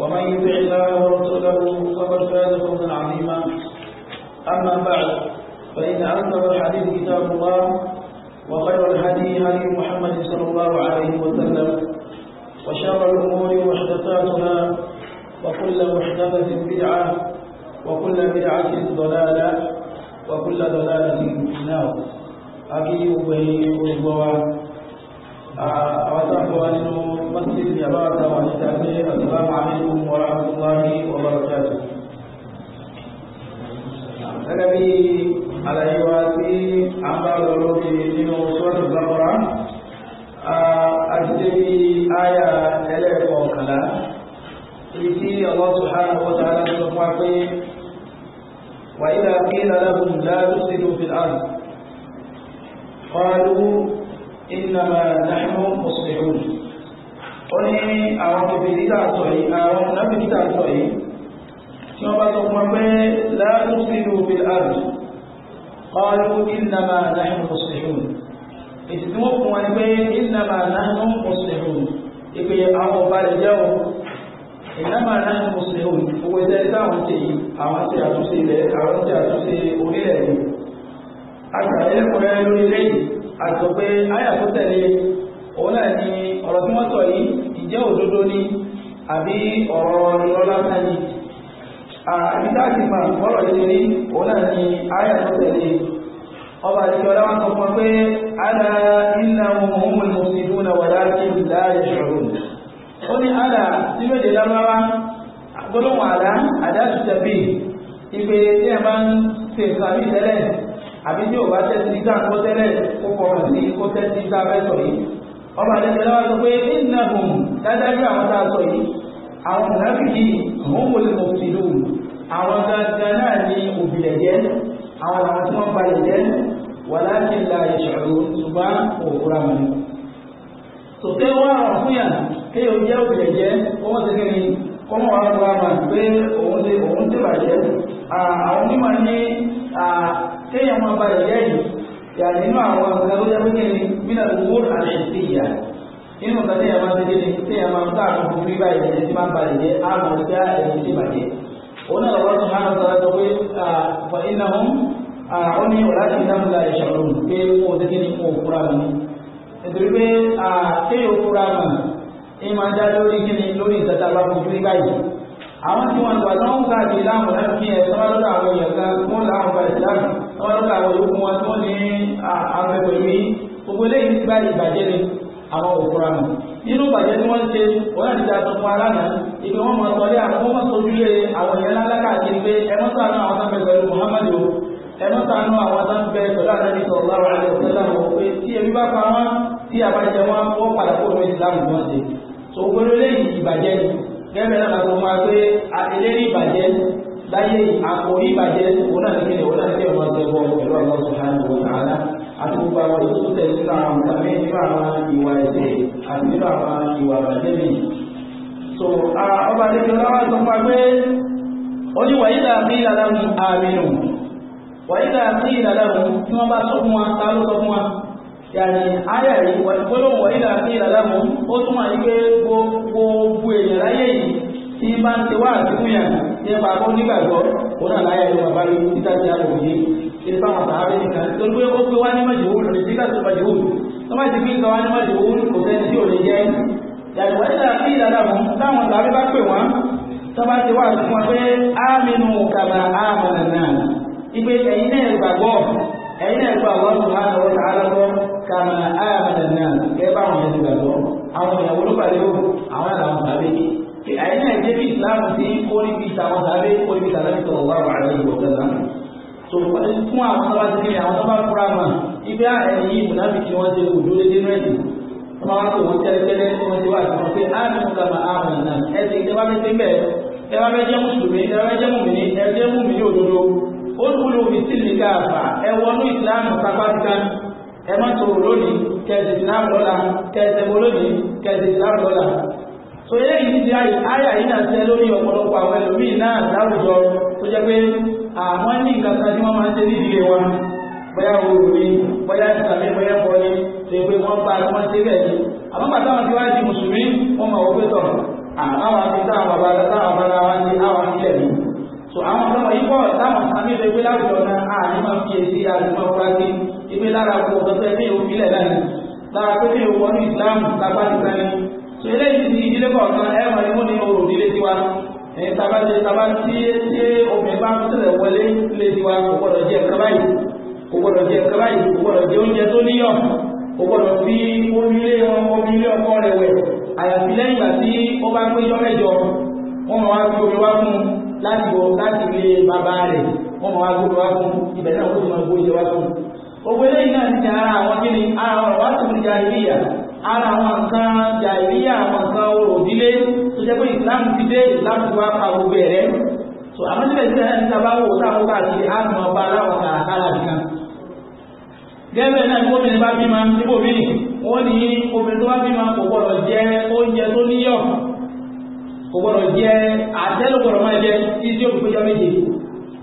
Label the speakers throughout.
Speaker 1: ومن يطع الله ورسوله فقد فاز فوزا عظيما اما بعد فان اصدق الحديث كتاب الله وخير الهدي هدي محمد صلى الله عليه وسلم وشر الامور محدثاتها وكل محدثه بدعه وكل بدعه ضلاله وكل ضلاله في النار اكيد وبين àwọn tó ń bọ̀ wá nínú masjid ní àbá àtàwọn níta pé assalamu alaikum wa rahmatullahi wa barakatuh. gẹ́gẹ́ bí àlàyé wa tí a ń bá lọ lórí nínú sọ́ọ̀tù bàbára a ti dé bí àyà ẹlẹ́ẹ̀kọ̀ọ̀kànlá ìtí Allah subhanahu wa ta'ala sọ fún wa pé وإذا قيل لهم لا تفسدوا في الأرض قالوا إنما نحن مصلحون ó ní àwọn kèfèrí dáàtọ̀ yìí àwọn mùnáfíkí dáàtọ̀ yìí tí wọ́n bá sọ fún wọn pé لا تفسدوا في الأرض قالوا إنما نحن مصلحون èsì tí wọ́n fún wọn ni pé إنما نحن مصلحون ìpè àwọn ọba rẹ̀ jẹ́ o إنما نحن مصلحون owó ìtẹ́lẹ̀ táwọn ṣe yìí àwọn ṣe àtúnṣe ilẹ̀ àwọn ṣe àtúnṣe orílẹ̀ yìí àgbà ẹlẹ́kùnrin lórí lẹ́yìn àtọ̀ pé àyà tó òun náà ni ọ̀rọ̀ tí wọ́n sọ yìí ìjẹ́ òdodo ni àbí ọ̀rọ̀ ìrọ́lá sáyé àbí táàkì mà bọ́rọ̀ òun náà ni àyà tó tẹ̀lé ọba àti ọ̀rẹ́ wọn sọ fún pé àlà ìlà ohun ìmọ̀sílú na wàdá kí n láàyè ṣòro ó ní àlà tí méje lárúbáwá gbólóhùn àlà àdá ti tẹ̀bí ìpè tí ẹ̀ máa ń ṣe ìsàmì tẹ́lẹ̀ àbí tí ò bá tẹ́sí ní sáà kó tẹ́lẹ̀ kó kọ́ ọ̀rọ̀ sí kó tẹ́sí sáà fẹ́ sọ yìí ọba àdẹ́gbẹ́ lọ́wọ́ sọ pé nínú ọ̀hún dájájú àwọn tá a sọ yìí àwọn mùnàfíkì òun kò lè mọ̀ sí lóhùn àwọn gangan náà ní òbílẹ̀ jẹ́ àwọn làwọn tí wọ́n balẹ̀ jẹ́ wà láti la ìṣòro ṣùgbọ́n òkúra mọ́ tòkè wọ́n rọ̀ fún yàn o jẹ́ òbílẹ̀ jẹ́ kó ni kéèyàn máa bá yọ̀yẹ́ yìí yà nínú àwọn nǹkan tó jẹ́ pé kíni mínà owó àti ìsìn ìyá nínú nǹkan téèyàn máa ń tẹ́jẹ́ ni téèyàn máa ń tà àkókò fún bíbá ìyẹn tí máa ń ba ìyẹn àmọ́ sí ẹ̀sìn tí bàjẹ́ òun náà lọ́wọ́ tó máa ń sọ pé fa iná hún ó ní ọ̀láṣì ìdámúlá ìṣòro pé kó o tẹ́jẹ́ ni kó o fura mọ́ nítorí pé kéèyàn fura mọ́ ẹ máa dá lórí kíni lórí ìtàtà bá fojú bíbá àwọn tí wọ́n tọ̀tọ̀ ń ká di láàmù náà kí ẹ tọ́wọ́ lọ́dọ̀ àwọn èèyàn kan wọ́n láàmù bá ìsìláàmù tọ́wọ́ lọ́dọ̀ àwọn olókun wọn tó ní àfẹ́fẹ́ mi gbogbo eléyìí ti gba ìbàjẹ́ ni àwọn òkúra mi nínú ìbàjẹ́ tí wọ́n ṣe wọ́n ti da tuntun aláàmù ibi wọ́n mọ̀ sọ́lé àwọn wọ́n sojúlé àwọn èèyàn lálá káàkiri pé ẹ sànú àwọn tán bẹ pẹ̀lú Muhammadu ẹ mọ́ sànú àwọn tán bẹ pẹ̀lú àdáni sallallahu alaihi wasallam pé tí ebi bá pa wọn tí àbájẹ wọn wọ́n padà gẹ́gẹ́ náà kò máa pé eléyìí ìbàjẹ́ láyé àkòrí ìbàjẹ́ òun náà kéde òun náà kéde wọn ṣẹbọ pẹ̀lú àwọn sùhánù ọ̀tàlá àti gbogbo àwọn èyí tó tẹ̀lé nípa àwọn ìdàmé nípa àwọn ìwà ẹ̀ṣẹ̀ àti nípa àwọn ìwà ìbàjẹ́ mi. so ọba àdéjọ láwọn sọ fún wa pé ó ní wàyí dà sí ìlànà àmì nù wàyí dà sí ìlànà tí wọ́n bá sọ fún wa ta ló sọ fún wa yàrá ayé yìí wọ́n gbólóhùn wọ́n ìlà sí ìlà lámú ó túmọ̀ yìí pé gbogbo èèyàn láyé yìí tí bá ń tewá àtìkú yàn nípa kó nígbàgbọ́ òun náà láyé yìí bàbá yìí títà sí àlòyé ṣe fáwọn sàábẹ́ nìkan tó gbé ó gbé wá ní mọ̀jẹ̀wòrán lè dígbà tó mọ̀jẹ̀wòrán tó má ti fi ń kọ́wá ní mọ̀jẹ̀wòrán kò sẹ́ni tí ò lè jẹ́ yàrá wọ́n ìlà sí ìlà lámú táwọn sàábẹ́ bá pè wọ́n tó bá ti wá àtìkú wọn pé ámínú kàmà ámọ̀ nàná ìgbé ẹ̀yin náà gbàgbọ́ ẹ̀yin náà gba àwọn ọ̀sùn hàn wọ́n tààlà gbọ́ ká máa àyàmọ̀tẹ̀ náà kẹ́ bá àwọn ẹ̀sìn gbàgbọ́ àwọn ìyàwó ló pàdé wò àwọn àlàwọn sàbẹ̀ ẹ̀yin náà jẹ́ bí ìsìláàmù sí kórì bí ìtàwọn sàbẹ̀ kórì bí ìtàwọn sọ̀rọ̀ wà wà lórí ìwọ̀sẹ̀lá so fún àwọn tó bá ti kiri àwọn tó bá mà ibi ẹni yìí tí wọ́n ti kò dúró dé nínú ẹ̀sìn olùkúlù ìsìlì káàfà ẹwọnú ìsìláàmù pápákíká ẹ má tó lónìí kẹsì ìsìláàmù lọ́la kẹsì ẹwọ lónìí kẹsì ìsìláàmù lọ́la tó yẹ yìí ti ayé ayé yìí náà tẹ lórí ọ̀pọ̀lọpọ̀ àwọn ẹlòmíì náà láwùjọ tó jẹ́ pé àwọn ní nǹkan kan wọ́n máa ń ṣe nídìílé wa bóyá òwúrò bóyá ìsàmì bóyá bọ́ọ̀lì tó yẹ pé wọ́n bá wọn ṣe bẹ́ẹ̀ ni àmọ́ bàtà wọn ti wá di mùsùlùmí wọ́n máa wọ́pẹ́ tọ̀ àwọn àti so àwọn ọmọ yìí pọ̀ táwọn sàmì ìlú ìwé láwùjọ náà àní máa fi èsì àdúgbò ọkùnrin sí ìwé lára ọkùnrin ọ̀dọ́fẹ́ ní òfìlẹ̀ náà ni lára pé ní òwò ní Islam lápá nìkan ni so eléyìí ti ìdílé kọ̀ọ̀kan ẹ̀ mọ̀ ní mú ní orò ìdílé tiwa ẹ̀ tabajẹ tabatí tí obìnrin bá ń tẹ̀lẹ̀ wọlé ilé tiwa kò gbọdọ̀ jẹ kábàyì kò gbọdọ̀ jẹ kábàyì kò gbọdọ̀ jẹ oúnjẹ tó níyọ̀ kò gbọdọ̀ fi omílé omílé ọkọ rẹ̀ wẹ̀ àyàfi lẹ́yìn ìgbà tí ó bá pé jọ́mẹ́jọ wọ́n máa wá fi omi wá fún un láti bọ̀ láti ilé bàbá rẹ̀ wọ́n máa gbogbo wá fún ibẹ̀ náà ó sì máa gbogbo wá fún owó eléyìí náà ti ara àwọn kíni ara ọ̀rọ̀ wá tòun jàìríyà ara àwọn nǹkan jàìríyà àwọn nǹkan òdílé tó jẹ́ pé Islam ti dé Islam ti wá pa gbogbo ẹ̀rẹ́ so àmọ́ síbẹ̀ síbẹ̀ náà ti sábà wò táwọn káàkiri á mọ̀ ọba aláwọ̀ kàràkàrà nìkan gẹ́gẹ́ náà ni obìnrin bá bímọ níbo mí wọ́n ní obìnrin tó bá bímọ kò gbọ́dọ̀ jẹ oúnjẹ tó kò gbọ́dọ̀ jẹ́ àtẹ́lùgbọ̀rọ̀ máa jẹ́ tí tí ó fi péjọ méje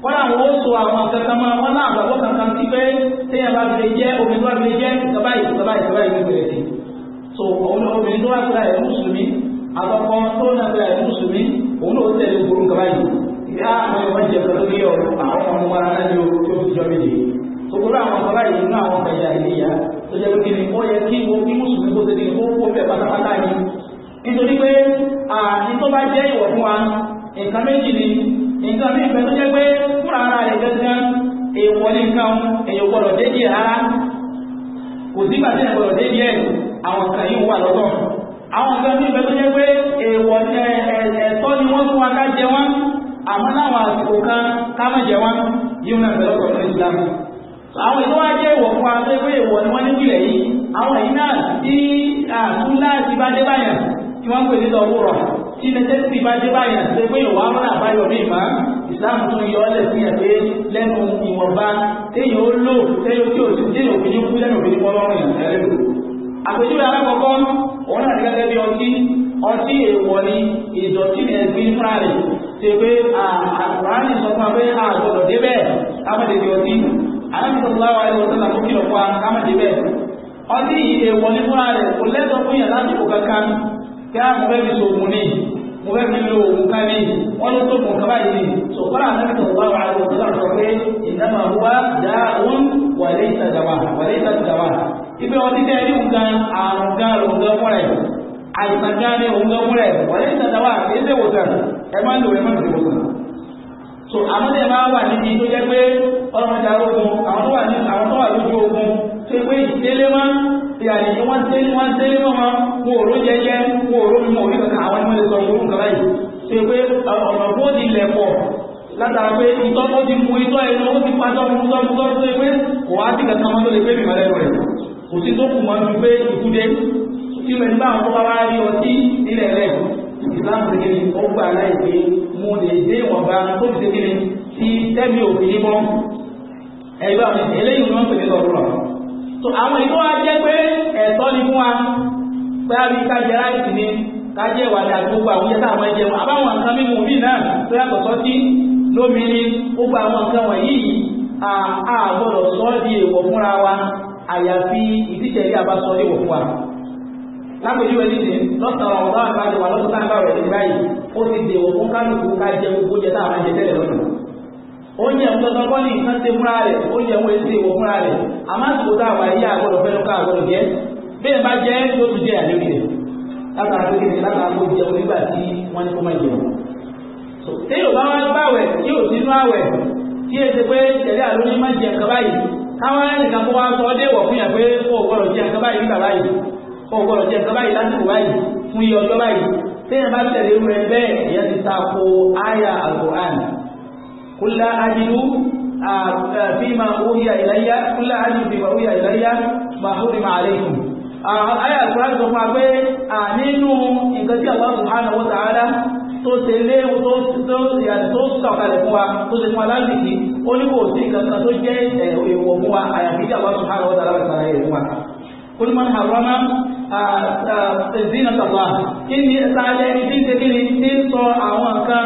Speaker 1: wọ́n àwọn ó so àwọn kankan máa wọ́n náà àgbàgbọ́ kankan sí pé téèyàn bá fi lè jẹ́ obìnrin tó bá fi lè jẹ́ ìjọba ìjọba ìjọba ìlú bẹ̀rẹ̀ sí so òun obìnrin tó bá fi láyé mùsùlùmí àkọ́kọ́ tó náà fi láyé mùsùlùmí òun náà tẹ̀lé gbòòrò kaba yìí ìdá àwọn ọmọ ìjẹ kan tó níyọ àwọn ọmọ wọn náà ni ó fi jọ méje so gbogbo àwọn kaba yìí nínú àwọn kẹyà ìlú yà tó jẹ́ pé kí ni ó nítorí pé àti tó bá jẹ́ ìwọ̀ fún wa nǹkan méjì ni nǹkan mí ìfẹ́ tó jẹ́ pé fúnra ara rẹ̀ gẹ́gẹ́ èèwọ̀ ní nǹkan èèyàn gbọ́dọ̀ dédì ẹ̀ rárá kò sígbà tí ẹ̀ gbọ́dọ̀ dédì ẹ̀ àwọn kan yìí wà lọ́tọ̀ àwọn nǹkan mí ìfẹ́ tó jẹ́ pé èèwọ̀ ẹ̀tọ́ ni wọ́n fún wa ká jẹ wọ́n àmọ́ láwọn àsìkò kan ká má jẹ wọ́n yìí náà bẹ̀rẹ̀ ọ̀pọ̀ fún Islam àwọn ìlú wa jẹ́ ìwọ̀ fún wa pé ìwọ̀ ni wọ́n ní ìpìlẹ̀ yìí àwọn ìyí náà tí àtúnláàtì bá dé báyàn tí wọ́n ń pè ní lọ́wọ́rọ̀ tí nẹ́tẹ́sì bá dé báyìí àti pé ìwà rúnà àbáyọ̀ mí máa ìsìláàmù tún yọ ọ́lẹ̀ sí ẹ̀pẹ́ lẹ́nu ìwọ̀nba téèyàn ó lò téèyàn tí ò sí téèyàn òfin kú lẹ́nu òfin kọ́ lọ́rùn ìyàtẹ́lẹ́ lò. àpèjúwe alákọ̀ọ́kọ́ òun náà gẹ́gẹ́ bí ọtí ọtí èèwọ̀ ni ìdọ̀tí ni ẹgbẹ́ fúnra rẹ̀ ṣe pé àkùránì sọ fún wa pé àgbọ̀dọ̀ débẹ̀ kámẹ́dẹ̀dẹ̀ ọtí alábìsọ̀tàwà ẹ̀rọ̀sọ̀tà fún kìlọ̀ fún wa kámẹ́dẹ̀ bẹ́ẹ̀ ọtí èèwọ̀ ni fúnra rẹ̀ kò lẹ́tọ̀ fún yàrá àdìbò kankan kí á mo fẹ́ fi sògùn ní mo fẹ́ fi lo ògùn ká ní wọ́n ló tó kùn kábàáyé ní sọ̀kọ́lá àtàkì tó bá wà á lọ sílá sọ pé ìdámà wá dá òun wà lé ìtajà wà lé ìtajà wà ibi ẹni òun gan àrùn gan lòun gan fún rẹ̀ àìsàn gan ni òun gan fún rẹ̀ wà lé kì í ṣe wòsàn ẹ má lò ẹ má lò wòsàn so àwọn tẹ máa wà níbi tó jẹ́ pé ọlọ́mọdé arógun àwọn tó wà lójú ogun ṣe pé ìdílé máa ìyá yìí wọ́n ṣe wọ́n ṣe lé wọn wọn ò ró jẹjẹ wọn ò ró mímọ orí kankan àwọn ẹni wọ́n lè sọ ìwúrú nǹkan báyìí ṣe pé ọ̀nà kó di ilẹ̀ pọ̀ látara pé ìtọ́ ó ti mu ìtọ́ ẹnu ó ti pa tọ́ mu tọ́ mu tọ́ mu tó pé kò wá sí kankan mọ́ tó lè gbé mi mọ́ lẹ́nu rẹ̀ kò sí tó kù mọ́ ju pé ìkúdé tí mo ní bá àwọn tó bá wá rí ọtí nílẹ̀ rẹ̀ ìsìláàmù ti kiri ó gbà láì pé mo lè dé ìwọ̀nba tó ti kiri tí tẹ́mi so àwọn èyí tó wá jẹ́ pé ẹ̀tọ́ ni fún wa pé a rí kájẹ láìsí ni kájẹ ìwà àti gbogbo àwọn oúnjẹ táwọn ẹjẹ wọn àbáwọn nǹkan mímu míì náà tó yàtọ̀ sọ́tí lómi ni gbogbo àwọn nǹkan wọ̀nyí a gbọ́dọ̀ sọ ọ́ di èèwọ̀ fúnra wa àyàfi ìdíjẹ́ ilé àbá sọ ọ́ léèwọ̀ fún wa lápèjú ẹni ní lọ́sàn-án ọ̀gá àgbàdo wà lọ́sàn-án bá rẹ̀ ní báyìí ó ti dèwọ̀ fún kálukú ká jẹ gbogbo oúnjẹ táwọn ẹjẹ tẹ́lẹ̀ lọ́dún onye ìtọ́tọ́ kọ́ ní ndị ṣe fúnra rẹ̀ oúnjẹ ìwé ṣe ìwò fúnra rẹ̀ àmọ́ àsìkò tá a wà yí mba fẹ́ lọ́kọ́ àgbọ̀dọ̀ jẹ́ bẹ́ẹ̀ bá jẹ́ tó tún jẹ́ àlébí rẹ̀ látara pé kìnìún látara kó jẹ onígbà tí fún yà pé kó o jẹ nígbà báyìí قل لا أجد فيما أوحي إلي قل لا أجد فيما أوحي إلي ما حرم عليكم آية القرآن sọ fún wa pé nínú nǹkan tí Allah subhanahu wa ta'ala tó ṣe lé tó ìyàtọ̀ tó sọ̀kalẹ̀ fún wa tó ṣe fún wa lásìkí ó ní kò sí kankan tó jẹ́ eh, èèwọ̀ fún wa àyàfi tí Allah subhanahu wa ta'ala bá ṣàlàyé rẹ̀ fún wa. قل من حرم زينة الله kí ni sáyẹ́ ibi ń ṣe kí ni ń sọ àwọn kan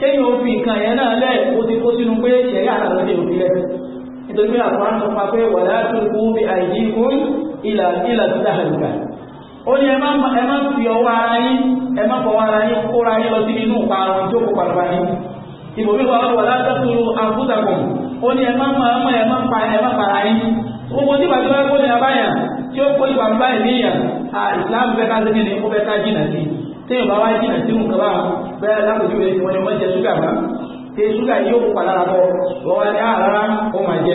Speaker 1: kéyìn òfin nǹkan yẹn náà lẹ́ ó ti kó sínú pé ṣẹ̀rí àtàlọ́dẹ òfin lẹ́ nítorí pé àkùrá ń sọpa pé wà láti kú bí àìjí kún ìlà ìlà títà àlùkà ó ní ẹ má fi ọwọ́ ara yín ẹ má fọwọ́ ara yín kóra yín lọ síbi inú ìparun tó kó pàlùpà yín ìbòmí wà wà láti kú àfúsàkùn ó ní ẹ má mọ ọmọ ẹ má pa ẹ má para yín gbogbo tí bàtí bá kó ní abáyà tí ó kó ní bàbá ìníyà ìsìlámù fẹ́ ká sí ní ó fẹ́ ká jìnà sí i tí yóò bá wá jìnà sí nǹkan bá bẹ́ẹ̀ lápòjú rẹ̀ tí wọ́n ní wọ́n jẹ ṣúgà bá tí ṣúgà yóò kó palára bọ̀ wọ́n wá ní ah, ó máa jẹ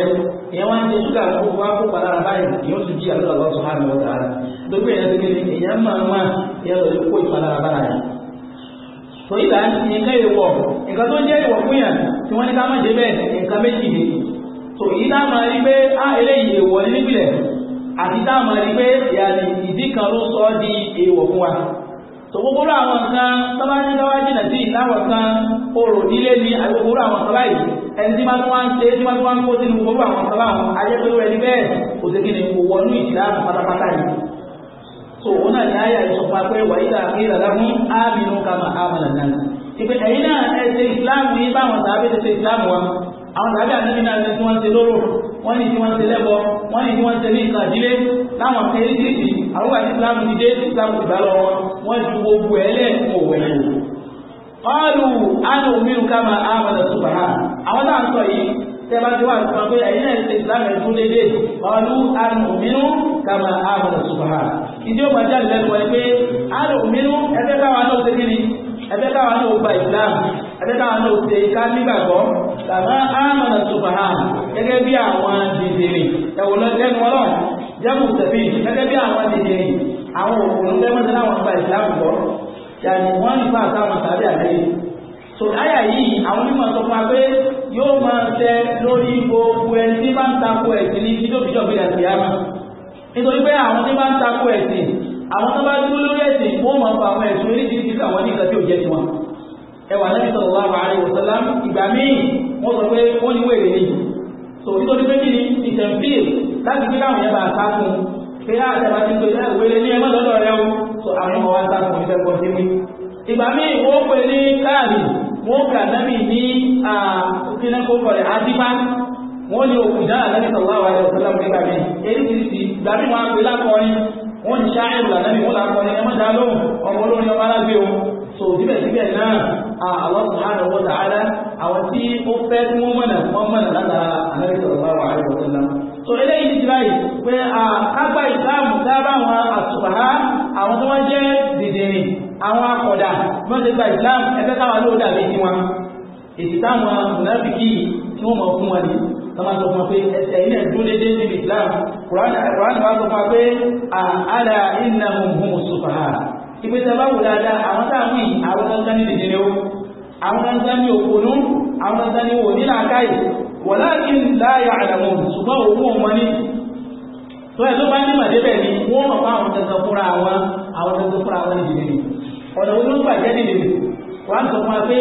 Speaker 1: ìyẹn wá ń jẹ ṣúgà tó wá kó báyìí jí kéde èèyàn máa ń lọ kó nǹkan nǹkan tó fún yàn tí wọ́n ní ká má jẹ bẹ́ẹ̀ nǹkan tòkòkòrò àwọn kan sábà ní káwá jìnà sí ìláwọ̀ kan orò nílé ní àgbègbòrò àwọn sábà yìí ẹni tí máa tún wá ń ṣe tí máa tún wá ń kó sínú gbogbo àwọn sábà àwọn ajẹ́pẹ́rú ẹni bẹ́ẹ̀ kò sí kí ni kò wọnú ìsìlámù pátápátá yìí so òun náà ní àyà ìsọpá pé wàyíta àkíyèsí àdáhùn ámìnú kama ámàlà náà ìpè ẹ̀yin náà ẹ ṣe ìsìlámù yìí báwọn sàbẹ̀ ti ṣe ìsìlámù wa àwọn sàbẹ̀ àti náà ṣe tí wọ́n ṣe lóró wọ́n ní tí wọ́n ṣe lẹ́bọ wọ́n ní tí wọ́n ṣe ní ìkàdílé láwọn kẹ́rìkìrìkì àwọn àti islam ti dé islam ti bá lọ wọn ju gbogbo ẹ lẹ́ẹ̀kọ́ wẹ̀ ọlù ánù mírù ká máa àmàlà tó bàá àwọn náà sọ yìí tẹ́bá tí wà sọ pé ẹ̀yìn náà ṣe islam ẹ̀ tún dédé ọlù ánù mírù ká máa àmàlà tó bàá ìdí ògbà jáde lẹ́nu ẹ pé ánù mírù ẹgbẹ́ káwa náà ṣe kíni ẹgbẹ́ káwa náà gba islam ẹgbẹ́ káwa náà ṣe ká nígbàgbọ́ tàbá àmàlà tó bàá gẹ́gẹ́ bí àwọn jẹ́mù tẹ̀bí gẹ́gẹ́ bí àwọn èdè yìí àwọn òkùnrin gẹ́mọ́tẹ́ láwọn gba ìsìláàmù bọ́ yàní wọ́n nípa àtàwọn tàbí àlẹ́yìn so láyà yìí àwọn onímọ̀ sọ fún wa pé yóò máa tẹ lórí gbogbo ẹni tí bá ń takò ẹ̀sìn ní fídíòfídíò bí àti àmà nítorí pé àwọn tí bá ń takò ẹ̀sìn àwọn tó bá dúró lórí ẹ̀sìn wọ́n mọ̀ fún àwọn ẹ̀sùn oríṣiríṣi àwọn nígbà tí ò jẹ́ tiwọn ẹwà lẹ́yìn sọ̀rọ̀ wà wà á ìgbà míì wọ́n sọ pé wọ́n ní wèrè nìyí so nítorí pé kí ni ìtẹ̀m̀pìl láti gbé káwọn yẹn bá sá fún pé á àtẹ̀wá ti pè náà wéré ní ẹmọ́ lọ́dọ̀ rẹ o so àwọn ọmọ wa sá fún ìfẹ́ pọ̀ sí mi ìgbà míì wọ́n pè ní káàdì wọ́n pè ànábì ní kínákó kọ̀rẹ̀ àdìpá wọ́n ní òkú dára ànábì sallallahu alaihi wasallam nígbà mi èyí ti ti ìgbà míì wọ́n á pè lákọrin wọ́n ń ṣá ẹ̀rù so síbẹ̀síbẹ̀ náà àwọn sùhánà wọ́n sàárá àwọn tí ó fẹ́ tí wọ́n mọ̀nà wọ́n mọ̀nà látara àmẹ́rí sọ̀rọ̀ wà ní ọ̀sán náà so eléyìí ti báyìí pé àkágbà ìsáàmù sábà wọn àtùbàrá àwọn tó wọ́n jẹ́ dìdìrì àwọn akọ̀dà wọ́n ti gba ìsìláàmù ẹgbẹ́ káwa ló dàbí sí wọn ìsìláàmù mùnàfíkì tí wọ́n mọ̀ fún wọn ni tọ́mà sọ fún pé ẹsẹ̀ ilẹ̀ dúró dédé sí ìsìláàmù kùránì wá sọ fún wa pé àlà ìnàmù hùmù ìpèsè bá wò dáadáa àwọn tá à ń wí àwọn dandan ní dèdè o àwọn dandan ní òkòlú àwọn dandan ní òní làákàyè wọ̀ láàkì láàyà àdàmú ṣùgbọ́n òun ò mọ́ni tó ẹ̀ tó bá ní màdébẹ̀ ni wọ́n mọ̀ fún àwọn dandan fúnra àwọn àwọn dandan fúnra àwọn ní dèdè ọ̀nà olóńgbà jẹ́ dèdè wọ́n sọ fún wa pé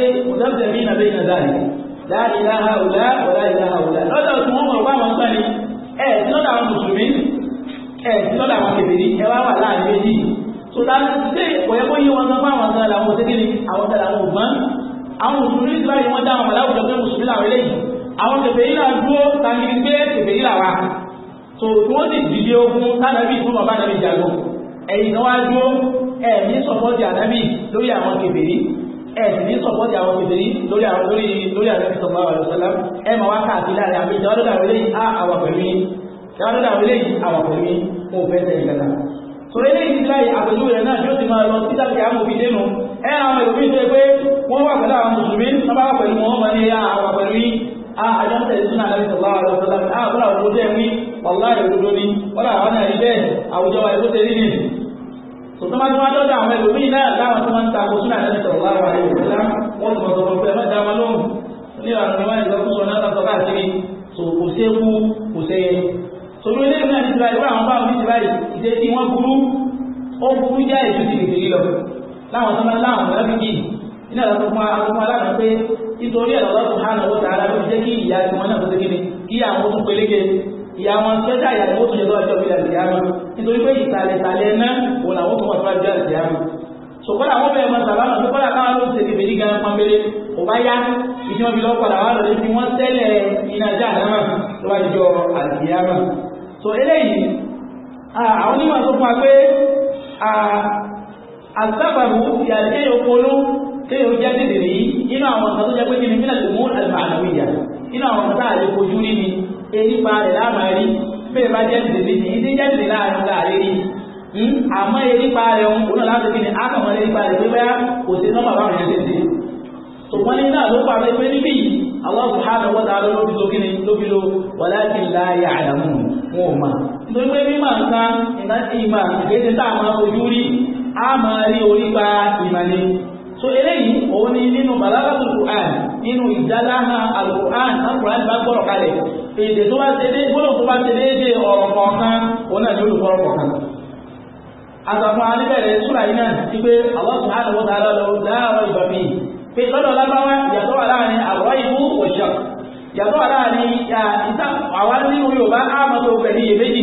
Speaker 1: tí wọ́n àwọn mùsùlùmí ẹ̀ tí lọ́dọ̀ àwọn kèbèrè ẹ wà láàrin méjì sọlá ṣe ọ̀yẹ́ kó yé wọn sọ fún àwọn ọ̀gá làwọn òṣèkìrì àwọn ọ̀gá làwọn ògbọ́n àwọn mùsùlùmí ti báyìí wọ́n dá àwọn ọ̀làwùn jọ pé mùsùlùmí làwọn eléyìí àwọn kẹfẹ́ yìí náà dúró tàbí gbé kẹfẹ́ yìí làwà tó tí wọ́n sì dìde ogun tánàbí tó bàbá nàbí jago ẹ̀yìn náà wá dúró ẹ̀ ní sọ̀pọ̀tì ànábì lórí àwọn kẹfẹ́ yìí ẹ̀ sì ní sọ̀pọ̀tì àwọn kẹfẹ́ yìí lórí àwọn lórí lórí ànábì sọ̀pọ̀ àwọn àlùsọ̀lá ẹ̀ máa wá káàkiri láàrin àbíjà ọlọ́dà àwọn eléyìí ah, àwọn pẹ̀lú yìí ọlọ́dà àwọn eléyìí àwọn pẹ̀lú yìí wọn ò fẹ́ tẹ̀lé kẹta so eléyìí ti láyé àpèjúwe rẹ̀ náà yóò ti máa lọ títà kí àmọ̀ fi dénú ẹ àwọn ẹlòmíì tó yẹ pé wọ́n wà pẹ̀lú àwọn mùsùlùmí wọ́n bá wà pẹ̀lú wọn wọ́n ní àwọn wà pẹ̀lú yín àjọ ń tẹ̀lé súnà àlẹ́ sọ̀rọ̀ àwọn ọ̀dọ́ láti àbúrò àwọn olóde ẹ̀mí wàlá ìròdó ni wọ́n là wọ́n àrí bẹ́ẹ̀ àwùjọ wa ẹ̀kọ́ tẹ̀lé ni tòtọ́mọ́ tí wọ́n dọ́dọ̀ àwọn ẹlòmíì náà láwọn tí wọ́n ń ta kó súnà àlẹ́ sọ̀rọ̀ láwọn àrẹ òkúta wọ́n tọ̀tọ̀ tọ̀tọ̀ pé ẹ̀mẹ́ta wọn lóhùn ní àwọn ìwádìí lọ́kùsọ̀ náà lọ́sọ̀ káàkiri tò kò séwu kò sẹ́yẹ sọ̀rọ̀ ilé náà ní tìbáyìí wọ́n àwọn báwọn ní tìbáyìí ìṣe tí wọ́n burú ó burú jẹ́ èso ti kèfèrí lọ láwọn tó máa láwọn ọ̀rẹ́ bí kìí iná ìlànà fún akọ́kọ́ aláàrán pé nítorí ẹ̀rọ lọ́sùn hánà ó tààrà ló jẹ́ kí ìyá tí wọ́n náà tó ṣe kíni kí àwọn tó peléke ìyá wọn sẹ́jà ìyá tó ṣe lọ́jọ́ ìlà ìyáma nítorí pé ìsàlẹ̀ ìsàlẹ̀ náà òun àwọn tó wọ́n tó wájú ìlà ìyáma sọ̀kọ́dà wọ́n bẹ̀rẹ̀ mọ́ sàbánà tó kọ́dà káwọn ló ṣe kèfèrí gan pọ́nbélé kò bá yá ìdí wọn fi lọ́kọ̀dà wọn lọ sí wọn tẹ́lẹ̀ iná jáà náà tó wájú àlùkìyáma so eléyìí àwọn onímọ̀ tó fún wa pé àgbàbàbù ìyàlẹ́ òpóló kéèyàn jẹ́ tètè rí inú àwọn ọ̀sán tó jẹ́ pé kíni mílẹ̀ tó mú àlùfààlùwìyà inú àwọn ọ̀sán àlè kojú rí ni erípa rẹ̀ láàmà rí bẹ́ẹ̀ bá jẹ́ tètè rí ni ìdí jẹ́ tètè láàrin láàrin rí àmọ́ erípa rẹ̀ ń kó náà láti fi ni ákàmọ́ erípa rẹ̀ pé bẹ́ẹ̀ kò sí nọ́mbà báwọn yẹn tètè ṣùgbọ́n ní náà ló pa pé pé níbí Allah subhanahu wa ta'ala ló fi lo kíni ló fi lo wàláàkì láàyè àdàmú wọn ò mà nítorí pé mímọ̀ nǹkan ìgbà tí ìmọ̀ ìgbésẹ̀ tá a máa fojú rí a máa rí orí gba ìmọ̀ so eléyìí òun ni nínú balagatul Qur'an nínú ìdáláha al-Qur'an al-Qur'an bá gbọ́rọ̀ kalẹ̀ èdè tó bá ṣe dé gbọ́dọ̀ tó bá ṣe déédé ọ̀rọ̀ kọ̀ọ̀kan òun náà ni olùkọ́rọ̀ kọ̀ọ̀kan àtàkùn alẹ́bẹ̀rẹ̀ súra iná ti pé Allah subhanahu wa ta'ala lọ dáhàrọ̀ ìbàmí pé lọ́dọ̀ lábáwá ìyàtọ̀ wà láàrin àwọ̀ ìbú òṣìṣẹ́ yàtọ̀ láàrin àwa ní Yorùbá àmọ́tò pẹ̀lú iyèméjì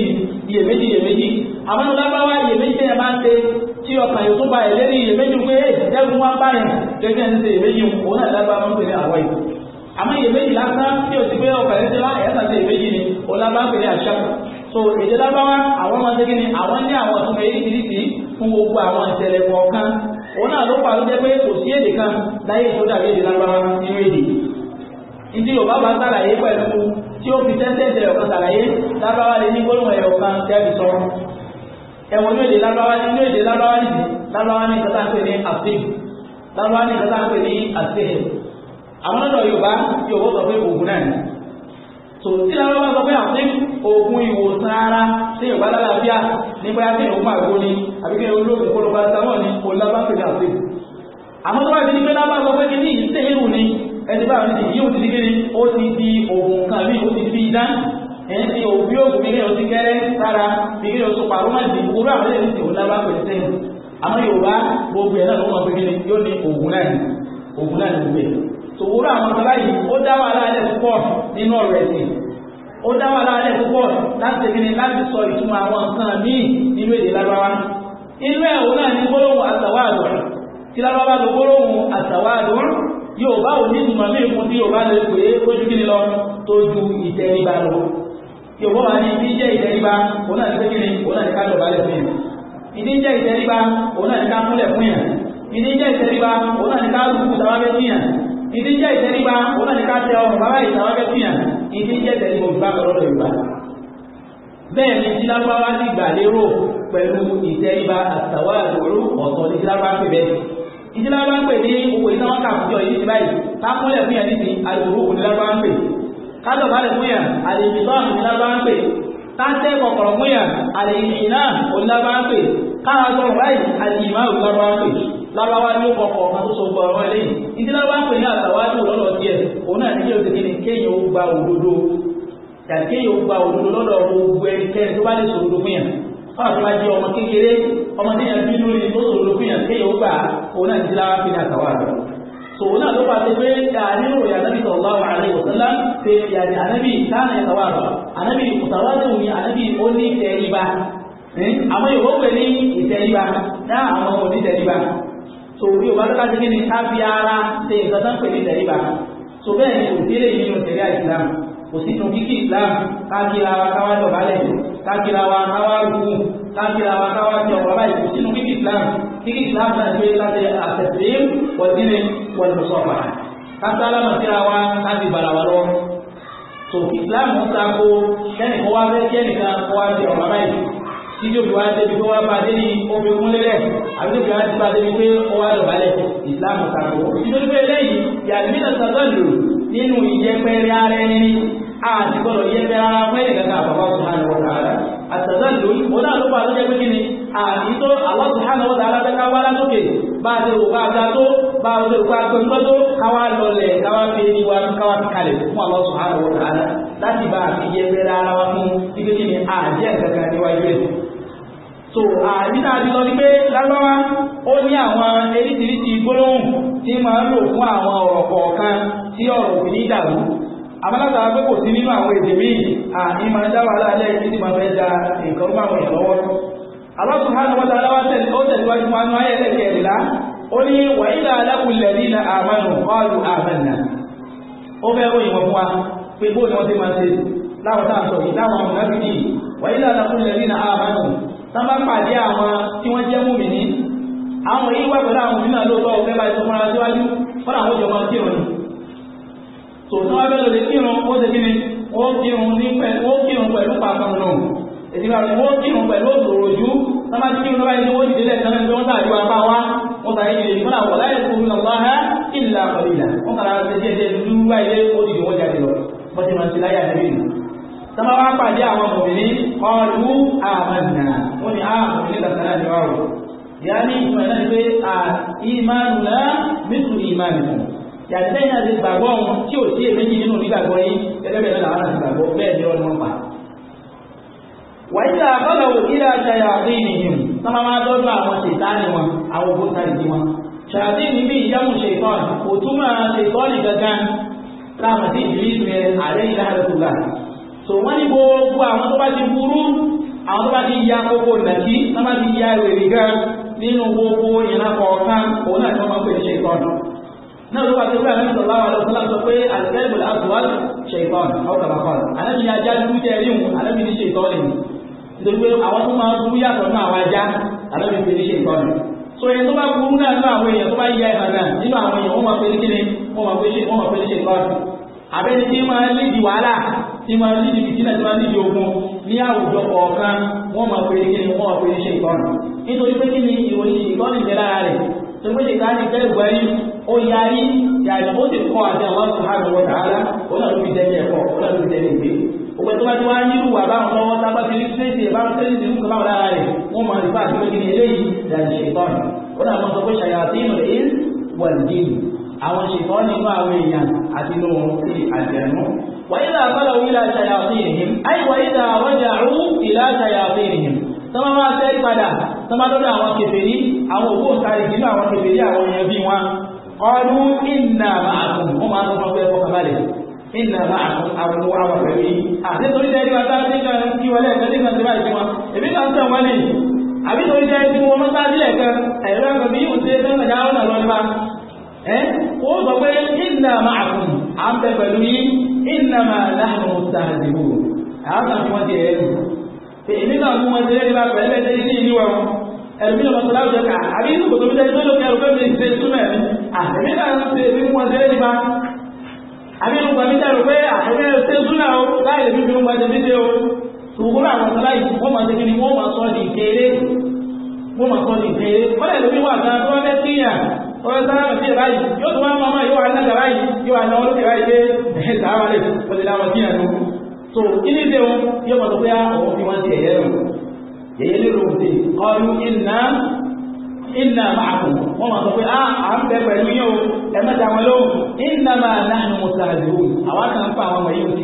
Speaker 1: iyèméjì iyèméjì àmọ́ lábáwá iyèméjì tẹ́ ẹ máa ń ṣe tí ọkàn yóò tún ba ẹ̀ lérí iyèméjì pé ẹ̀ẹ́dẹ́gun wá báyìí gẹ́gẹ́ ń ṣe iyèméjì òun náà lábáwá ń pèlè àwọ̀ yìí àmọ́ iyèméjì lásán tí o ti pé ọkàn yóò ti wá ẹ̀ẹ́sà ṣe iyèméjì ni òun ń pèlè àṣà so èdè lábáwá àwọn ọmọdé kí ni àwọn ní àwọn ọ̀tún méjìlélítì fún gbogbo àwọn ìṣẹ̀lẹ̀ kọ̀ọ̀kan òun náà ló pa ló jẹ́ pé kò sí èdè kan láyé tó dàbí èdè lábáwá nínú èdè ìdí Yorùbá bá sàlàyé pẹ̀lú tí ó fi sẹ́ńtẹ̀ǹsì ẹ̀yọ̀ kan sàlàyé lábáwá lè ní gbólóhùn ẹ̀yọ̀ kan tẹ́lẹ̀ sọ ẹ̀wọ̀n ní èdè lábáwá ní èdè lábáwá nìyí lábáwá ní kátà ń pè ní àfíì lábáwá ní kátà ń pè ní àfíì àwọn ọ̀dọ̀ Yorùbá Yorùbá sọ pé ògùn náà ni tò tí lábáwá sọ pé àfíì ògùn ìwòsàn ara sí Yorùbá lálàáfíà nígbà yá kéèyàn fún ni àbí kéèyàn olóògùn kó ni kò lábá pè ní kí ni ẹni báwọn kíni ó ti di òògùn kan bí ó ti di idá ẹ̀yìn ti òbí òògùn mi kéèyàn ti kẹ́rẹ́ sára mi kéèyàn tó pàrọ̀ má di orú àwọn ẹ̀yìn ti ó dá wàhálà ó dá wàhálà púpọ̀ láti kíni láti sọ ìtumọ̀ àwọn nǹkan míì nínú èdè Lárúbáwá inú ẹ̀ náà ní gbólóhùn àtàwádùn tí Lárúbáwá lo gbólóhùn àtàwádùn yóò bá òní ìmọ̀ mí fún tí yóò bá lè pè é kójú kí ni lọ tó ju ìtẹríba lọ yóò bá wà ní ìdí jẹ́ ìtẹríba òun àti kékeré òun àti kájọ balẹ̀ fún yàn ìdí jẹ́ ìtẹríba òun àti ká múlẹ̀ fún yàn ìdí jẹ́ ìtẹríba òun àti ká rúkú tàwábẹ́ fún yàn ìdí jẹ́ ìtẹríba òun àti ká tẹ ọrùn bàbá yìí tàwábẹ́ fún yàn ìdí jẹ́ ìtẹríba òbá lọ́rọ̀ Yorùbá bẹ́ẹ̀ ni sílábáwá ti pẹ̀lú ìtẹríba àtàwà àdúró ọ̀tọ̀ ní sílábá ìdílé bá ń pè ní owó ìtàn wọn kàkùjọ yìí ti báyìí kákúnlẹ̀ fún yẹn ní ti àlùkò òkú nílá bá ń pè kájọ̀ balẹ̀ fún yẹn àlèyìn sọ́ọ̀nù nílá bá ń pè káńtẹ́ kọ̀kọ̀rọ̀ fún yẹn àlèyìn iná ònílá bá ń pè káwọn sọ̀rọ̀ báyìí àlèyìn máa ònílá bá ń pè lábáwá ní ọkọ̀ ọ̀kan tó so gbọ́ ọ̀rọ̀ eléyìí ìdílé bá ń pè ní àtàwádùn lọ́dọ̀ díẹ̀ òun náà ní kí o ti kéde kéèyàn ó gba òdodo tàbí kéèyàn ó gba òdodo lọ́dọ̀ gbogbo ẹnikẹ́ni tó bá lè sòdodo fún wọ́n àti wá jẹ́ ọmọ kékeré ọmọ tí yẹn bínú ni ó sòrò fún yàn kéèyàn ó gbà òun náà ti lára fi dà sàwà rẹ̀ sòwò náà ló bá ti pé àníwò yàtàbí sọ̀rọ̀ àrẹ òsánlá ṣe yàtì ànábì sáànà ìsàwà rẹ̀ ànábì mùsàwádìí ni ànábì ó ní ìtẹríba àmọ́ ìwọ́ pè ní ìtẹríba dá àwọn ọmọ ní ìtẹríba so bí o bá lọ́ka sí kí ni ká fi ara ṣe nǹkan tán pè ní ìtẹríba so bẹ́ẹ̀ ni òṣèlè yìí ní òṣèlè àìsílámù kò sínú kíkì ìsìláàmù káàkiri àwọn káwá dọ̀bálẹ̀ káàkiri àwọn káwá rúkú káàkiri àwọn káwá ti ọ̀rọ̀ báyìí kò sínú kíkì ìsìláàmù kíkì ìsìláàmù náà gbé láti àtẹ̀sí wọ̀dílé wọ̀lùsọ̀fà kásálámà síra wa láti bàrà wà lọ. tó ìsìláàmù ń sako kẹ́nì kó wá fẹ́ kẹ́nì kan kó wá ti ọ̀rọ̀ báyìí tíjú bí wá débi tó nínú ìyẹpẹrẹ ara ẹni àti gbọ́dọ̀ yẹpẹrẹ ara fún ẹ̀dẹ̀ kankan àbábá subhanahu wa ta'ala àtẹ̀sẹ̀ lórí ọ̀dà ló bá lójẹ́ pé kí ni àti Allah subhanahu wa ta'ala bẹ́ẹ̀ ká wá lásòkè bá a lè rò bá a ga tó bá a lè rò bá a gbẹ̀mí Allah subhanahu wa ta'ala láti bá a fi yẹpẹrẹ ara wa fún so àbíta àti lọ ní pé lágbáwá ó ní àwọn eríṣiríṣi gbólóhùn tí máa ń lò fún àwọn ọ̀rọ̀ kọ̀ọ̀kan tí ọ̀rọ̀ òfin ní ìdàrú àmọ́láta pé kò sí nínú àwọn èdè míì àní máa ń tí máa fẹ́ da nǹkan fún àwọn ó tẹ̀síwájú ní ayé ẹlẹ́kẹ̀ ẹ̀dìlá ó ní ó fẹ́ ti máa ṣe láwọn táà sọ yìí láwọn ọmọ náà fi dì tán bá pàdé àwọn tí wọ́n jẹ́ múmi ní àwọn èyí wà pẹ̀lú àwọn mìíràn lóòótọ́ ọ̀fẹ́ bá ti fúnra síwájú fọ́nà àwọn ìjọba kírun ni tò tán wọ́n bẹ̀rẹ̀ kírun ó ṣe kí ni ó kírun pẹ̀lú pàtàkùn náà èdè bá wọ́n kírun pẹ̀lú òdòròjú tán bá ti kírun lọ́wọ́ ẹni wọ́n ti délẹ̀ tán ẹni wọ́n tàbí wọn bá wá wọ́n tàbí ìdè ìfọ́n àwọn ọ̀láyẹ̀ tó ń lọ ha ìlà wọ́n kàrà ṣe tọ́mọ bá pàdé àwọn obìnrin ọlú àmàlà wọ́n ni ààbò ní kàtàrà ní ọ̀rọ̀ ìyá ní ìtumọ̀ náà pé à ìmánu náà mítù ìmánu náà yàtí lẹ́yìn náà ti gbàgbọ́ ohun tí ò sí èméjì nínú nígbàgbọ́ yín gẹ́gẹ́ bẹ́ẹ̀ náà láti gbàgbọ́ bẹ́ẹ̀ ni ọdún pa wàyíta àbọ́lọ̀wò ìlà àṣàyà àdéhìn ìhìn tọ́mọ máa dọ́dọ̀ àwọn ṣètáni wọn àwọn ògbóntarìdì wọn ṣàdéhìn bí ìyáhùn ṣètọ́ni kò túmọ̀ ṣètọ́ni gangan láwọn sí ìdílé ìgbẹ́ àlẹ́ ìlànà tó gbà so wọ́n ní gbogbo àwọn tó bá ti burú àwọn tó bá ti ya gbogbo ìdàtí tó bá ti ya ìrèlè gan nínú gbogbo ìran kọ̀ọ̀kan òun náà ni wọ́n máa ń pè ní ṣèkọ́nù náà ló wà tó pé àwọn ìṣọ̀lá wa lọ́sọ́lá sọ pé àtẹ́bùl àtùwá ṣèkọ́nù ọ̀kà bàbára àlẹ́bí ni ajá dúdú jẹ́ rí wọn àlẹ́bí ni ṣèkọ́nù ni nítorí pé àwọn tó máa ń dúró yàtọ̀ nínú àwọn ajá àlẹ́bí ni ṣèkọ́nù so ẹni tó bá burú náà nínú àwọn èèyàn tó bá yíya ìbàdàn nínú àwọn èèyàn wọ́n máa pè ní kíni wọ́n máa pè ní ṣèkọ́nù àbẹ́ni tí máa ń lé di wàhálà tí máa ń nídìí ìdílé tí máa ń nídìí ogun ní àwùjọ kọ̀ọ̀kan wọ́n máa pè é kíni wọ́n máa pè é ṣe ìkọ́nù nítorí pé kíni ìròyìn ìkọ́nù ìjẹ́ lára rẹ̀ tó gbé ìka ní ìfẹ́ ìgbà yìí ó yarí yàrá ó sì kọ́ àti àwọn ọ̀sán àgbẹ̀ wọn tààrà ó náà ló fi dẹ́ni ẹ̀kọ́ ó náà ló fi dẹ́ni ìgbé òpè tó bá ti wá nírú wà báwọn lọ́wọ́ tábà ti rí sílẹ̀sì ẹ̀ báwọn sílẹ̀sì ìlú kan báwọn lára rẹ̀ wọ́n máa rí báàgì méjì ní eléyìí وإذا خلوا إلى شياطينهم أي وإذا رجعوا إلى شياطينهم tọ́mọ́ máa tẹ́ padà tọ́mọ́ lọ́dọ̀ àwọn kèfèrí àwọn òkú òkàrí nínú àwọn kèfèrí àwọn èèyàn bí wọn ọdún ìnà ma'akum wọ́n máa tún fẹ́ fọ́kà balẹ̀ ìnà ma'akum àwọn àwọn pẹ̀lú àti torí jẹ́ ìgbà táwọn tí kan kí wọlé ẹ̀kẹ́ nígbà tí báyìí wọn èmi kan tẹ̀ wọ́n lè àbí torí jẹ́ ìgbà tí wọ́n mọ́ sáájú ẹ̀kẹ́ ẹ̀rọ ó sọ pé inna ma'akum à ń bẹ pẹ̀lú yín innama nahnu mustahzi'un àwọn kan tí wọ́n ti ẹ̀rù èmi náà mú wọn sílẹ̀ nípa pẹ̀lú ẹ̀jẹ̀ ní ìlú wọn ẹ̀rùmí lọ́wọ́ tó láwùjọ ká àbí inú kòtò mítẹ́ tó lókè ẹ̀rù fẹ́mi ṣe súnmọ̀ ẹ̀mí àtẹ̀mí náà ń ṣe mú wọn sílẹ̀ nípa àbí inú kòtò mítẹ́ pé àtẹ̀mí ẹ̀rù ṣe súnmọ̀ o láì lè fi fi wọn ṣe fídíò ọ̀rẹ́ sára báyìí yóò so ilé ìdè wọn yóò mọ̀ tó pé àwọn ah, fi wọ́n sí ẹ̀yẹ́ rẹ̀ yẹ̀yẹ́ lè lòun sí ọdún iná iná máa kù wọ́n mọ̀ sọ pé ah, à ń bẹ pẹ̀lú yóò ẹ̀mẹ́ta wọn lóhùn iná máa náà mọ̀ sàrẹ̀ yóò sí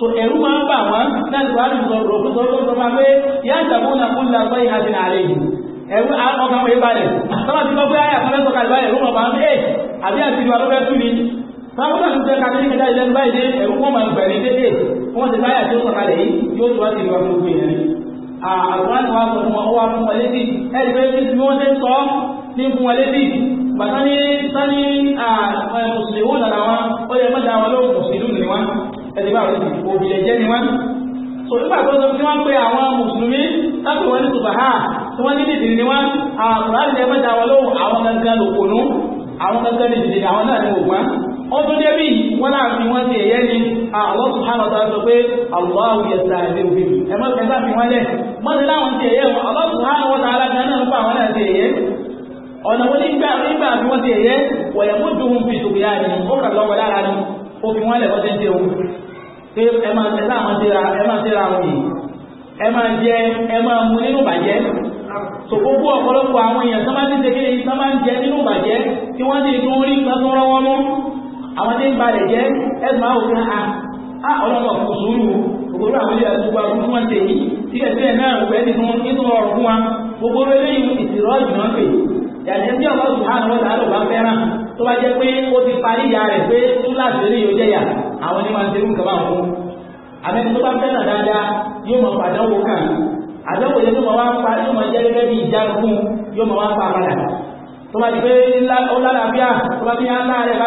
Speaker 1: so ẹ̀rú máa ń bà wọ́n láti wá ní ìsọ̀rọ̀ òkúsọ̀rọ̀ tó máa pé yá ìjàmú na kún la sọ ìhàbí náà rẹ̀ yìí ẹ̀rú ọkàn pé balẹ̀ tọ́wọ́ ti sọ pé àyà kan lẹ́sọ̀ọ́ eh, kàlẹ́ báyìí ẹ̀rú máa bá ń pé àbí àti ìwà ló fẹ́ tú ni sábà tó jẹ́ kàdé ní kẹta ìlẹ́nu báyìí dé ẹ̀rú eh, wá ó yẹ mẹ́ta wọn ló mùsùlùmí ni ẹni bá wọn ti òbí ẹ̀jẹ̀ ni wọ́n so nígbà tó sọ pé wọ́n pe àwọn mùsùlùmí láti wọ́n ní tùbàhà tí wọ́n ní dìdì ni wọ́n àwọn kùránì ẹ̀ mẹ́ta wọn lóhùn àwọn gangan lòpònú àwọn gangan ní dìdì àwọn náà ní ògbọ́n ó tún dé bí wọ́n náà fi wọ́n ti ẹ̀yẹ́ ni àwọn subhanahu wa ta'ala sọ pé Allahu yastahzi'u bihim ẹ mọ́ ẹ̀sà fi wọ́n lẹ̀ mọ́ ti Allah subhanahu wa ta'ala gan náà ń pa àwọn náà ti ẹ̀yẹ́ ọ̀nà wọn nígbà nígbà fi wọ́n ti ẹ̀yẹ́ wọ̀yẹ̀mú dùn fi tòkìyà ni ó kà lọ́wọ́ lára ni ó fi wọ́n lẹ̀ pé ẹ máa tẹ̀lé àwọn síra ẹ máa síra àwọn yìí ẹ máa jẹ ẹ máa mu nínú bàjẹ́ tó ọ̀pọ̀lọpọ̀ àwọn èèyàn ń jẹ nínú bàjẹ́ wọ́n ti tún rí lọ́tún rọ́wọ́ mú àwọn tí ń balẹ̀ jẹ́ ẹ máa ah, ah, ọlọ́mọ yàtí tí ọlọ́run subhanahu wa ta'ala bá fẹ́ràn tó bá jẹ́ pé ó ti parí ìyá rẹ̀ pé ńláṣẹ́ lè yóò jẹ́yà àwọn ní máa ń serú nǹkan bá fún àbẹ́ni tó bá fẹ́ràn dáadáa yóò mọ̀ pàdánwò kàn àdánwò yẹn tó mọ̀ wá pa yóò mọ̀ jẹ́ gẹ́gẹ́ bí ìjà fún yóò mọ̀ wá pa padà tó bá ti pé ó lálàáfíà tó bá fi hàn láàrẹ̀ rẹ̀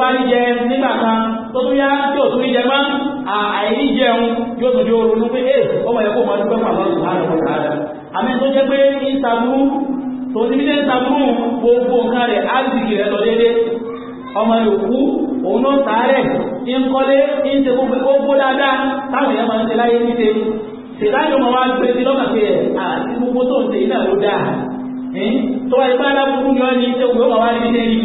Speaker 1: bá rí jẹ nígbà tó tún àìní jẹun yóò tún yóò ronú pé ee ọmọ ẹ̀kọ́ máa dúpẹ́ pàmò ìlú àrùn ọ̀gá rẹ̀ àmì tó jẹ́ pé ní ìtàbùrú tó ti bílẹ̀ ìtàbùrú gbogbo nǹkan rẹ̀ á sì kì rẹ̀ lọ déédéé ọmọ yòókù òun náà sàárẹ̀ ń kọ́lé ń ṣe gbogbo dáadáa táwọn èèyàn máa ń ṣe láyé níṣe ṣèdájọ́ ọmọ wa gbé sí lọ́kàn pé àti gbogbo tó ń ṣe iná ló dáa tó wáyé bá aláburú ni wọ́n ní ṣe yóò máa wá ní ṣe ní yìí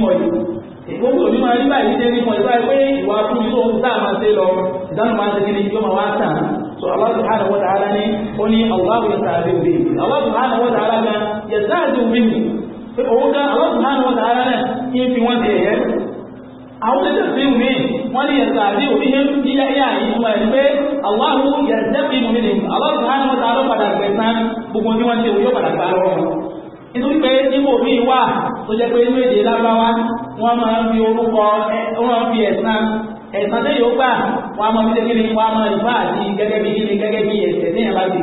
Speaker 1: gbogbo ní máa rí báyìí ṣe nípa ìgbà pé ìwà fún ìlú a máa ṣe lọ ìdánù máa ṣe kí ni yóò máa wá tàn so Allah subhanahu wa ta'ala ní ó ní Allahu yasta'dhiru bi Allah subhanahu wa ta'ala ga yasta'dhiru bi mi pé òun ga Allah subhanahu wa ta'ala náà kí n fi wọ́n ti ẹ̀yẹ àwọn ẹ̀sẹ̀ sí mi wọ́n ní yasta'dhiru bi yẹn kí yá yá yìí wọ́n ẹni pé tó jẹ́ pé inú èdè lábáwá wọ́n máa ń fi orúkọ wọ́n fi ẹ̀sán ẹ̀sán tó yóò gbà wọ́n máa fi tẹ́kí ni wọ́n máa ìfá àti gẹ́gẹ́ bí kíni gẹ́gẹ́ bí ẹ̀sẹ̀ ní ẹ̀bá sí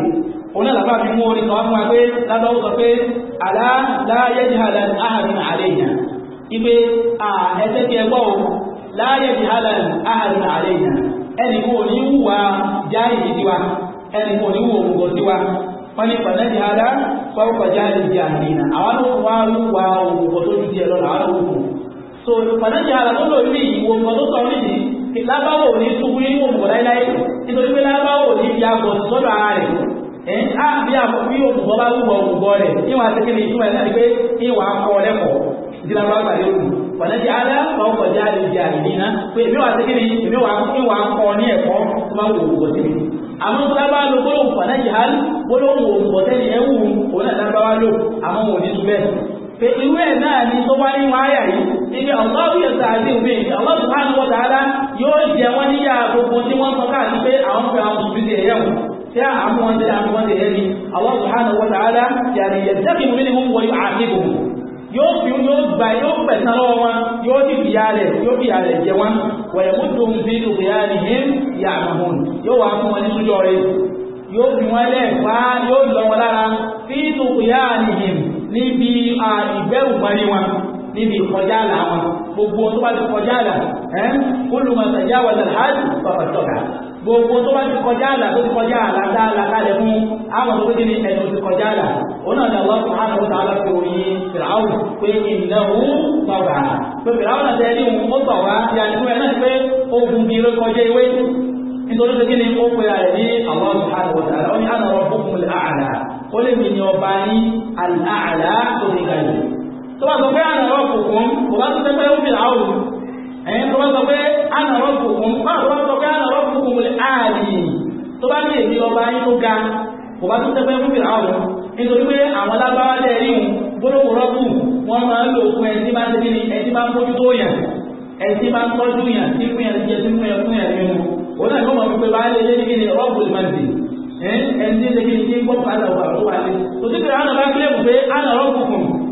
Speaker 1: òun náà lábá fi mú orin kan fún wa pé lábáwó sọ pé àlá láyé ní àlá àhàrin ipe ẹsẹ̀ tí ẹ o láyé ní àlá àhàrin àléyàn ẹnì kò wùwà jáì tiwa ẹnì kò wùwà ògùn tiwa wọ́n ní pàdánì ara fọ́wọ́ pàjáde di àdínà àwọn àwọn wá ń wa òwò tó ti di ẹ̀rọ làwọn àwọn òwò so pàdánì ara tó lò ní ìwò nǹkan tó sọ nídìí lábáwò ní túbú ní òmùgọ̀ láíláí nítorí pé lábáwò ní ibi àgọ̀ sọ́dọ̀ ara rẹ̀ ẹ̀ á bí àpò bí òmùgọ̀ bá wúwo òmùgọ̀ rẹ̀ níwọ̀n àti kí ni ìtumọ̀ ẹ̀ náà ni pé ìwà akọ lẹ́kọ̀ọ́ ìdílábà pàdé òmù wàlẹ́dí alá ọkọ̀ jáde di àdínà pé èmi wà sí kí ni èmi wà ń kọ́ ní ẹ̀kọ́ tó máa ń wò wò sí mi àmọ́ tó lábá lo gbólóhùn na jihal gbólóhùn òǹbọ̀tẹ́ni ẹ̀wù òun náà lábá wá lò àmọ́ òun ní túbẹ̀ pé irú ẹ̀ náà ni tó wá nínú àyà yìí níbi ọlọ́run yóò sàádé òwe Allah subhanahu wa wọ́n wọn yóò fi ń yóò gbà yóò pẹ̀sán lọ́wọ́ wọn yóò sì fìyà rẹ̀ yóò fìyà rẹ̀ jẹ wọn wọ̀yẹ̀ mú tó ń fi òkèyà nìyẹn yà àmàmùn yóò wá fún wọn ní sójú ọrẹ yóò fi wọn lẹ̀ fà á yóò lọ wọn lára fi òkèyà nìyẹn níbi ìgbẹ́rù mọ́ni wọn níbi ìkọjá àlà wọn gbogbo tó bá ti kọjá àlà ẹ́ kó lùmọ̀ sàjáwọ̀ gbogbo tó bá ti kọjá àlà tó ti kọjá àlà tá a là kalẹ̀ fún àwọn tó ti ní ẹ̀dùn ti kọjá àlà òun náà ni Allah subhanahu wa ta'ala fi ròyìn fìràwù pé innahu tagha pé fìràwù náà tẹ́lẹ̀ ìhun ó tọ̀ wá ti àdúgbò ẹ̀ náà pé ogun bí ló kọjá ewé nítorí pé kí ni ó pe ààrẹ ní Allah subhanahu wa ta'ala ó ní àná rọ̀ kòkó ẹ̀yìn tó bá sọ pé ana rabbukum báwo tó bá sọ pé ana rabbukumul aali tó bá ní èmi ọba yín tó ga kò bá tún tẹ́fẹ́ fún fìlà ọ̀rọ̀ nítorí pé àwọn alágbára lẹ̀ rí wọn gbólóhùn rọ́bù wọn máa ń lò fún ẹni tí bá ń tẹ́lẹ̀ ẹni tí bá ń bójú tó yàn ẹni tí bá ń tọ́jú yàn tí fún yàn jẹ tí fún yàn fún yàn nínú òun náà ló mọ̀ wípé bá lè lé ní kíni rọ́bù lè máa dì ẹni tí lè kíni àwọn àwọn àlè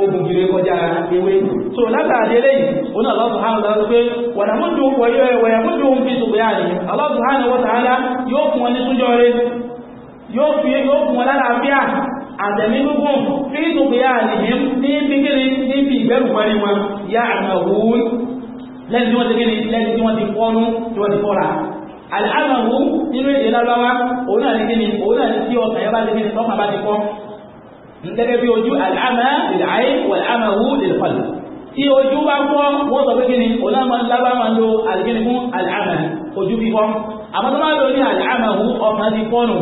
Speaker 1: ogun gire kọjá ewé so látàrí eléyìí oní Allah subhanahu wa ta'ala pé wàyàmúdù wàyàmúdù fi ṣùgbọ́n àrí Allah subhanahu wa ta'ala yóò fún wọn ní súnjọ́ rẹ̀ yóò fi yóò fún wọn lálàáfíà àtẹ̀mí gúgùn fi ṣùgbọ́n àrí ní bíkiri ní bí ìgbẹ́rù pẹ̀lú wọn yá àmàwùn lẹ́yìn tí wọ́n ti kí ni lẹ́yìn tí wọ́n ti fọ́nú tí wọ́n ti fọ́ra àlẹ́ àmàwùn nínú èdè lábáwá òun náà ní kí ni òun náà ní kí ọkàn yẹn bá ti kí ni tọ́kàn bá ti kọ́ gẹ́gẹ́ bí ojú àlámà ìdáyé wàlámà wú lèlfàlù tí ojú bá fọ́ wọ́n sọ pé kí ni olámà lábá máa lo àlùkíni fún àlámà ojú fífọ́ àmọ́ tó máa lo ní àlámà wú ọmọ ti fọ́nù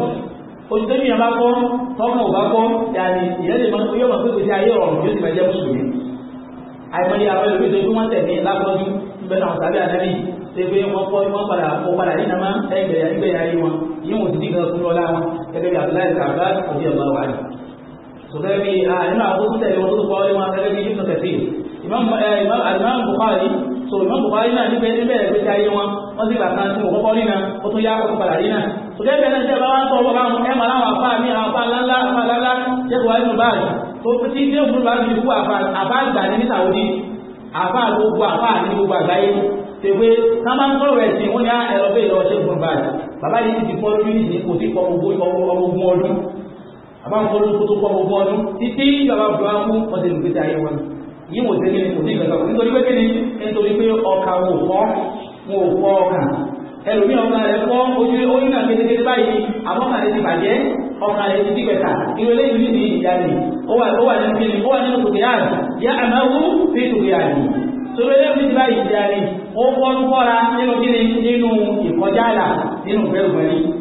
Speaker 1: ojú tó yìnbọn bá fọ́ tọ́mọ ò bá fọ́ yàrá ìyẹn lè máa yọ̀ máa pé kòtí ayé ọ̀rọ̀ yóò ti máa jẹ́ mùsùlùmí àìmọye àwọn ìlú ìjọba wọn tẹ̀lé lápọ́jú ìbẹ̀ náà sábẹ́ àdáni ṣe pé wọ́n kọ́ wọ́n padà kó padà yìí nàmá ẹgbẹ̀yà ìgbẹ̀yà yìí wọn yìí ti dìgbà kúrò ọlá wọn gẹ́gẹ́ bí Abdullahi kàbá òbí ọ̀gbà wà ní gẹ́gẹ́ bí nínú àbúkú tẹ̀lé wọn tó tó pọ́ọ́lé wọn gẹ́gẹ́ bí yíṣọ kẹsì imam Bukhari so imam Bukhari náà níbẹ̀ níbẹ̀ ẹgbẹ́ tí ayé wọn wọ́n sì bàtà sí òkọ́kọ́ nínà ó tún yá ọkọ̀ padà nínà so gẹ́gẹ́ náà tẹ́ bá wá ń sọ ọgbọ́n káwọn ẹ̀mà láwọn afá mi àwọn afá ńláńlá afá ńláńlá jẹ́kọ̀ wá nínú báàgì tó tí ní òkú báàgì ikú àfá àgbà ní níta òní àfá gbogbo àfá ní gbogbo àgbáyé tẹ̀wé sábà ń sọ̀rọ̀ ẹ̀sìn wọn ni á ẹ̀rọ bẹ́ẹ̀ lọ ṣe gbọ̀ngbà bàbá yìí ti fọ́ lórí ìsìn kò sí ọmọ ogun ọdún àbáwọn olùkó tó pọ̀ gbogbo ọdún títí bàbá buhari mú ọdẹ lùgbẹ́sẹ̀ ayé wọn yìí wò sí kíni kò ní ìgbàgbọ́ nítorí pé kíni nítorí pé ọkà wò fọ́ wọn ò fọ́ ọkà ẹlòmíì ọkà rẹ̀ fọ́ ojú oyún náà kékeré báyìí àmọ́ kàlẹ́ ti bàjẹ́ ọkà rẹ̀ ti dìgbẹ̀ta irú eléyìí ní ìyá ni ó wà nínú kíni ó wà nínú kòtò yá àná yá àmọ́ wú sí kòtò yá ni torí eléyìí ti báyìí ìyá ni ó fọ́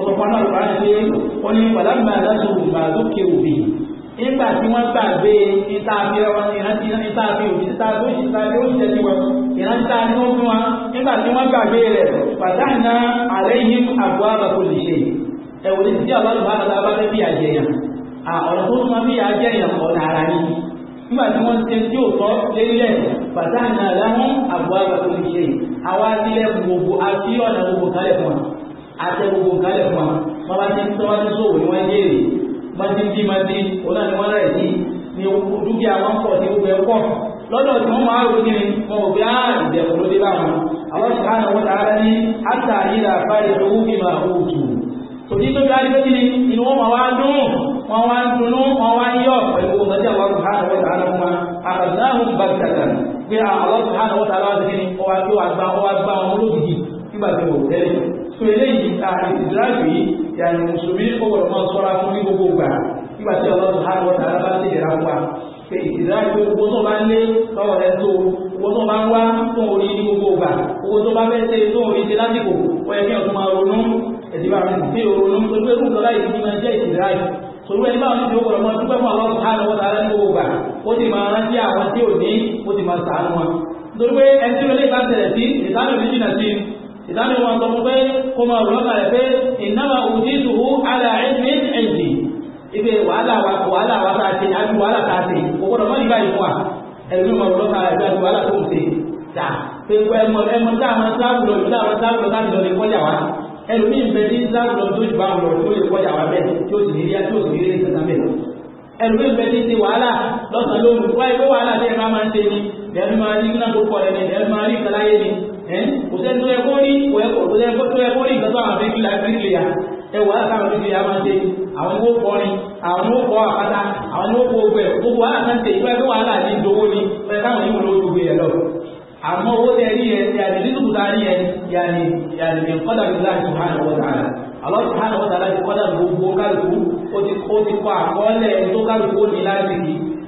Speaker 1: ọ̀sọ̀pọ̀nà ọ̀rọ̀ ṣe wọ́n ní pàdánù àdásùrù máa lókè òbí nígbà tí wọ́n gbàgbé ìtààfi ọ̀rọ̀ ìrántí ìtààfi òbí ìtààfi òṣì ìtààfi òṣì ẹ̀sìn wọn ìrántí ìtààfi ó fún wa nígbà tí wọ́n gbàgbé rẹ̀ pàdánù àlẹ́yìn àgọ́ àbàkò lè ṣe ẹ̀wọ̀n ní tí ọlọ́run bá lọ́dọ̀ abá fẹ́ bí àjẹyàn ọ̀rọ̀ tó tún bí àjẹyàn ọ̀nà ara ni nígbà tí wọ́n ṣe tí ò tọ́ lélẹ̀ pàdánù àlẹ́hùn àgọ́ àbàkò lè ṣe àwa sílẹ̀ gbogbo àti àtẹ gbogbo nǹkan lẹ̀ fún wa wọ́n bá ti tọ́wọ́ ti sòwò ni wọ́n ń jèrè bá ti bí ma ti òun náà ni wọ́n rẹ̀ sí ni dúkìá wọn pọ̀ ní gbogbo ẹ̀kọ́ lọ́dọ̀ tí wọ́n máa rò kí ni wọn ò bí á ah, ìdẹ̀kùn ló dé bá wọn àwọn sùkánà wọn tààrà ní àtà ìlà àfáàlẹ̀ tó wúkì máa hó tù tòdí tó bí á rí kí ni inú wọn máa wá dùn wọn wá dùnú wọn wá yọ pẹ̀lú ọmọ tí àwọn sùkánà wọn tààrà fún wa àbàdáhùn bàtàkà pé àwọn sùkánà wọn tààrà wọn ti kí ni wọn wá gbá wọn lójijì nígbà tí wọn ò tẹ́lẹ̀ so eléyìí ìdíláàbù yìí yàrá mùsùlùmí ó wọ̀rọ̀ máa sọ́ra fún ní gbogbo gbà nígbà tí ọlọ́run hàn wọ́n tààrà bá tẹ̀lé ra wa pé ìdíláàbù owó tó bá ń lé lọ́wọ́ rẹ̀ tó owó tó bá ń wá tó orí ní gbogbo gbà owó tó bá fẹ́ ṣe tó orí ṣe lásìkò ó yẹ kí ọ̀tún máa ronú ẹ̀dìbà rẹ̀ bí ronú tó gbé rúkọ láì fi máa jẹ́ ìdíláàbù sòrò ẹni báwọn ti wọ́pọ̀ ọmọ dúpẹ́ fún àwọn ọ̀hánà wọn tààrà ní gbogbo gbà ó ti máa rántí àwọn tí ò ní ó ti máa sàánú wọn. nítorí pé ẹni tẹ̀lẹ̀ sí ìdánù náà sí ìdánimọ̀ wọn sọ fún pé kó máa rò lọ́kàn rẹ̀ pé ìnáwó òdìdùhù àlà ẹ̀mí ẹ̀jì ibi wàhálà wa wàhálà wa ta ṣe àbí wàhálà ta ṣe owó lọ́mọ yìí báyìí fún wa ẹ̀mí máa rò lọ́kàn rẹ̀ pé àbí wàhálà tó ń ṣe ta pé ẹmọ ẹmọ tá a máa sáàbù lọ ìdá àwọn sáàbù lọ láti lọ lè kọjá wa ẹlòmí ìfẹ́ ní sáàbù lọ tó ìbá lọ tó lè kọjá wa bẹ́ẹ̀ tí ó sì ní yá tí ó sì ní rí nǹkan bẹ́ẹ̀ ẹlòmí ìfẹ́ ní ti wàhálà lọ́sàn-án lóru wáyé wàhálà tẹ́ ẹ máa máa ń ṣe ni ẹ̀mí máa rí náà kó pọ̀ kò sẹ́ni tó yẹ kó rí kò yẹ kó tó yẹ kó rí nǹkan tó àwọn abẹ́kílà bíríkìlìyà ẹwà àtàwọn bíríkìlìyà máa ṣe àwọn owó kọrin àwọn owó kọ àpáta àwọn owó kọ ọgbẹ gbogbo wàhálà kan ṣe ìgbà pé wàhálà ní ìdówó ni ẹ káwọn yìí ló gbogbo yẹ lọ àmọ́ owó tẹ rí yẹ yàrá nítorí tá a rí yẹ yàrá yàrá ní kọ́dà bí láti sùn hàn wọ́n tààlà àwọn sùn hàn wọ́n tààlà ti kọ́dà gbogbo kálukú ó ti kọ́ àkọọ́lẹ̀ tó kálukú ó ní láti yìí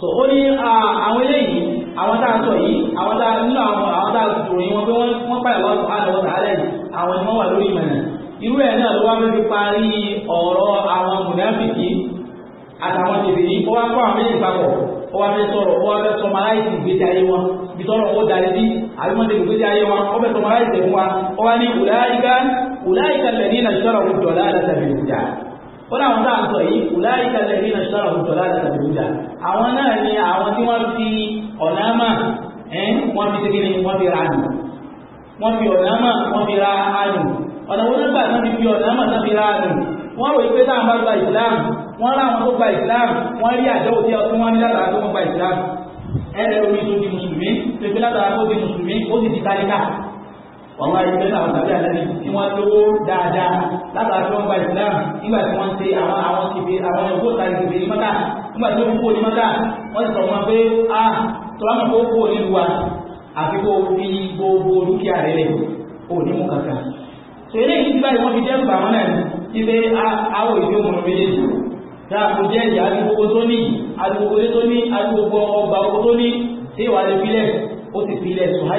Speaker 1: so ó ní àwọn eléyìí àwọn tá a sọ yìí àwọn tá a nínú àwọn àwọn tá a ròyìn wọn pé wọ́n pààyà wọ́n sọ àlọ́ sàálẹ̀ àwọn ni wọ́n wà lórí ìmọ̀nà irú ẹ̀ náà ló wá fẹ́ fi parí ọ̀rọ̀ àwọn mùnàfìkì àtàwọn tèbè yìí ó wá kó àwọn méjì papọ̀ ó wá fẹ́ sọ̀rọ̀ ó wá fẹ́ sọmaláìsì ìgbésí ayé wọn ibi tọ́rọ̀ ó darí sí àbímọ́tò ìgbésí ayé wọn ó fẹ́ sọmaláìsì ẹ̀fún wa ó wá ní ùláyíká ùláyíká lẹ́ni ìlànà ìṣọ́rọ̀ òjò láàrín àtàbí ìjà ó láwọn tá à ń sọ yìí kùláyì kalẹ̀ bí náà ṣọ́ra òkùnkùn láti àbúrúdà àwọn náà ni àwọn tí wọ́n fi ọ̀nà mà wọ́n fi tẹ́kẹ́ ni wọ́n fi ra ànù wọ́n fi ọ̀nà mà wọ́n fi ra ànù ọ̀nà wọn nígbà tí wọ́n fi ọ̀nà mà tán fi ra ànù wọ́n rò pé táwọn bá gba ìsìláàmù wọ́n láwọn tó gba ìsìláàmù wọ́n rí àjọwò tí ọtún wọn ní tó wọ́n gba ìsìláàmù ẹ̀rẹ̀ wàhálà ìgbẹ́ náà tàbí àlẹ́bí tí wọ́n lówó dáadáa látara tí wọ́n gba ìsìlám nígbà tí wọ́n ṣe àwọn àwọn ìbè àwọn ẹ̀kọ́ ta ìbè ní mọ́tà nígbà tí wọ́n kó ní mọ́tà wọ́n ti sọ̀rọ̀ wọn pé a tó wá mọ̀ kó kó nílùú wa àfi kó fi gbogbo dúkìá rẹ̀ lẹ̀ ò ní mú kankan. sọ eléyìí ti báyìí wọ́n fi dẹ́rù àwọn náà ti pé àwọ̀ ìdí òmùnú méjèèjì dáàbò jẹ́ ìyá àdúgbò tó ní àdúgbò tó ní àdúgbò ọgbà owó tó ní tí ìwà lè filẹ̀ ó sì filẹ̀ sùn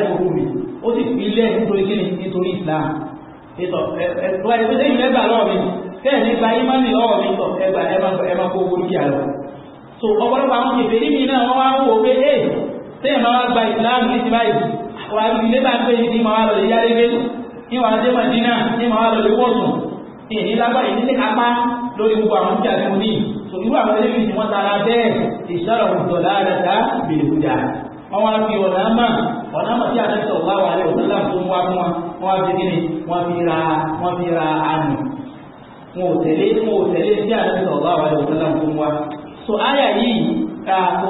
Speaker 1: ó sì fi lẹ́ nítorí kí nítorí Islam ètò ẹ̀tọ́ ẹgbẹ́ lẹ́yìn ẹgbà lọ́wọ́ mi bẹ́ẹ̀ nípa ìmọ̀lì lọ́wọ́ mi tọ̀ ẹgbà ẹgbà kó owó díà lọ. so ọ̀pọ̀lọpọ̀ àwọn kèfè níbi náà wọ́n wá ń wò pé ẹ̀ sẹ́yìn máa gba Islam ní ti báyìí wà á ilé bá ń pè ní máa lọ lè yálé gbé ní wàá dé Madina ní máa lọ lè wọ̀sùn ní ìlágbá ìdílé apá lórí gbogbo àwọn tí a ti mú wọ́n wá fi ọ̀nà àmà ọ̀nà àmà tí àdẹ́sọ̀ wá wà lẹ́wọ̀ tó láàbù tó ń wá fún wọn wọ́n fi kíni wọ́n fi ra wọ́n fi ra àmì wọn ò tẹ̀lé wọn ò tẹ̀lé tí àdẹ́sọ̀ wá wà lẹ́wọ̀ tó láàbù tó ń wá. so àyà yìí kà kò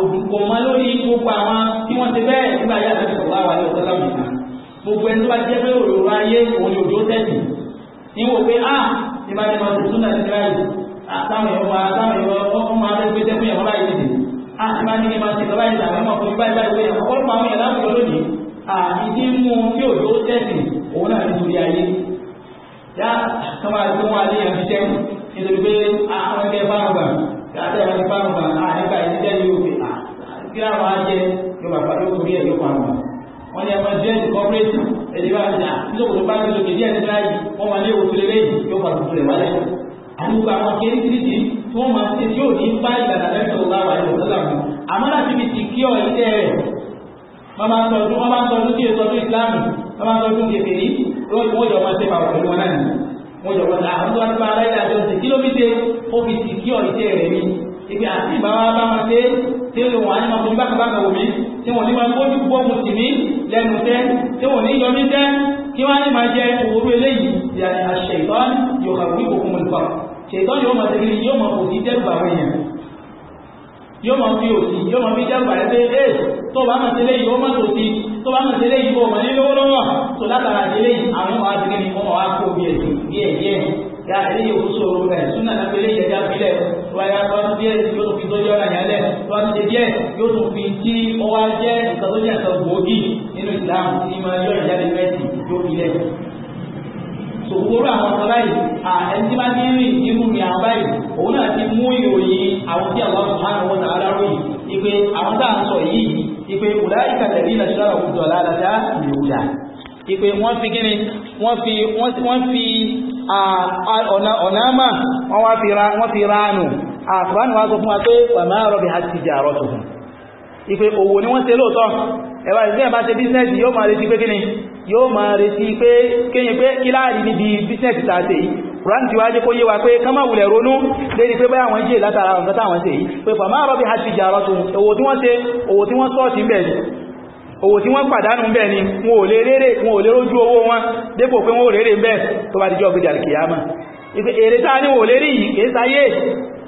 Speaker 1: mọ lórí gbogbo àwọn tí wọ́n ti bẹ́ẹ̀ nígbà yà àdẹ́sọ̀ wá wà lẹ́wọ̀ tó láàbù tó gbogbo ẹni tó bá jẹ́ pé òróró ayé òun ni òjò tẹ̀sí ah, àtàwọn èèyàn àtàwọn èèyàn ọkọ̀ máa fẹ́ gbé tẹ́kùn yẹn wọ́n láyé nìyí àtìmá ah, ní kí n máa ṣe ìjọba ìjà àwọn ọmọ ìgbà ìgbà ìwé ẹ̀kọ́ ọ̀pọ̀ àwọn èèyàn láwùjọ lónìí àìdí mú tí ò yóò tẹ̀sìn òun náà nítorí ayé yá kọ́má tó wọn alẹ́ yẹn fi sẹ́wọ̀n nítorí pé àwọn ẹgbẹ́ fárùbà láti àwọn fárùbà àyíká ìṣiṣẹ́ ní òkè kí láwọn á jẹ yọba pàdé òkúrí ẹ̀ yọba nù wọn ni ẹ̀ma jẹ́ ìkọ́pẹ́rẹ́tì ẹ̀dẹ̀ bá ti dà nítorí tí wọ́n máa ṣe tí ò ní bá ìlànà lẹ́sọ̀ láwà ní òṣèlú àmọ́ láti fi ti kí ọ iṣẹ́ rẹ̀ wọ́n máa ń sọ ọdún wọ́n máa ń sọ ọdún tí èso ọdún ìsìláàmù wọ́n máa ń sọ ọdún kèfèrí wọ́n jọ máa ṣe pàwọ̀ pẹ̀lú wọn náà ni wọ́n jọ máa àwọn tó wá sí máa láyé àjọ sí kí ló fi ṣe ó fi ti kí ọ iṣẹ́ rẹ̀ ni ibi àti ìbáwá bá máa ṣe tí ó lò wọ́n á ní máa fojú bákàbákà wò mí tí wọ́n ní máa fojú gbọ́mù sí mi lẹ́nu tẹ́ tí wọ́n ní yọ mí tẹ́ kí wọ́n á ní máa jẹ òwúrú eléyìí ìyá àṣẹ ìtọ́ yóò kàwé òkú mọ̀ nípa ṣètọ́ yóò mọ̀ tẹ́lẹ̀ yóò mọ̀ kò sí dẹ́rù àwọn èèyàn yóò mọ̀ fi òsì yóò mọ̀ fi dẹ́rù àrẹ pé ẹ tó bá mọ̀ tẹ́lẹ̀ yìí ó mọ̀ tòsí tó bá mọ̀ tẹ́lẹ̀ yìí ó mọ̀ lọ́wọ́ tó látara tẹ́lẹ̀ àwọn ọmọ àtẹ́lẹ̀ ni wọ́n wá kó bí ẹ̀sìn díẹ̀ díẹ̀ yà ẹ̀lẹ́ yìí ó sòrò ẹ̀ súnà lápẹ́lẹ́ yẹ já filẹ̀ wáyà tó ń díẹ̀ yóò tún fi tó yọ ọ̀ràn yálẹ̀ tó ń ṣe díẹ̀ yóò tún fi tí ó jẹ́ ìtọ́jú ìyàtọ̀ gbòógì nínú ìlànà tí máa yọ ìyálẹ̀ mẹ́sì yóò fi lẹ̀ sòkòrò àwọn ọ̀sán báyìí ẹni tí bá ti ń rìn nínú mi àwọn báyìí òun náà ti mú ìròyìn àwọn tí àwọn ọ̀sán àwọn ọ̀sán aláró yìí ipe àwọn tá à ń sọ yìí ipe ọ̀dáyìí kàtẹ́bí ilẹ̀ ṣọ́ra òkùtọ̀ ládàá ìròyà ipe wọ́n fi kíni wọ́n fi wọ́n fi ọ̀nà àmà wọ́n wá fi ra wọ́n fi ra àánú àkùránù wá sọ fún wa pé wàmá rọ̀bì àti ìjà àrọ̀ tuntun ipe òwò ni wọ́n ṣe lóòtọ́ ẹwà ìgbé ẹ̀bá ṣe bísínẹ̀sì yóò máa retí pé kíni yóò máa retí pé kíyìn pé kí láàrin níbi bísínẹ̀sì tààtẹ̀ yìí ránì tí wá jẹ́ kó yé wa pé ká má wulẹ̀ ronú lérí pé báyà wọ́n jẹ́ látara nǹkan táwọn ṣe yìí pé fàmá rọ́bì hajji jàrọ́ tún owó tí wọ́n ṣe owó tí wọ́n sọ́ọ̀tì ń bẹ̀ ni owó tí wọ́n ni wọn ò lè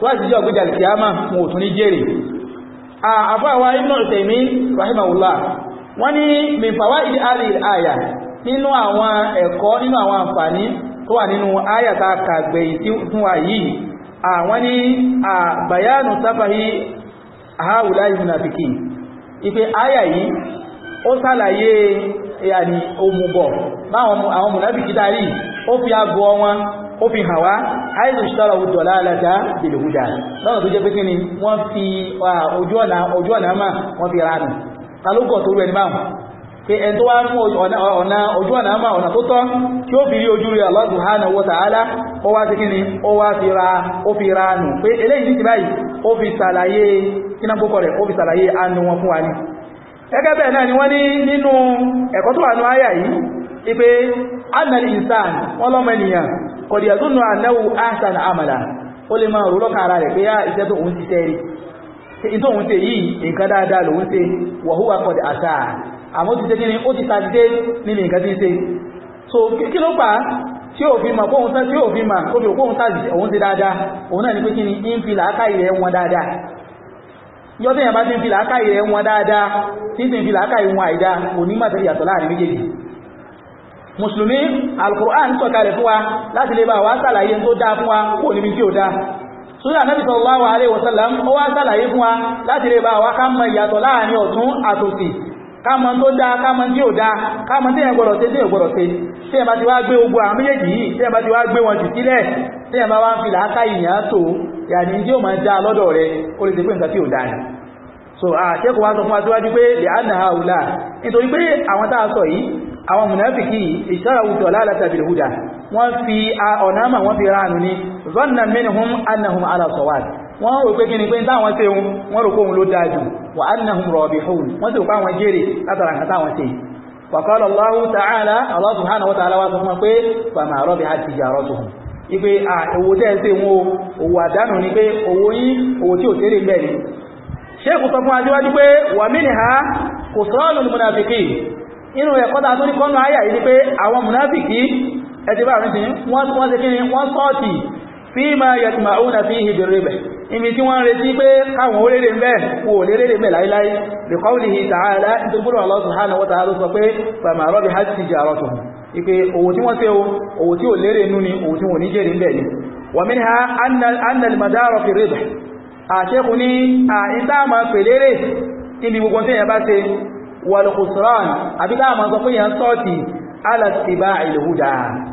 Speaker 1: láti jọ gbíjà kìyàmá mú òtún ní jèrè àfáàwà Ibn Uthaymeen rahimahullah wọ́n ní min fawaidi hadhihi al nínú àwọn ẹ̀kọ́ nínú àwọn àǹfààní tó wà nínú ayàta kàgbẹ̀yìn wa bayanu aya yi yàní omùbọ̀ báwọn ma darí ó fi àgọ́ wọn ó fi hàn wá àìsùsọ́rọ̀ òdọ̀lá aláta bèlèwúdà lọ́nà tó jẹ́ pé kíni wọ́n fi ojú ọ̀nà ojú ọ̀nà mà wọ́n fi ránù talógọ̀ tó rẹ̀ níbàmù pé ẹni tó wá mú ọ̀nà ojú ọ̀nà mà ọ̀nà tó tọ́ ó fi rí ojú rẹ̀ Allah subhanahu wa ó wá sí kíni ó wá fi ra ó fi ránù pé eléyìí ti báyìí ó fi rẹ̀ ó fi wọn fún wa gẹ́gẹ́ bẹ́ẹ̀ náà ni wọ́n ní nínú ẹ̀kọ́ tó wà ní àyà yìí ipé annal insan wọ́n lọ́mọ ènìyàn kò dì amala ó lè máa rúrọ́ kààrà rẹ̀ pé yá ah, iṣẹ́ tó ń ṣiṣẹ́ rí in tó ń yìí nǹkan dáadáa ló ń ṣe wàhúwà kọ̀dì àṣà ti ó ti ta so kí ló pa tí fi kóhun tí fi òun dáadáa òun náà pé yọ́ tẹ́yàn bá ti ń fi làákàyè rẹ̀ wọn dáadáa tí sì ń fi làákàyè wọn àìdá onímọ̀ tẹ́lẹ̀ yàtọ̀ láàrin méjèèjì mùsùlùmí alkùrán sọ̀kalẹ̀ fún wa láti lè bá wa sàlàyé tó dáa fún wa kò níbi tí ó dáa súnà náà bìtọ̀ láwà alẹ́ wọ̀sálàm ó wá sàlàyé fún wa ò dáa kámọ tí èèyàn yàní tí ó máa dá lọ́dọ̀ rẹ̀ ó lè ti pé nǹkan tí ò dáa so àṣẹ́kù wá sọ fún aṣíwájú pé lè ánà àwùlà nítorí pé àwọn tàà sọ yìí àwọn mùnáfìkì ìṣára wùtọ̀ lálàtà bil huda wọ́n fi ọ̀nàmà wọ́n fi ránù ní zanna minhum annahum ala sawad wọ́n rò pé kíni pé táwọn ṣe wọ́n rò kóhun ló dájú wa annahum rabihun wọ́n sì rò ipé owó tẹ́ẹ̀sẹ̀ wọn owó àdánù ni pé owó yí owó tí ò tẹ́rẹ mẹ́ ni ṣéèkù sọ fún ajíwájú pé wà mí nìha kò sọ́ọ̀nù mùnàfikì inú ẹ̀kọ́ ta tó ní kọ́nù ayà yìí ni pé àwọn mùnàfikì ẹ̀tẹ́bà rìn fíìmà yàtìmàúnà fi ìhìbì rẹ̀ ibi tí wọ́n retí pé káwọn orílẹ̀ mẹ́ wò lérí mẹ́ láíláí lè kọ́wùlì ìtààlá tó gbúrò Allah subhanahu wa ta'ala sọ pé fàmà rọ́bì hajj ti jẹ́ àrọ́tọ̀ ipe owó tí wọ́n tẹ́ owó tí ò lérè nú ni owó tí wọ́n ní jẹ́rì mẹ́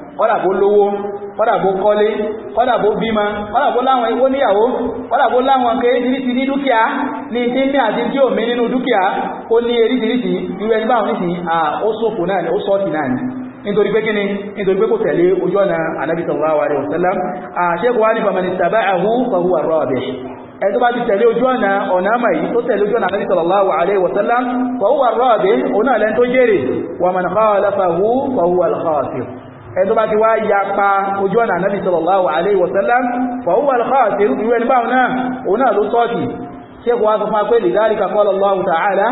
Speaker 1: kọ́dà bó lówó kọ́dà bó kọ́lé kọ́dà bó bímọ kọ́dà bó láwọn ewó níyàwó kọ́dà bó láwọn kéríṣiríṣi ní dúkìá ní tí ní àti tí ò mí nínú dúkìá ó ní eríṣiríṣi irú ẹni báwọn nísìnyí à ó sófò náà ni ó sọ́ọ̀tì náà ni nítorí pé kíni nítorí pé kò tẹ̀lé ojú ọ̀nà Ànábì sallallahu alaihi wasallam àṣẹ́kù wá ní famani taba'ahu fahuwa rabih ẹni tó bá ti tẹ̀lé ojú ọ̀nà ọ̀nà àmà yìí tó tẹ̀lé ojú ọ̀nà Ànábì sallallahu alaihi wasallam fahuwa rabih òun náà lẹ́n tó jèrè wa man khalafahu fahuwa al-khasir ẹ̀tọ́ bá ti wá yapa ojú ọ̀nà Ànábì sallallahu alaihi wasallam fa huwa al-khasir irú ẹni báwọn náà òun náà ló tọ́ọ̀tì ṣékù wá sọ fún apé lidhalika qala Allahu ta'ala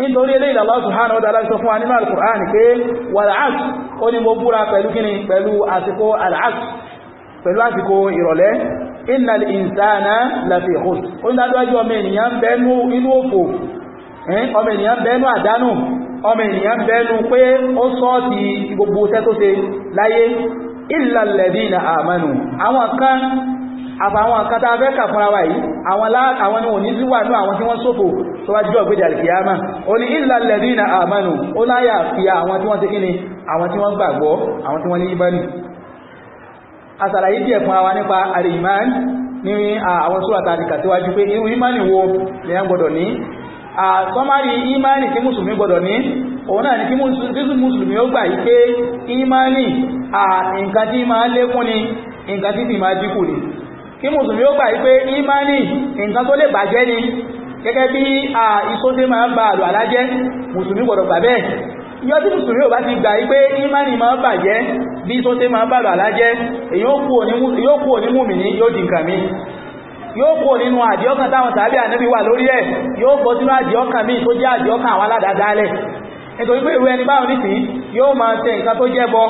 Speaker 1: nítorí ilé ìlàlọ́ subhanahu wa ta'ala sọ fún wa nínú al-Qur'an pé wal-'asr ó ní mo búra pẹ̀lú ọmọ ènìyàn bẹnu pé ó sọ́ ti gbogbo iṣẹ́ tó ṣe láyé ìlàlẹ̀dí na àmànù àwọn kan àfàwọn kan tàbí kàfúnra wà yìí àwọn ohun ní síwà ní àwọn tí wọ́n sófò tó wá jíjọ gbéjà kìyàmá o ní ìlàlẹ̀dí na àmànù ó láyà fi àwọn tí wọ́n ti kíni àwọn tí wọ́n gbàgbọ́ àwọn tí wọ́n ní ìbánì àsàlàyé díẹ̀ fún àwa nípa àrìmáàn ní àwọn sóràtà àti kàtíwájú pé irú ìmánì wo lè ń gbọdọ̀ ní àtọ́márì ìmáànì tí mùsùlùmí gbọdọ̀ ní òun náà ni kí mùsùlùmí ó gbà yí pé ìmáànì à nǹkan tí máa lékún ni nǹkan tí sì máa dínkù ni kí mùsùlùmí ó gbà yí pé ìmáànì nǹkan tó lè bàjẹ́ ni gẹ́gẹ́ bí à ìsóté máa ń ba àlò àlájẹ́ mùsùlùmí gbọdọ̀ gbà bẹ́ẹ̀ yọ tí mùsùlùmí ò bá ti gbà yí pé ìmáànì ń bàjẹ́ bí ìsóté máa ń ba àlò àlájẹ́ yóò kó nínú àdíọ́kàn táwọn tàbí ànábì wà lórí ẹ̀ yóò bọ́ sínú àdíọ́kàn míì tó jẹ́ àdíọ́kàn àwọn aládàádálẹ̀ nítorí pé ìwé ẹni báwọn yóò máa tẹ nǹkan tó jẹ́ bọ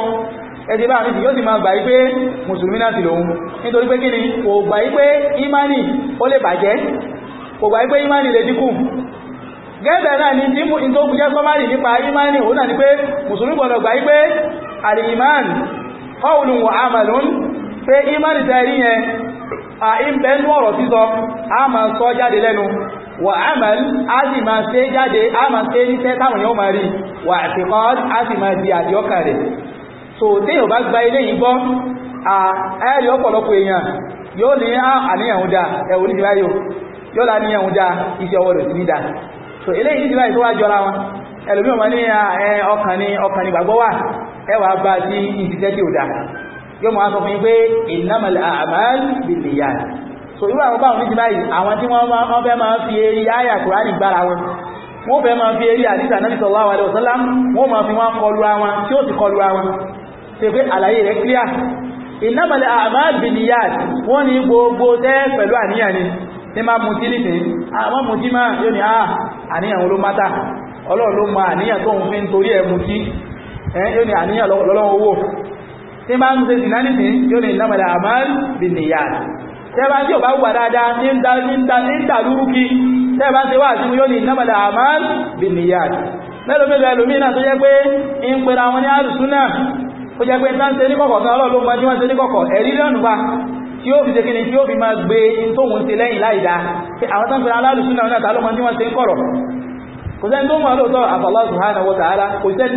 Speaker 1: ẹ̀sìn báwọn nìsí yóò ma máa gbà wípé mùsùlùmí náà lòun nítorí pé kíni kò gbà wípé ìmánì ó lè bàjẹ́ kò gbà wípé lè dínkù gẹ́gẹ́ ni tí tó jẹ́ sọ́márì nípa imani òun náà ni pé mùsùlùmí gbọ́dọ̀ gbà wípé pé imani tẹ̀rí yẹn a ìbẹ̀ ní ọ̀rọ̀ a máa sọ jáde lẹ́nu wà a sì máa ṣe jáde a máa ṣe ní tẹ́ táwọn yóò máa rí wà a sì máa di rẹ̀ so téèyàn bá gba ilé yìí gbọ́ ẹ̀rí ọ̀pọ̀lọpọ̀ èèyàn yóò ní àníyàn dáa ẹ̀wò ní ìbáyò yóò lá níyàn dáa iṣẹ́ ọwọ́ rẹ̀ so ilé yìí ìbáyò tó wá jọra wọn ní ọkàn ọkàn gbàgbọ́ wà ẹwà bá ìṣiṣẹ́ tí ò yóò mọ̀ wá sọ fún yín pé innamal a'mal binniyat so irú àwọn báwọn méjì báyìí àwọn tí wọ́n fẹ́ máa fi eré ayà kùránì gbára wọn wọ́n fẹ́ máa fi eré àdísà náà sallallahu alaihi wasallam wọ́n máa fi wọ́n kọlu àwọn tí ó ti kọlu àwọn ṣe pé àlàyé rẹ̀ clear innamal a'mal binniyat wọ́n ní gbogbo tẹ́ pẹ̀lú àníyàn ni ah, ní ah, máa mú tí nìtẹ́ tí bá ń ṣe zìnà nìsín yóò ní ìlànà àmàlù bin niyyat tẹ́bá tí ò bá wà dáadáa ní ìdàlúrú kí tẹ́bá tí wà sí yóò ní ìlànà àmàlù bin niyyat mẹ́lòmílò ẹlòmínà tó jẹ́ pé ń pèrà wọn ní àrùsúnà ó jẹ́ pé ń tán ṣe ní kọ̀kọ̀ kan ọlọ́lọ́ mọ́ tí wọ́n ṣe ní kọ̀kọ̀ ẹ̀rí lọ́nù pa tí ó fi ṣekíni kò tó mọ̀ lóòótọ́ Allah subhanahu wa ta'ala kò tó rán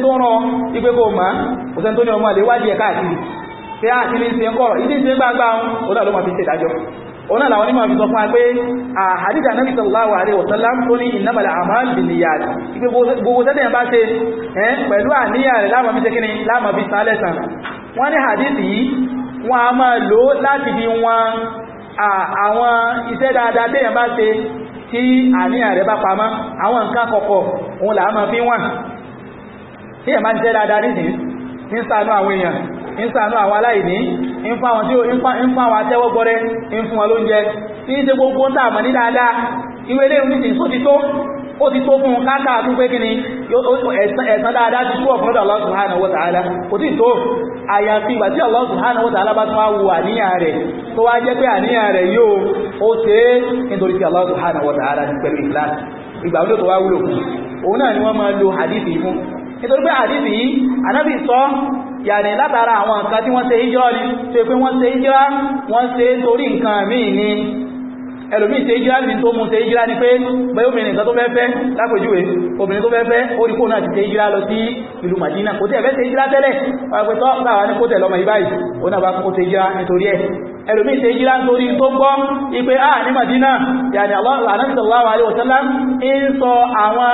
Speaker 1: ipé kò mọ̀ kò tó ní ọmọ àléwádìí ẹ̀ káàkiri a ti ní ṣe ń kọ̀rọ̀ ṣe gbágbá òun ló máa fi ṣe ìdájọ́ òun onímọ̀ fún náà tó ní gbogbo hadithi a máa lò láti fi kí àníyàn rẹ̀ bá pamọ́ àwọn nǹkan kọ̀kọ̀ òun làá ma fi wọ́n tí ẹ̀ máa jẹ́ dáadáa nìdí ń ṣàánú àwọn èèyàn ń àwọn aláìní tí ó gbọ́rẹ́ ń wọn tí gbogbo ń ní ó ti tó fún káàkà tún pé kíni ẹ̀sán dáadáa ti túwọ̀ fún Allah subhanahu wa ta'ala kò tí tó àyàfi ìgbà tí Allah subhanahu wa ta'ala bá tún wá wo àníyàn rẹ̀ tó wá jẹ́ pé àníyàn rẹ̀ yóò ó ṣe nítorí tí ti ni wọ́n látara àwọn nǹkan tí wọ́n se ni tó pé wọ́n se hijira wọ́n se torí nǹkan ni ẹlòmí ṣe ìjírá ní tó mú ṣe ìjírá ní pé bẹ́ obìnrin nǹkan tó fẹ́ fẹ́ lápòjúwe obìnrin tó fẹ́ fẹ́ ó rí kó náà ti ṣe ìjírá lọ sí ìlú Madina kò tí ẹ̀fẹ́ ṣe ìjírá tẹ́lẹ̀ ẹlòmí ṣe jíra nítorí tó gbọ́ ipé a ah, ní Madina yàní aláàrẹ́sọ̀láwà aléwòsánlá ń sọ àwọn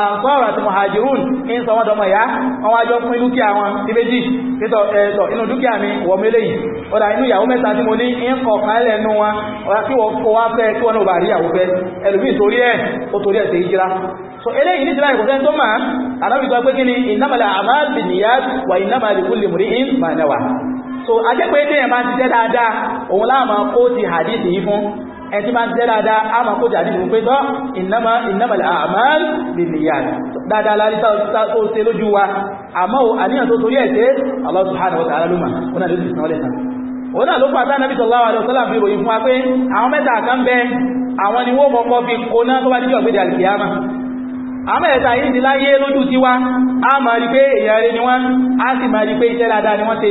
Speaker 1: àǹsọ́rọ̀ àti mọ̀hajirun ń sọ wọ́n dọmọ̀ ya wọ́n wá jọ pín dúkìá wọn ní méjì nítọ̀ ẹ̀tọ̀ inú dúkìá mi wọ́n mẹ́lẹ̀ yìí ọ̀dà inú ìyàwó mẹ́ta tí mo ní ń kọ̀ kálẹ̀ nú wọn ọ̀dà kí wọ́n kó fẹ́ kí wọ́n náà bà rí ìyàwó fẹ́ ẹlòmí torí ẹ̀ ó torí ẹ̀ ṣe jíra so eléyìí ní ìsìláì kò sẹ́ tó máa àdábìtọ́ pé kí ni ìnámàlà àmáàbìnìyà wà ìnámàlì kúlè mùrí in mà so ajẹ́pẹ́ tẹ́yàn bá ti jẹ́ dáadáa òun láàmà kó ti hadith yìí fún ẹ ti bá ti jẹ́ dáadáa a máa kó ti hadith fún pé tọ́ innama innamal a'mal binniyat dáadáa láti tó ṣe lójú wa àmọ́ àníyàn tó torí ẹ̀ ṣe Allah subhanahu wa ta'ala luma ó náà ló ti sanwó lẹ́sàn òun náà ló pàtà nàbí sallallahu àwọn ni wọ́n ẹ̀ta yìí ti láyé lójú tiwa a máa rí pé èèyàn rẹ ni wọ́n a sì máa rí pé iṣẹ́ dáadáa ni wọ́n ṣe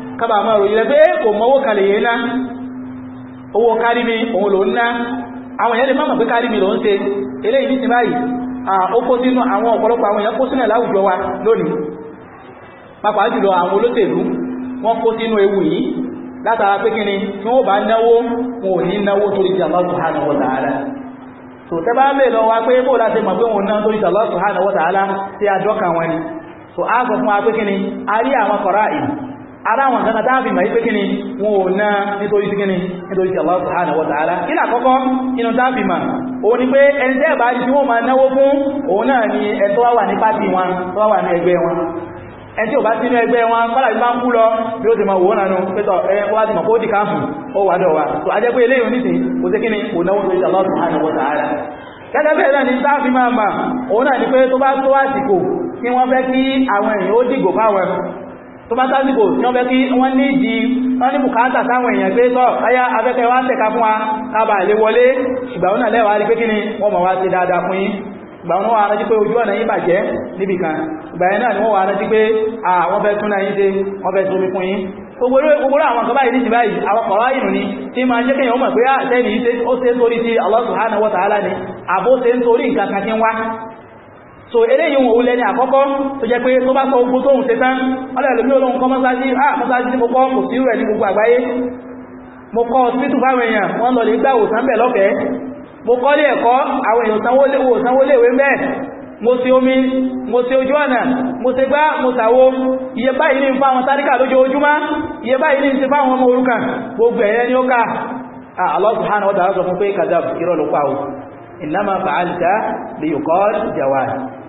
Speaker 1: kábà máa ròyìn rẹ pé eh, kò mọ́wó kalẹ̀ yẹn na owó kárí mi òun ló ń ná àwọn èèyàn lè má mọ̀ pé kárí mi ló ń ti báyìí ó kó sínú àwọn awon àwọn èèyàn kó sínú láwùjọ wa lónìí pàápàá jùlọ awon olotelu won ewu yi látara pé kí ni tí wọ́n bá náwó wọn ò ní náwó ti Allah subhanahu wa ta'ala so tẹ bá lè lọ wa ti Allah subhanahu wa ta'ala a so a sọ fún wa pé ara wọn kan tàbí ma yí nwụọ kíni wọn ò náà nítorí sí kíni nítorí sí Allah subhanahu wa ta'ala kí kọ́kọ́ inú ma o ni pé ẹni tẹ́ bá rí wọ́n máa náwó fún òun náà ni ẹ̀tọ́ wà ní pàtí wọn tó wà ní ẹgbẹ́ wọn ẹni tí ò bá sínú ẹgbẹ́ wọn kọ́lá ìgbà ń kú lọ bí ó ti nánú pẹ́tọ̀ wá ti mọ̀ kó dì ó wà dọ̀wà a tó bá sásìkò ní wọ́n kí wọ́n ní ìdí wọ́n ní bùkátà sáwọn èèyàn pé tọ́ ayá afẹ́fẹ́ wá tẹ̀ka fún wa kábà lè wọlé ìgbàwọn náà lẹ́wàá rí pé kí ni wọ́n mọ̀ wá sí dáadáa fún yín ìgbàwọn wọ́n wá pé ojú ọ̀nà yí bàjẹ́ níbì kan ìgbàyẹn náà ni wọ́n wá so eléyìí wọn òun lẹ́ni àkọ́kọ́ tó jẹ́ pé tó bá sọ ogun tóhun ṣe tán ọlẹ́lùmí olóhun kọ́ mọ́sájí ah mọ́sájí ní gbogbo kò sí rẹ̀ ní gbogbo àgbáyé mo kọ́ ọ̀sìtù fáwọn èèyàn wọ́n lọ lè gbà òsán bẹ̀ lọ́fẹ̀ẹ́ mo kọ́ lé ẹ̀kọ́ àwọn èèyàn sanwó léwé mẹ́ mo ṣe omi mo ṣe ojú ọ̀nà mo ṣe gbá mo ṣàwo iye báyìí ní fún àwọn tálíkà lójoojúmọ́ iye báyìí ní ti ah, Allah subhanahu wa ta'ala fún pé kazab irọ́ ló pa ò innama fa'alta liyuqal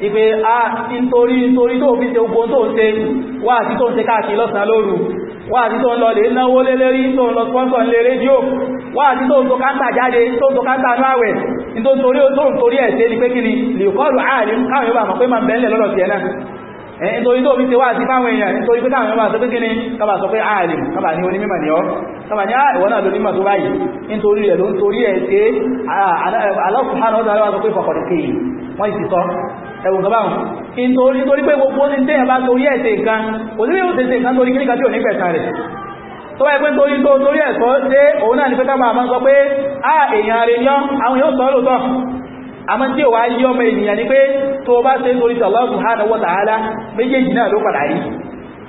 Speaker 1: ìpé a nítorí nítorí tó fi ṣe ogun tó ń ṣe wà tí tó ń ṣe káàkiri lọ́sàn lóru wà tí tó ń lọ lè náwó lélérí tó ń lọ sponsor lè rédíò wà tí tó ń tó káńtà jáde tó ń tó káńtà ní àwẹ̀ nítorí tó ń torí ẹ̀ ṣe ni pé kí ni lè kọlù ààrin káwọn yóò bà mọ̀ pé máa bẹ̀ẹ́lẹ̀ lọ́dọ̀ tiẹ̀ náà nítorí tó fi ṣe wá sí fáwọn èèyàn nítorí pé káwọn ọmọ àṣọ́pẹ́ kíní kọba sọ pé ààrẹ kọba ní onímọ̀ ní ọ́ ah, kọba ní ààrẹ wọ́n náà lórí mọ̀ tó báyìí nítorí rẹ̀ ló ń torí ẹ̀ ṣe ah, alọ́kùnrin ẹ̀wùn gaba hùn torí pé gbogbo ní tẹ́yà bá torí ẹ̀sẹ̀ nǹkan nka yóò tẹ̀sẹ̀ nǹkan torí kíríkà tí ò ní pẹ̀sà rẹ̀ tó wáyé pé torí tó torí ẹ̀sọ́ ṣe òun náà ní pẹ́ká máa máa sọ a èèyàn rẹ̀ yán àwọn yóò sọ lóòtọ́ àmọ́ tí wá yí ọmọ ènìyàn pé tó bá torí wa ta'ala méjèèjì náà ló padà rí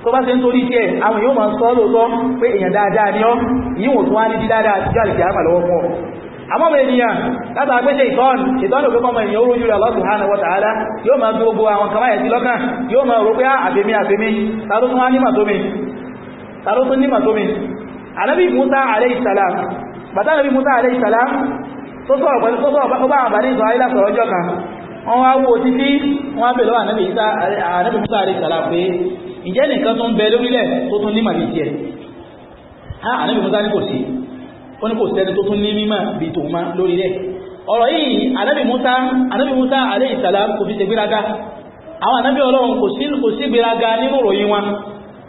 Speaker 1: tó bá ṣe ń torí kí ẹ àwọn yóò máa sọ lóòtọ́ pé èèyàn dáadáa yíwọ̀n tó wá ama ènìyàn látà agbéṣẹ́ ìtọ́n ìtọ́n iton kọmọ ènìyàn orójú rẹ̀ Allah subhanahu wa ta'ala yóò máa bí gbogbo àwọn kamáyẹ̀ sí lọ́kàn yóò máa rò pé ah, àbèmí àbèmí tàrótún wá ó ní kò sẹ́ni tó tún ní mímọ̀ bí tòun má lórí rẹ̀ ọ̀rọ̀ yìí anábì Musa anábì Musa alayhi salam kò fi ṣe gbéraga àwọn anábì ọlọ́run kò sí kò sí gbéraga nínú ìròyìn wọn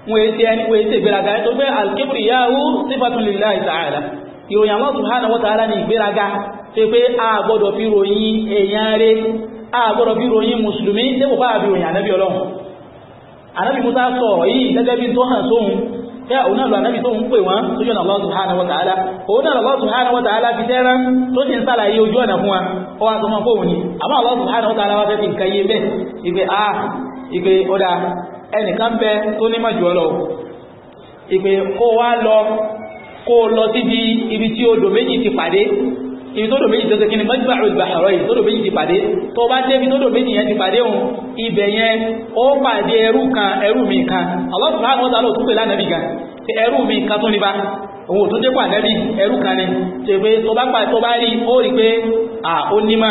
Speaker 1: wọn èsì ẹni wọn èsì gbéraga tó gbé al-kibriyahu sifatun lillahi ta'ala ìròyìn Allah yá òun náà lọ ànábì tó ń pè wọn tó ọ̀nà Allah subhanahu wa ta'ala òun náà Allah subhanahu wa ta'ala fi tẹ́rán tó sì ń sàlàyé ojú ọ̀nà fún wa ó wá a tó ní mọ̀jù ọlọ ibi tó dò méjì tó tẹ́kí ni majma'u al-bahrayn tó dò méjì ti pàdé tó bá débi tó dò méjì yẹn ti pàdé òun ibẹ̀ yẹn ó pàdé ẹrú kan ẹrú mi kan Allah subhanahu wa ta'ala tún pè lánàbì gan ẹrú mi kan tó ní bá òun tó dépò ànẹ́bì ni tẹ́ pé tó bá pàdé tó bá rí ó rí pé à ó nímà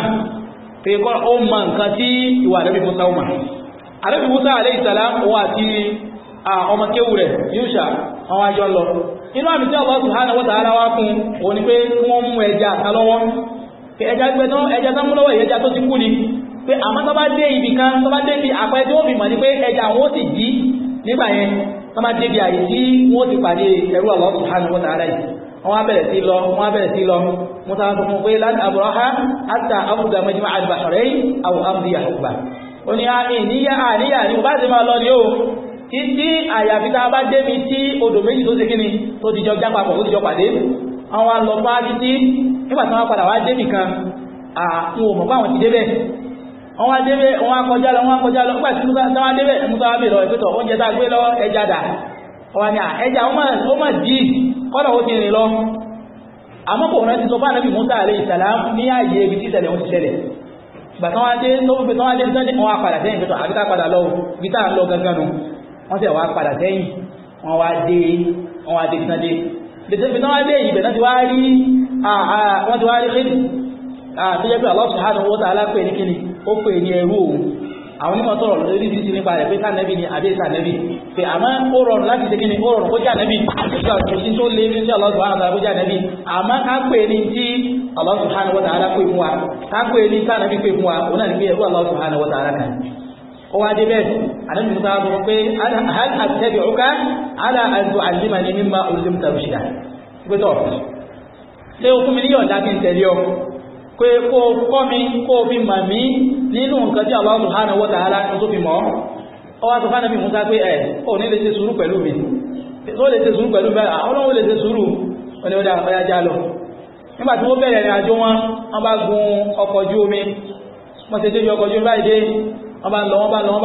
Speaker 1: pé kọ́ ó mọ nǹkan tí ìwà ànẹ́bì Musa ó mà ànẹ́bì Ah, ọmọ kéwù rẹ̀ yúṣà àwọn ajọ́ lọ inú àmì tí Allah subhanahu wa ta'ala wá fún òun ni pé wọ́n mú ẹja àtàlọ́wọ́ ẹja gbẹ́tọ́ ẹja sámúlọ́wọ́ ẹja tó ti kú ni pé àmọ́ tó bá dé ibì kan tó bá dé ibi àpẹẹ tí ó fi mọ̀ ní pé ẹja àwọn ó sì jí nígbà yẹn tó bá dé ibi àyè tí wọ́n ti pàdé ẹrú Allah subhanahu wa ta'ala yìí wọ́n á bẹ̀rẹ̀ sí lọ wọ́n á bẹ̀rẹ̀ sí lọ mo ta sọ fún pé láti àbúrọ́há àtà àbúdà mẹ́jìmá àdìbàṣọ̀rẹ́ àwọn àmúdíyà ọgbà ó ní ah, àníyà àníyà ni mo bá ti máa lọ ní o títí àyàfi tá a bá débi tí odò méjì tó ṣe kíni tó ti jọ jápapọ̀ tó ti jọ pàdé àwọn alọ́pàá títí nígbà tí wọ́n padà wá débi kan àwọn òmò pàwọn ti débẹ̀ wọ́n wá débẹ̀ wọ́n á kọjá lọ wọ́n á kọjá lọ nígbà tí wọ́n á débẹ̀ mú sáwá bèèrè ìpẹ́tọ̀ oúnjẹ tá a gbé lọ ẹja dà wọ́n ni ẹja ó mọ̀ dì kọ́nà ó ti rìn lọ àmọ́ kò rántí sọ fáànàbì Musa alayhi salam ní ààyè ibi tí ìṣẹ̀lẹ̀ òun ti ṣẹlẹ̀ ìgbà tán wá dé tó wọ́n wá dé tán wọ́n á padà sẹ́yìn pẹ́tọ̀ àbíká padà lọ ibi tá à ń lọ gangan nù wọ́n sì wá padà sẹ́yìn wọ́n wá dé wọ́n wá dé tán dé tètè fi náà dé ibẹ̀ náà ti wá rí wọ́n ti wá rí rí tó jẹ́ pé Allah subhanahu wa ta'ala pè ní kíni ó pè ní ẹrú òun àwọn onímọ̀ sọ̀rọ̀ lórí títí nípa rẹ̀ pé sànẹ́bì ni àbí sànẹ́bì pé àmọ́ ó rọrùn láti ṣe kíni ó rọrùn kó jẹ́ ànẹ́bì nígbà tó ṣe tó lé ní Allah subhanahu wa ta'ala kó jẹ́ ànẹ́bì àmọ́ ká pè ní tí Allah subhanahu wa ta'ala pè fún wa ká pè ní Allah subhanahu wa ta'ala ó wá dé bẹ́ẹ̀ àdánù musa wá sọ pé hal attabi'uka ala an tu'allimani mimma ullimta rushda pé tọ̀ ṣé o fún mi ní yọ̀ǹda kí n tẹ̀lé ọ pé kó o kọ́ mi kó o fi mà mí nínú nǹkan tí Allah subhanahu wa ta'ala tó fi mọ́ ọ wá sọ fún àdánù musa pé ẹ̀ ò ní lè ṣe sùúrù pẹ̀lú mi ó lè ṣe sùúrù pẹ̀lú bẹ́ẹ̀ ah, ọlọ́run lè ṣe sùúrù ó ní ó dára ọ̀yá já lọ nígbà tí wọ́n bẹ̀rẹ̀ ìrìn àjò wọn wọ́n bá gun ọkọ̀ ojú omi wọ́n ti dé ọkọ̀ ojú omi báyìí dé wọ́n bá ń lọ wọ́n bá ń lọ wọ́n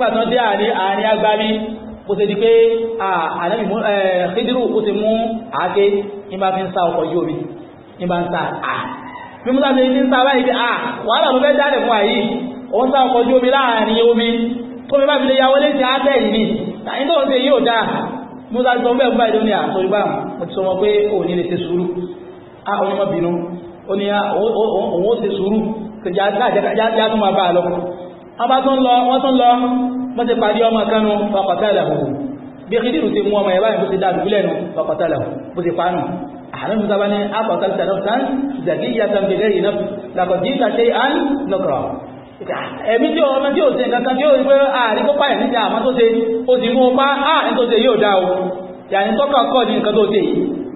Speaker 1: bá ń lọ nígbà tán dé àárín àárín agbárí kò sì di pé ànábì mú kídírù ó ti mú àáké ní bá fi ń sa ọkọ̀ yìí omi ní bá ń sa à bí mo sáfẹ́ ní ń sa báyìí à wàhálà mo fẹ́ dálẹ̀ fún àyí ó ń sa ọkọ̀ yìí omi láàárín omi tó mi bá fi lè yàwó létí àátẹ́ yìí ni tàyín tó ń ṣe yóò dáa mo sáfẹ́ sọ bẹ́ẹ̀ báyìí lónìí àtọ́jú bá mo ti sọ wọn pé ò ní lè ṣe sùúrù a onímọ̀ bínú ó ní òun ó ṣe sùúrù kìjà tó máa bá a lọ ọba tó ń lọ wọ́n tó ń lọ wọ́n ti parí ọmọ kánú ọkọ̀tẹ́lẹ̀ ọ̀hún bí kìdìrù ti mú ọmọ ẹ̀bá ìbú ti dá àdúgbìlẹ̀ nù ọkọ̀tẹ́lẹ̀ bó ti pa nù ààrẹ musa bá ní akọ̀tẹ́lẹ̀ tán ìdàgí ìyá tan bèlè yìí náà làkọ̀jì ìtàṣe àn lọ́kọ̀rọ̀ ẹ̀mí tí ọmọ tí ò ṣe nǹkan kan tí ó rí pé ààrí kó pààyàn níta àmọ́ tó ṣe ó ti mú pa á ní tó ṣe o yàní tọ́kà kọ́ ní nǹkan tó ṣe yìí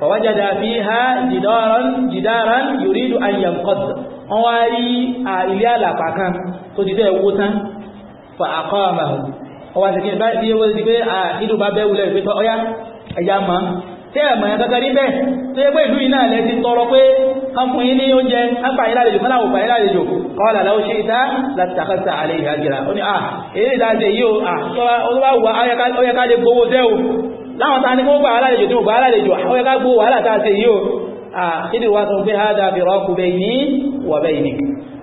Speaker 1: فوجد فيها جدارا جدارا يريد أن ينقض واري إلي على فاكان تجد وطن فأقامه wọ́n ti kí ní báyìí wọ́n ti pé ìlú bá bẹ́ wulẹ̀ ìpẹ́tọ́ ọya ẹ̀yà mọ́ tí ẹ̀mọ̀ ẹ̀ kankan rí bẹ́ẹ̀ tó yẹ pé ìlú iná lẹ́ ti tọrọ pé ọkùn yìí ní oúnjẹ kápá yìí lálejò fún àwọn òfàyí lálejò láwọn tàà ní kó gbà alálejò tí mo gbà alálejò ó yẹ ká gbó wàhálà tàà sí yíò ìdí wa sọ pé hádà bèèrè ọkù bẹ ní wọ̀bẹ̀ ìní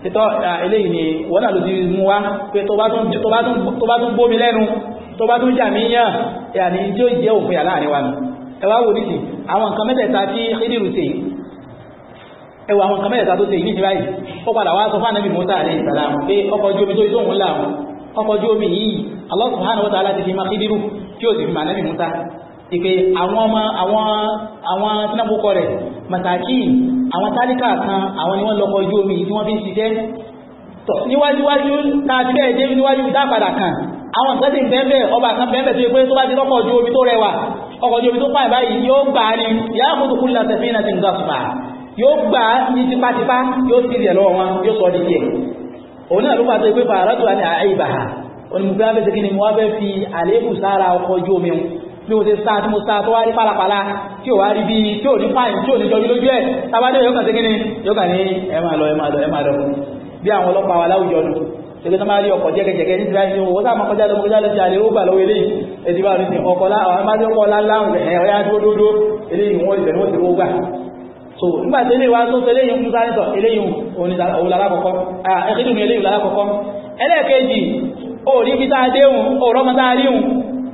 Speaker 1: títọ́ eléyìí ni wọ́n náà ló ti mú wá pé tó bá tún gbómi lẹ́nu tó bá tún jà míyàn ìyàní tí ó jẹ́ òfin àláàrin wa nù ẹwà wò nìsí àwọn nǹkan mẹ́tẹ̀ẹ̀ta tí ìdìrù ṣe ẹwà àwọn nǹkan mẹ́tẹ̀ẹ̀ta tó ṣe yìí báyìí ó padà wá sọ fánàbì mọ́tà àlẹ́ ìsàlám pé ọkọ̀ ojú omi tó ìtòhùn láàmù yìí Allah subhanahu wa ta'ala ti fi máa kídírù tí ó sì fi máa nẹ́bì mọ́tà ìpè àwọn ọmọ àwọn àwọn tínábùkọ rẹ̀ màtàkì àwọn tálíkà kan àwọn ni wọ́n lọ́kọ̀ ojú omi tí wọ́n fi ń ṣiṣẹ́ tọ̀ níwájúwájú tàbí ẹ̀dé níwájú dápadà kan àwọn nǹkan ti bẹ́ẹ̀ ọba kan bẹ́ẹ̀ tó yẹ pé tó bá ti lọ́kọ̀ ojú omi tó rẹwà ọkọ̀ ojú omi tó pààyàn báyìí yóò gbà á ní ìyá àkókò kúlù náà tẹ̀sí náà ti ń gbà fà yóò gbà á ní tipátipá yóò sì rẹ̀ lọ́wọ́ wọn yóò sọ di tiẹ̀ òun náà ló bá tó yẹ pé bàárà tó àìbà onímùgbà bẹ́ẹ̀ ni wọ́n bẹ́ẹ̀ fi àléébù sára ọkọ̀ ojú omi bí mo ṣe sáà tí mo sáà tó wá rí pálapàla tí o wá rí bí tí o ní pààyàn tí ò ní jọjú lójú ẹ̀ tàbádé yóò kàn sí kíni yóò kàn ní ẹ máa lọ ẹ máa lọ ẹ máa lọ bí àwọn ọlọ́pàá wa láwùjọ nù ṣègbè tó máa rí ọkọ̀ jẹ́gẹ̀jẹ̀gẹ̀ ní ìsirayí owó sáà máa kọjá lọ kọjá lọ sí àlè ó gbà lọ́wọ́ eléyìí èdè bá rí sí ọkọ̀ àwọn máa ń kọ́ láńláhùn ẹ̀ ọ̀yá dúdúdú eléyìí wọ́n ìbẹ̀rù wọ́n ti rówó gbà so nígbà tí eléyìí wá tó ṣe eléyìí ń sáré sọ eléyìí òun lálákọ̀ọ́kọ́ ẹ̀kídùn eléyìí lálákọ̀ọ́kọ́ ẹlẹ́ẹ̀kejì òòrí bí tá a déhùn òòrọ́mọ tá a ríhùn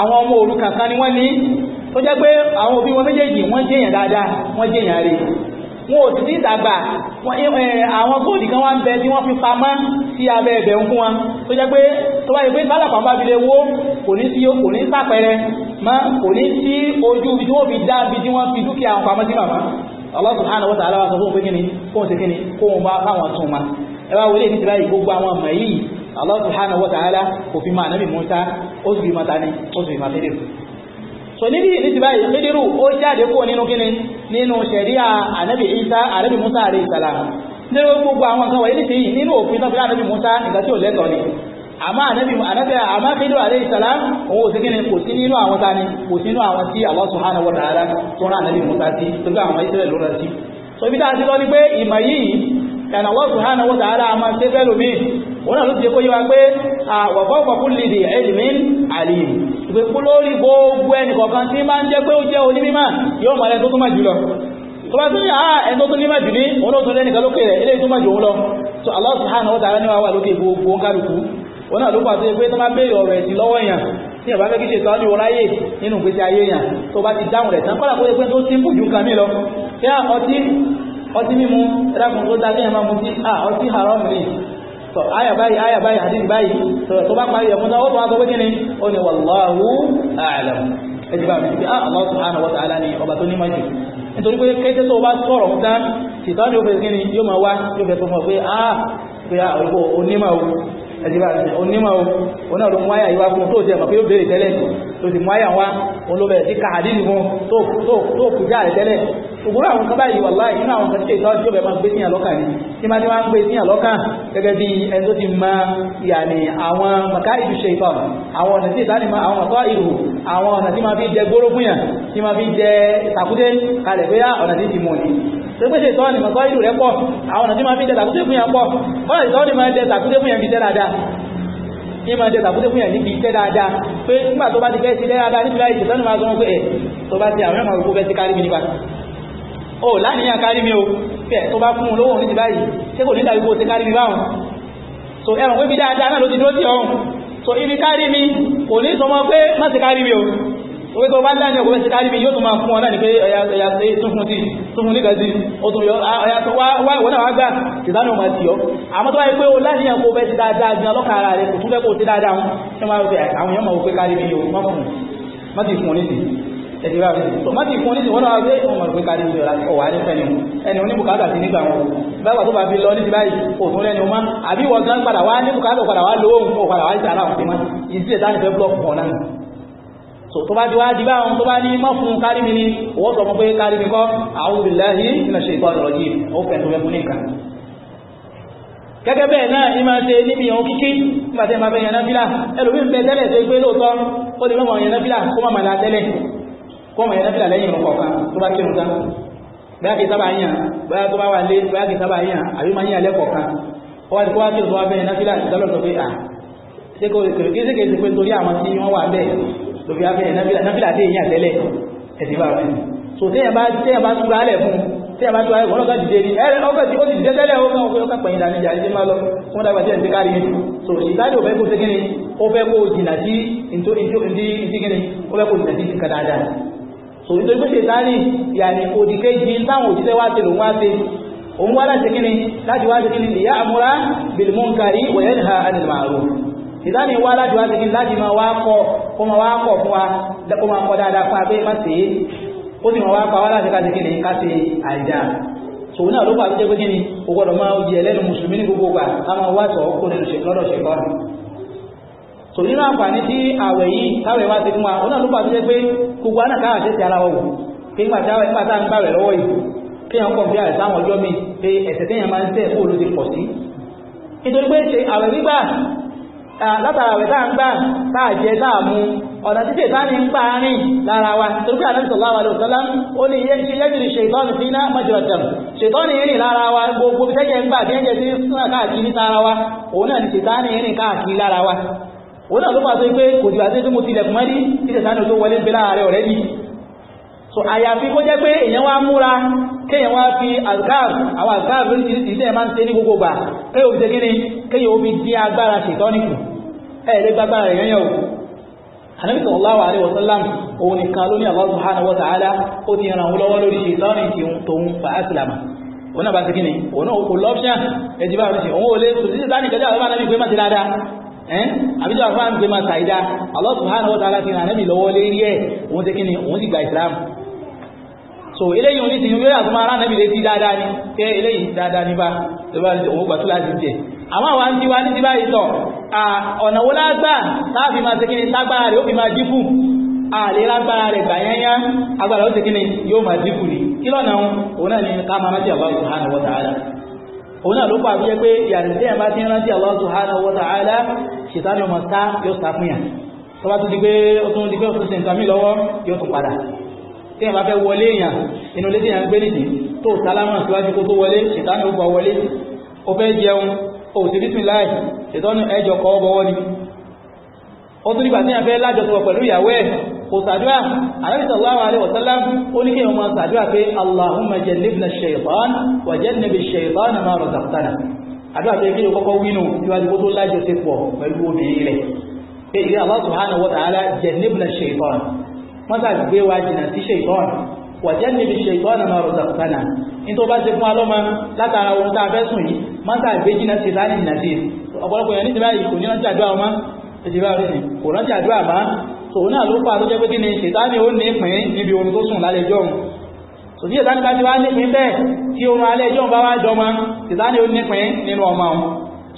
Speaker 1: àwọn ọmọ òrukàn kan ni wọ́n ní tó jẹ́ pé àwọn òbí wọn méjèèjì wọ́n jẹ́yàn dáadáa wọ́n jẹ́yàn rẹ̀ wọn ò sì ìdàgbà àwọn góòdì kan wá bẹ tí wọ́n fi pamọ́ sí abẹ́ ẹ̀bẹ̀ ń fún wọn tó jẹ́ pé tó bá yẹ pé sálàpá bá fi sí kò ní sàpẹrẹ sí ojú ibi tí wọ́n fi dá ibi tí wọ́n fi dúkìá wọn sí Allah subhanahu wa ta'ala kò fi máa nábì Musa ó sì fi máa so níbi ní ti báyìí Khidiru ó jáde kúrò nínú kíni nínú ṣẹ̀ríà ànábì Isa ànábì Musa alayhi salam nínú gbogbo àwọn nǹkan wọ̀nyí nìsín nínú òfin tó fi ànábì Musa nǹkan tí ò lẹ́tọ̀ọ́ ni àmá ànábì ànábì àmá Khidiru alayhi salam òun ò sí kíni kò sí nínú àwọn tani kò sí nínú àwọn tí Allah subhanahu wa ta'ala tó rán ànábì Musa sí tó àwọn Israẹli lóra sí so ibi tá a ti lọ ni pé ìmọ̀ yìí Allah subhanahu wa òun náà ló fi kó yíwa pé àwọ̀fọ́fọ́kú lèdè ẹ̀lìmín àlìm ìpè lórí gbogbo ẹnìkọ̀ọ̀kan tí máa ń jẹ́ pé ó jẹ́ onímímà yóò mọ̀ ẹni tó túnmọ̀ jùlọ tó bá tún yà á ẹni tó tún nímọ̀ jù ní òun náà tún lẹ́nìkan lókè lọ so Allah subhanahu na ta'ala ní wà lókè gbogbo kálukú ló pà tó tó máa béèrè ọ̀rọ̀ ẹ̀sìn lọ́wọ́ èèyàn tí ẹ̀bá fẹ́ kí ṣe tọ́jú ọláyé nínú ìgbésí ayé èèyàn tó bá ti dáhùn rẹ̀ tán kó yẹ tó ti ń bù jù tọ̀ àyà báyìí àyà báyìí hadith báyìí sọ̀rọ̀ tó bá parí ẹ̀kún náà ó tó wá sọ pé kí ni ó ní wallahu a'lam ẹjì bá mi sí Allah subhanahu wa nítorí pé kété tó bá sọ̀rọ̀ ń tán ṣìtọ́ ni ó fẹ́ kí ni yóò máa wá yóò fẹ́ tó mọ̀ pé ah pé ah onímọ̀ ẹ̀sìnbá onímọ̀ oná ló mú àyà ìwá fún tó jẹ́ mọ̀kí ló bèèrè tẹ́lẹ̀ tó sì mú àyà wá olóbẹ̀rẹ̀ sí kàádìní fún tó kù jáà rẹ̀ tẹ́lẹ̀ ògbúrò àwọn kan báyìí wàlá inú àwọn kan tí ìtọ́jú ọbẹ̀ máa ń gbé síyàn lọ́kà ní tí máa ní wá ń gbé síyàn lọ́kà gẹ́gẹ́ bí ẹni tó ti ma ìyàní àwọn màkà ìṣúṣe ìtọ́ àwọn ọ̀nà tí ìtàní ma àwọn ọ̀tọ́ ìrù tó pèsè ni mọ̀kọ́ ìlú rẹ̀ pọ̀ àwọn ọ̀nà tí máa fi dẹ̀ tàkúté fún yẹn pọ̀ ni máa dẹ̀ tàkúté fún yẹn fi tẹ́ dáadáa ní máa dẹ̀ tàkúté fún yẹn níbi tẹ́ dáadáa pé nígbà tó bá ti fẹ́ sí dáadáa níbi láì ṣètọ́ ni máa sọ wọn pé ẹ̀ tó bá ti àwọn ọmọ òkú fẹ́ sí kárí mi nípa o láníyàn kárí mi o fẹ́ tó so ẹ̀rọ pé bí dáadáa náà ló ti dúró sí ọ̀hún so ibi kárí mi kò ní sọmọ pé má ṣe kárí mi o òwe tó bá dáni ọkọ̀ mẹ́sí dáríbi yóò tún máa fún ọ̀nà ní pé ẹ̀yà ṣe túnfún sí túnfún nígbà sí ó tún yọ ọ̀yà ah, tó wá ìwọ̀n náà wá gbà ìdánù ọmọ sí ọ àmọ́ tó wáyé pé ó láti yàn kó bẹ́ sí dáadáa gan lọ́kà ara rẹ̀ kò tún fẹ́ kó sí dáadáa wọn ṣe máa rẹ̀ àwọn èèyàn máa wò pé káríbi yóò má fún má ti fún ọ nísìn ẹ̀sìn bá rẹ̀ tó má ti fún ọ nísìn wọn náà wé wọn mọ̀ pé káríbi yóò láti ọ̀wà nífẹ̀ẹ́ ni ẹni oníbùkátà sí nígbà wọn báwa tó bá fi lọ ní ti báyìí kò tún lẹ́nu mọ́ àbí wọ́n gan padà wá ní bùkátà padà wá lówó òun padà wá sí ara òun ti mọ́ ìdílé táwọn ìfẹ́ búlọ̀kù kan náà so tó bá ti wá di báwọn tó bá ní mọ́ fún kárìmì ni owó sọ fún pé kárìmì kọ́ a'udhu billahi minash shaitanir rajim ó fẹ́ tó fẹ́ fún nìkan gẹ́gẹ́ bẹ́ẹ̀ náà ní máa ṣe níbi ìyàn kíkí nígbàtí ẹmà bẹ̀yàn náfílà ẹlòmí ń tẹ́lẹ̀ tó gbé lóòtọ́ ó lè mọ̀ ìyàn náfílà kó wá kírun tó fi afẹ́ náfílà tí èyàn tẹ́lẹ̀ ẹ̀sìn bá rẹ̀ so tẹ́yàn bá tẹ́yàn bá túra alẹ̀ fún tẹ́yàn bá túra alẹ̀ fún ọlọ́gá dìde ní ẹ̀rẹ́ ọkọ̀ tí ó ti dìde tẹ́lẹ̀ ọkọ̀ ọkọ̀ ọkọ̀ pẹ̀yìn ìdánijà ní máa lọ wọ́n dàgbà tẹ́yàn ti kárí ní so ìdájọ́ ọ̀fẹ́ kó tẹ́kẹ́ni ó fẹ́ kó jìnà sí ìtíkẹ́ni ó fẹ́ kó jìnà sí ìkà dáadáa so nítorí pé ṣètáni yàní òdìkejì táwọn òṣìṣẹ́ wá ti lòun wá ti òun wá láti kíni láti wá ti kíni ìyá àmúra bìlmùnkàrí wẹ̀yẹ́nìhà anìmàrún ìdáni wá láti wá síbi láti máa wá kọ́ kó máa wá kọ́ fún wa kó máa kọ́ dáadáa fún abẹ́ má ṣe é ó sì máa wá pa wá láti ká síbi ní ká ṣe àìdá sòwò náà ló pàṣẹ pé kí ni o gbọ́dọ̀ máa yẹ lẹ́nu mùsùlùmí ní gbogbo gbà ká máa wá sọ kó nínú lọ́dọ̀ ṣe kọ́ tò nínú àǹfààní tí àwẹ̀ yìí táwẹ̀ wá ti fún wa òun náà ló pàṣẹ pé gbogbo àná káwà ṣe ti látara rẹ̀ táà ń gbà táà jẹ táà mú ọ̀nà títẹ̀ táà ní ń gbà rìn lára wa torípé ànábì sallallahu alaihi wasallam ó ní iye ṣe yẹ́jìrì ṣètọ́nù sí iná mọ́jọ̀dọ̀m ṣètọ́nù yìí lára wa gbogbo tẹ́jẹ̀ ń gbà bí ẹ̀jẹ̀ sí súnà káàkiri tára wa òun náà ni ṣètánì yìí káàkiri lára wa òun náà ló bá tó pé kò jù àti tó mo tilẹ̀ kùn mọ́rí títẹ̀ sáà ní o tó wọlé ń bẹ láàárẹ̀ ọ̀rẹ́ yìí so àyàfi kó jẹ́ pé èyàn wá múra kéyàn wá fi alkaaf àwọn alkaaf lórí ìdílé máa ń ṣe ní gbogbo gbà kéyàn òbí ṣe gíní kéyàn òbí dín agbára ṣètọ́nìkù ẹ̀ẹ́dẹ́ gbágbára rẹ̀ yẹnyẹ̀ òkú Ànábì sallallahu alaihi wasallam òun nìkan ló ní Allah subhanahu wa ta'ala ó ti ràn lọ́wọ́ lórí ṣètọ́nì tí tòun fa áṣìlámà òun náà bá ti kíni òun náà kò lọ́pṣán ẹjì rẹ̀ òun òun ti kíni so eléyìí oníṣìí yóò yà tó máa dáadáa ni kẹ́ eléyìí dáadáa ní bá lọ́wọ́ òun gbà tó láti jẹ àwọn àwọn àti wa ní ti báyìí tọ̀ ọ̀nà wo lágbà láàfi máa ṣe kíni lágbára rẹ̀ ó fi máa dínkù àlè lágbára rẹ̀ gbàyányá agbára ó ṣe kíni yóò máa dínkù ni kí lọ́nà òun náà ni ká máa Allah subhanahu wa ta'ala òun náà ló pa àbíyẹ pé ìyàrìntí ẹ̀ bá ti rántí Allah subhanahu wa ta'ala ṣètánù ọmọ sá yóò sá fún yà tó bá tún di pé ó tún di pé ó tún ṣe nǹkan mí lọ́wọ́ yóò tún padà tí ẹ̀ bá fẹ́ wọlé èèyàn inú létí òsì bísmìláì ṣètọ́nù ẹjọ kọ́ bọ́wọ́ ni ó tún nígbà tí a fẹ́ lájọsọ̀ pẹ̀lú ìyàwó ẹ̀ kò sàdúrà Ànábì sallallahu alaihi wasallam ó ní kí ọmọ sàdúrà pé Allahumma jannibna ash-shaytan wa jannib ash-shaytana ma razaqtana àdúrà pé kí o kọ́kọ́ wínú síwájú wàjẹ́ni bí ṣe ìgbọ́nà máa rọ̀dà kùtánà ní tó bá ṣe fún alọ́mọ látara ohun tá a fẹ́ sùn yìí máa ń tà ìgbé jìnà sí láti nà sí ọ̀pọ̀lọpọ̀ yẹn ní ti báyìí kò ni kò rántí àdúrà bá tòun náà ló pa tó ni ṣètáni ó ní ìpín níbi ohun tó sùn lálẹ́ jọ́ tò sí ìtàní bá ti tí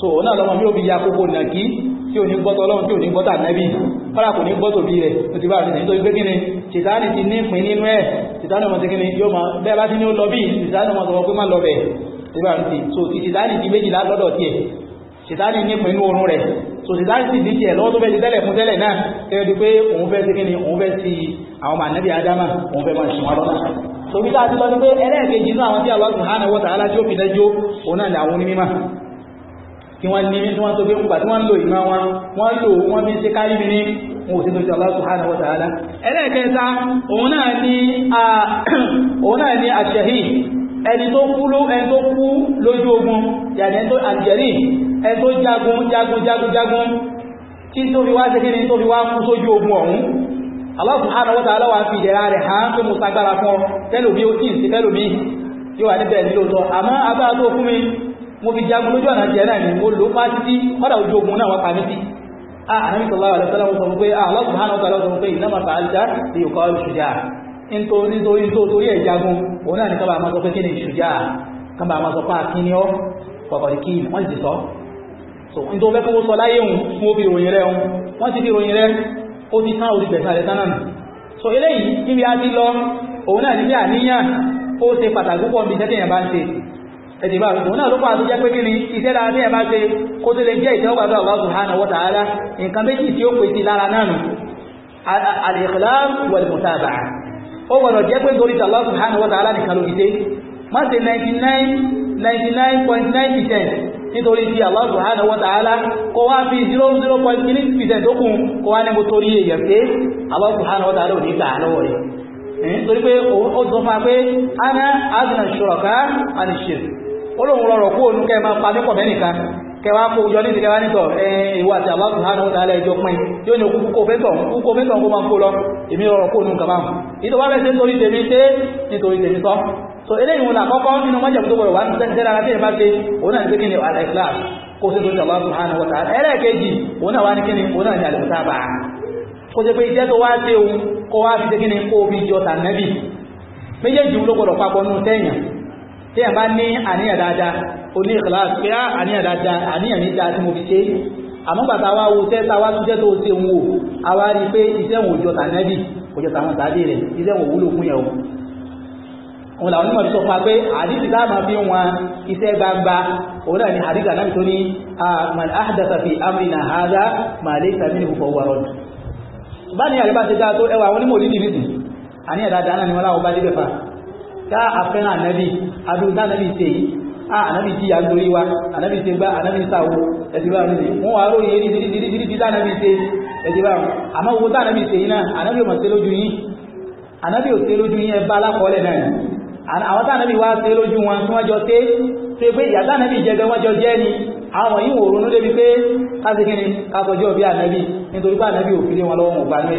Speaker 1: ò ya kókó nàkí tí ò ní gbọ́tọ̀ ọlọ́run tí ò ní gbọ́tà nẹ́bí kọ́lá kò ní gbọ́tò bí rẹ̀ tó ti bá rẹ̀ nítorí pé kí ni ṣètáni ti nípin nínú ẹ̀ ìtànà ọmọ tẹ́kẹ́ ni yóò máa bẹ́ẹ̀ bá ti ní ó lọ bí ìtànà ọmọ tọwọ́ pé má lọ bẹ̀ ìgbà ń ti so ti ìtànì ti méjìlá lọ́dọ̀ tiẹ̀ ìtànì nípa inú oorun rẹ̀ so ìtànì ti díjẹ̀ lọ́wọ́ tó fẹ́ ti tẹ́lẹ̀ fún tẹ́lẹ̀ náà kẹ́rẹ́ di pé òun fẹ́ tẹ́kẹ́ ni òun fẹ́ ti àwọn mànẹ́bí adama òun fẹ́ máa sùn wọn lọ́nà so bí láti lọ ní pé ẹlẹ́ẹ̀kejì náà àwọn tí Allah subhanahu wa ta'ala tí ó fi dájú òun náà ni àwọn onímọ̀ kí wọ́n ní tí wọ́n tó gbé ń gbà tí wọ́n ń lo ìmọ̀ wọn wọ́n wọn ò sí lójú Allah subhanahu wa ta'ala ẹlẹ́ẹ̀kẹta òun náà ni òun náà ni àṣẹ̀hì ẹni tó kú ló ẹni tó kú lójú ogun yàtọ̀ ẹni tó àjẹ̀rì ẹni tó jagun jagun jagun jagun tí tó fi wá ṣẹ́kí ni tó fi wá kú sójú ogun ọ̀hún Allah subhanahu wa ta'ala wà fi ìdẹ̀ra rẹ̀ hàn pé mo sagbára fún ọ ó tí ì sí Ah, Ànábì sallallahu alaihi wasallam sọ pé ah, Allah subhanahu wa ta'ala sọ pé innama fa'alta li yuqal shuja' nítorí nítorí tó torí ẹ̀ jagun òun náà ní kábàá máa sọ pé kí ni shuja' kábàá máa sọ pé àkíní ọ́ pọ̀kọ̀dìkì wọ́n ti sọ so n tó fẹ́ kó sọ láyé òun fún obì ìròyìn rẹ̀ òun wọ́n ti fi ìròyìn rẹ̀ ó ti tán orí gbẹ̀sà rẹ̀ tánà nù so eléyìí níbi a ti lọ òun náà níbi àníyàn ó ṣe pàtàkì púpọ̀ bí tẹ́tẹ̀yàn ẹ̀dẹ̀ bá wọn náà ló pàá tó jẹ́ pé kí ni iṣẹ́ dára ní ẹ̀bá ṣe kó tó lè jẹ́ ìtẹ́wọ́gbàdọ̀ Allah subhanahu wa ta'ala nǹkan méjì tí ó pè sí lára náà nù al-ikhlas wal 99.9% nítorí ti Allah subhanahu wa ta'ala kó wá fi 0.0% tó kù kó wá ní mo torí èèyàn pé Allah subhanahu wa ta'ala ò ní gbà lọ́wọ́ rẹ̀ torí pé ó sọ fún wa pé ana adùnà shuraka àni shirk olóhun rọrọ̀ kú òun kẹ́ máa fadé pọ̀ mẹ́nìkan kẹwa kó yọ ní ìdílé wa nítọ̀ ìwà àti Allah subhanahu wa ta'ala ẹjọ́ pin yóò ní òkú kó fẹ́tọ̀ kó fẹ́tọ̀ kó máa kó lọ èmi rọrọ̀ kó òun kàbáhùn ìtọ́ wá fẹ́sẹ̀ nítorí tèmi ṣe nítorí tèmi sọ so eléyìí wọn àkọ́kọ́ nínú májèmú tó gbọdọ̀ wá tẹ́lẹ̀ ara tí ẹ bá ṣe òun náà ní pé kí ni al-ikhlas kó sí nítorí Allah subhanahu wa ta'ala ẹlẹ́ẹ̀kejì òun náà wá ní kí ni òun náà ní al-mutaba'ah kó ṣe pé iṣẹ́ tó wá ṣe òun kó wá fi ṣe kí ni kó fi jọ tànẹ́bì méjèèjì ló gbọdọ̀ papọ̀ nù sẹ́yìn tí a bá ní àníyàn dáadáa o ní ìkìláàsì pé ah, àníyàn dáadáa àníyàn ní dáa tí mo fi ṣe àmúgbàtà wá wo tẹ́ tá wá tún jẹ́ tó ṣe ń wò a wá rí pé iṣẹ́ òun òjò tànẹ́bì òjò tàwọn tàbí rẹ̀ iṣẹ́ òun wúlò fún yẹ̀wò òun làwọn onímọ̀ sọ pa pé àdìsí láàmà fi wọn iṣẹ́ gbangba òun náà ni àdìsí àná tó ní ah, man ahdatha fi amrina hadha ma laysa minhu fahuwa radd bá ní àríbá ti dáa tó ẹwà àwọn onímọ̀ òdìdì àníyàn dáadáa náà ni wọn láwọn bá débẹ̀ fa ká àfẹ́ràn ànábì adúgbò ànábì ṣe yìí a ànábì jí agbórí wa ànábì ṣe gbá ànábì ṣàwó ẹ̀dìbà rẹ̀ wọ́n wá ró yé dídídídí ànábì ṣe ẹ̀dìbà rẹ̀ àmọ́ owó tá ànábì ṣe yìí náà ànábì ò mọ̀ ṣe lójú yín ànábì ò ṣe lójú yín ẹ bá alákọọ́lẹ̀ náà àwọn tá ànábì wá ṣe lójú wọn tí wọ́n jọ ṣe ṣe pé ìyá tá ànábì jẹ wọ́n jọ jẹ́ ni àwọn yìí wò ronú débi pé kásìkìnrin kásọjọ́ bí ànábì nítorí pé ànábì ò fi lé wọn lọ́wọ́ mọ̀ gbà náà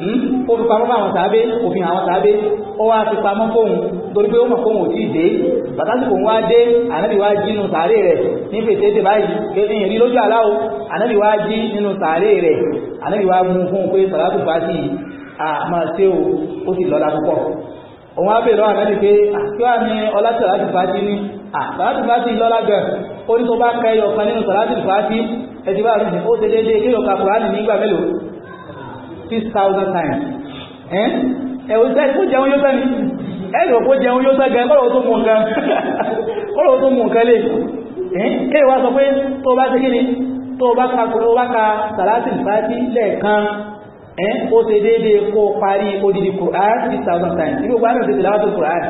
Speaker 1: Hmm? ó fi pamọ́ fáwọn sàábé òfin àwọn sàábé ó wá fi pamọ́ fóun torí pé ó mọ̀ fóun ò tí ì dé bàtásìkò ń wá dé ànábì wá jí nínú sàárè rẹ̀ ní fètètè báyìí kéde ìrí lójú aláwo ànábì wá jí nínú sàárè rẹ̀ ànábì wá mú fún un pé sàlátù fàájì àmọ́ ṣé o ó sì lọ́la púpọ̀ òun á bèèrè lọ́wọ́ ànábì pé àti wá ní ọlá sàlátù fàájì ní sàlátù fàájì lọ́la gan ó ní tó bá kẹ́ ẹyọ kan nínú sàlátù fàájì ẹ ti bá rí ó ṣe déédéé kí six thousand times ẹ́ ẹ̀wọ̀sẹ́ tó jẹun yóò sẹ́ni ẹ̀rọ kó jẹun yóò sẹ́gẹ̀ kọ́lọ̀ tó mú nǹkan kọ́lọ̀ tó mú nǹkan lè kéè wá sọ pé tó bá tẹ́kí ni tó bá ka kúrò bá ka sàlátì fàájì lẹ́ẹ̀kan ẹ́ ó ṣe déédéé kó parí odidi Qur'an six thousand times irú gbá náà ti tẹ̀lé wájú Qur'an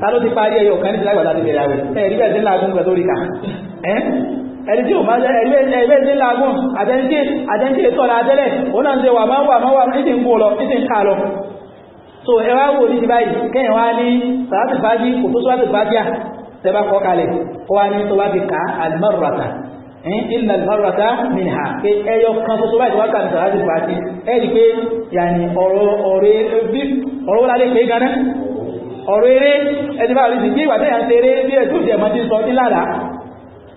Speaker 1: ta ló ti parí ẹyọ kan ní ti lágbàdá ti tẹ̀lé àwẹ̀ ẹ̀ rí bẹ́ẹ̀ sí láàgùn gbẹ̀ lórí ká ẹni tí o máa ẹlẹ́ẹ̀lẹ́ lágún àtẹ́ntí ètọ́lá tẹ́lẹ̀ òun náà ń ṣe wà máa wà máa ní ti ń kó lọ ní ti ń ká lọ so ẹwà wò ní ti báyìí kẹ́yìn wá ní sàátì fàájí kò tó sàátì fàájí à tẹ́bá kọ́ kalẹ̀ ó wá ní tó minha pé ẹyọ kan tó tó báyìí wá kàmì sàátì fàájí ẹ rí pé yàní ọ̀rọ̀ wọlé pé ganá ọ̀rọ̀ eré ẹni bá rí sí bí ìwà tẹ́yà ń ṣe eré bí ẹ̀ tó jẹ̀ mọ́ sọ ní lára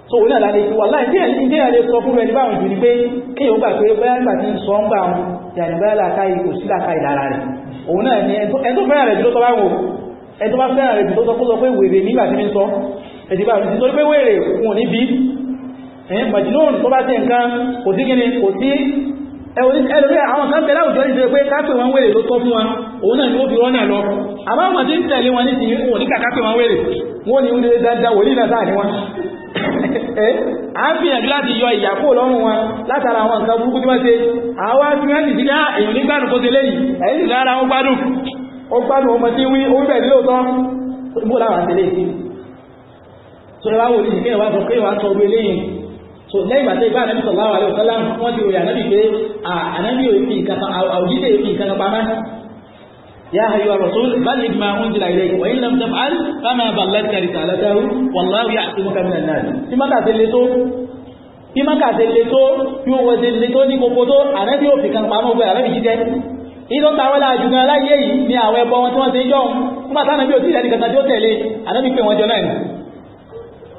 Speaker 1: so oní àlàyé fi wà láì díẹ̀ ní díẹ̀ lè sọ fún ẹni báwọn jù ní pé kéèyàn gbà pé bẹ́ẹ̀ nígbà tí sọ ń gbà wọn yàní bẹ́ẹ̀ làkà ikò sí làkà ìdára rẹ̀ òun náà ni ẹni tó fẹ́ràn rẹ̀ jù ló sọ báwọn ẹni tó bá fẹ́ràn rẹ̀ jù ló sọ kó sọ pé wèrè nígbà tí mi sọ ẹ̀dì bá mi sọ pé wèrè wọn ní bí ẹ̀yìn majinun tó bá ti nǹkan kò sí kíni kò sí ẹlòmí àwọn kan tẹ̀lé àwùjọ ìṣẹ́ pé kápẹ̀ wọn wèrè ló tọ́ fún wọn òun náà ni ó fi rọ́nà lọ àbáwọn tí ń tẹ̀lé wọn ní ti wọn ní kàkápẹ̀ wọn wèrè wọn ni ó lè dáadáa wòlíì náà sáà ní wọn a eh, ń gbìyànjú láti yọ ìyàpò lọ́rùn wọn látara àwọn nǹkan burúkú tí wọ́n ṣe àwọn tí wọ́n sì ti dá ah, èyí nígbàdùn kó ṣe lẹ́yìn ẹ̀yìn sì lára wọn gbádùn ó gbádùn ọmọ tí wí ó bẹ̀rẹ̀ lóòótọ́ bó láwọn àti lẹ́yìn tó lọ́wọ́ wò ní ìkéyàn wá sọ pé wàá sọ orí lẹ́yìn so lẹ́yìn àti ìbá ànábì sọ̀rọ̀ àwọn àlẹ́ òsálàmù wọ́n ti ròyìn ànábì pé ah, ànábì òfin nǹkan àwòjídé òfin nǹkan pamọ́ يا أيها الرسول بلغ ما أنزل إليك وإن لم تفعل فما بلغت رسالته والله يعصمك من الناس كما كاتل لتو كما كاتل لتو يو وزل لتو ní kókó tó Ànábì ó fi kan pamọ́ gbe Ànábì jíjẹ ido tawala ajugan láyé yìí ni àwọn ẹbọ wọn tí wọ́n ṣe jọ kuma ta Ànábì ó ti dani kan tí ó tẹ̀lé Ànábì pè wọ́n jọ náà ni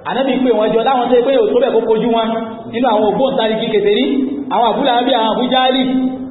Speaker 1: Ànábì pè wọ́n jọ láwọn ṣe pé ó tó bẹ́ẹ̀ kó kojú wọn nínú àwọn ògbóǹtarìgì kèfèrí àwọn abula àbí àwọn abujali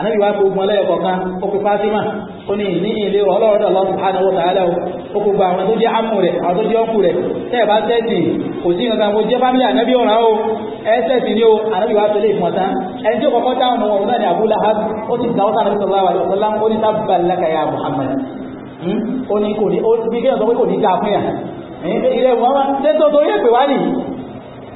Speaker 1: ànábì wá gbogbo ọlẹ́yọ̀kọ̀kan ó pe Fátímà ó ní ní ilé ọlọ́rọ̀dọ̀ Allah subhanahu wa ta'ala ó gbogbo àwọn tó jẹ́ amú rẹ̀ àwọn tó jẹ́ ọkù rẹ̀ tẹ́ẹ̀ bá tẹ́sì kò sí nǹkan mo jẹ́ fámílì ànábì ọ̀ràn o ẹ́sẹ̀sì ni ó ànábì wá tẹ́lẹ̀ ìfún ọ̀tán ẹni tó kọ́kọ́ dáhùn ọmọ ọ̀run náà ni Abu Lahab ó ti dáwọ́ ó ní tabban laka Muhammad hmm? ó ní kò ní ó bí kéèyàn sọ pé kò ní dáa fún yà ilé wọn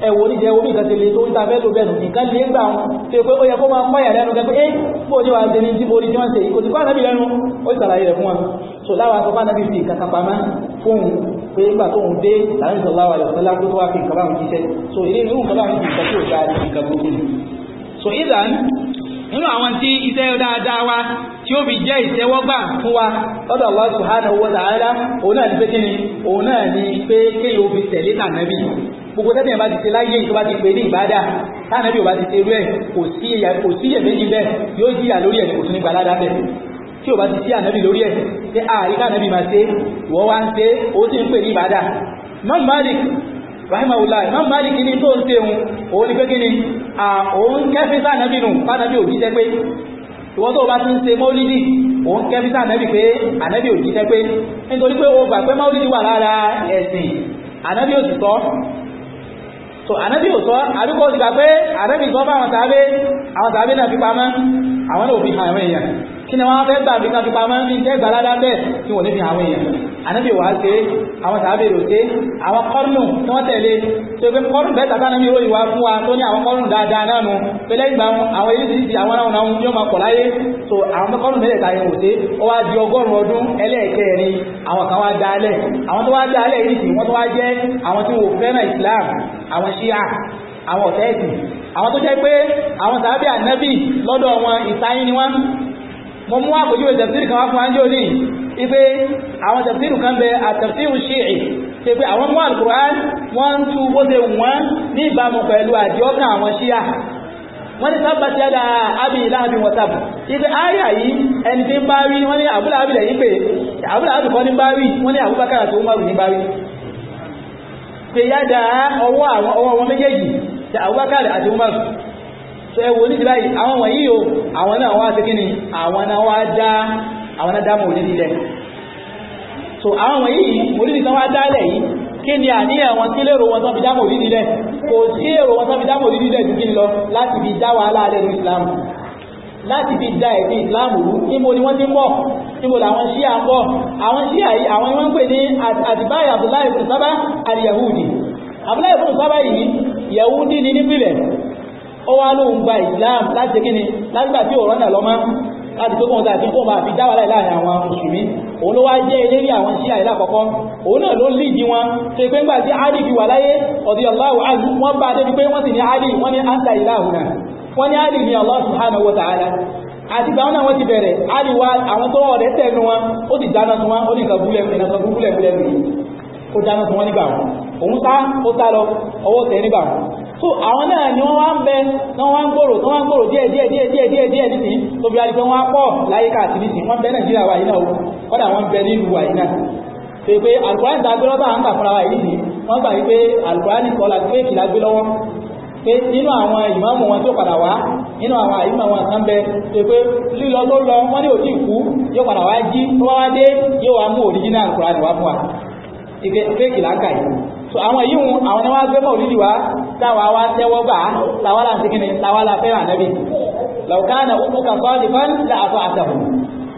Speaker 1: ẹ̀wọ̀ oníjẹ́ orí ìkan ti lè tó ń ta fẹ́lò bẹ̀rù nǹkan lè gbà wọn tí ó pé ó yẹ kó máa pààyà lẹ́nu gẹ́gẹ́ pé bó ní wà tẹ́lẹ̀ tí orí tí wọ́n ṣe kò so láwọn akọ bá nábì fi ìkàkà pamá fóun pé ìgbà tó ń dé láàrin sallallahu alaihi wasallam tó wá fi so ilé ní nǹkan báwọn jíṣẹ́ tí ó so ìdán nínú àwọn tí iṣẹ́ dáadáa tí ó fi jẹ́ ìtẹ́wọ́gbà fún wa lọ́dọ̀ Allah subhanahu wa ta'ala òun náà ni pé kíni òun náà ni pé kéyìí ó fi tẹ̀lé tànàbí gbogbo tẹ́tẹ̀ bá ti ṣe láyé tó bá ti pè ní ìbádà tànàbí ò bá ti ṣe rú ẹ̀ kò sí iyèméjì bẹ́ẹ̀ yóò jìyà lórí ẹ̀ kò tún ní gbalada bẹ́ẹ̀ tí ò ti sí ànábì lórí ẹ̀ tí àríká ànábì máa ṣe wọ́n wá ń ṣe ó ní ìbádà ìwọ́n tó bá ti ń ṣe mọ́lídì òun kẹ́bí sáà nẹ́bì pé ànẹ́bì ò jíṣẹ́ pé nítorí pé o gbà pé mọ́lídì wà lára ẹ̀sìn ànẹ́bì ò sì sọ so ànẹ́bì ò sọ àdúgbò ti gbà pé ànẹ́bì sọ fún àwọn tàbí àwọn tàbí náà fi pamọ́ àwọn náà kí ni wọ́n fẹ́ gbàgbé kan fi pamọ́ ní jẹ́ ìgbàládá bẹ́ẹ̀ tí wọ́n ní fi àwọn èèyàn ànábì wàá ṣe àwọn sàábèrè ò ṣe àwọn kọ́rùnù tí wọ́n tẹ̀lé tó pé kọ́rùnù bẹ́ẹ̀ tàbí ànábì ròyìn wá fún wa tó ní àwọn kọ́rùnù dáadáa náà nu pé lẹ́yìn ìgbà àwọn èyí ti àwọn náà náà yóò máa pọ̀ láyé so àwọn kọ́rùnù mẹ́tẹ̀ẹ̀ta yẹn ò ṣe ó wá di ọgọ́rùn ọdún ẹlẹ́ẹ̀kẹrin àwọn kan wá dálẹ̀ àwọn tó wá dálẹ̀ yìí sì wọ́n tó wá jẹ́ àwọn tí wọ́n fẹ́ràn Islam àwọn ṣíà àwọn ọ̀tẹ́ẹ̀sì àwọn tó jẹ́ pé àwọn sàábì ànábì lọ́dọ̀ wọn ìsáyín ni wọ́n mo mú àpòjúwe tafsir kan wá fún anjọ́ ní ipé àwọn tafsir kan bẹ àtafsir ṣíì ṣe pé àwọn mú alukur'an wọ́n ń tú bó ṣe wọ́n ní ìbámu pẹ̀lú àdìọ́kàn àwọn ṣíà wọ́n ní sábàtí àdá àbí ìlànà wọ́tàbù ibi àyà yìí ẹni tí ń bá rí wọ́n ní àbúlà àbìlẹ̀ yìí pé àbúlà àbìkọ́ ní bá rí wọ́n ní àbúbákàrà tó mọ́rù ní bá rí pé yádá ọwọ́ àwọn ọwọ́ méjèèjì àbúbákàrà àti mọ́rù ṣe wo ní ti báyìí àwọn wọ̀nyí o àwọn náà wá sí kíni àwọn náà wá dá àwọn náà dá mòlídìí lẹ̀ so àwọn wọ̀nyí mòlídìí kan wá dálẹ̀ yìí kí ni àníyàn wọn kí lérò wọn tán fi dá mòlídìí lẹ̀ kò sí èrò wọn tán fi dá mòlídìí lẹ̀ ju kí ni lọ láti fi dá wàhálà lẹ́nu Islam láti fi da ẹ̀sìn islam rú níbo ni wọ́n ti ń bọ̀ níbo làwọn ṣíà ń bọ̀ àwọn ṣíà yìí àwọn ni wọ́n ń pè ní àdìbáyé abdullahi ibn sábà àti ó wá lóun gba islam láti ṣe kíni lágbà tí òrọ́nà lọ́mọ́ láti tó kóhun tàbí kó máa fi dá wàhálà láàrin àwọn mùsùlùmí òun ló wá jẹ́ eléré àwọn ṣíà ìlà àkọ́kọ́ òun náà ló lídìí wọn tó pé ńgbà tí ali fi wà láyé ọ̀dí Allahu ali wọ́n bá ali wọ́n ní anta ilahuna wọ́n ní Allah subhanahu wa ta'ala àti ìgbà náà wọ́n ti bẹ̀rẹ̀ ali wa àwọn tó ọ̀rẹ́ tẹ̀nu wọn ó sì dáná tí wọ́n ó ní nǹkan búlẹ̀ ó dáná tí wọ́n nígbà wọn òun sá ó sá lọ ọwọ́ tẹ̀ nígbà wọn so àwọn náà ni wọ́n n'ọnwa ń bẹ tán wá gbòrò tán wá gbòrò díẹ̀ díẹ̀ díẹ̀ díẹ̀ díẹ̀ díẹ̀ nìsín tó fi wáyé wọ́n pọ̀ láyé káàkiri sí wọ́n bẹ nàìjíríà wáyé náà kọ́dà wọ́n bẹ nílùú wáyé náà pé ń gbà so àwọn yìí wọn àwọn ni wọ́n gbé mọ̀ lídìí wá táwa wá tẹ́wọ́ gbà láwa là ń segin ní láwa là fẹ́ràn ànábì lọ́kànnà ó kà sọ́ nìkan láàtọ̀ àtàwọn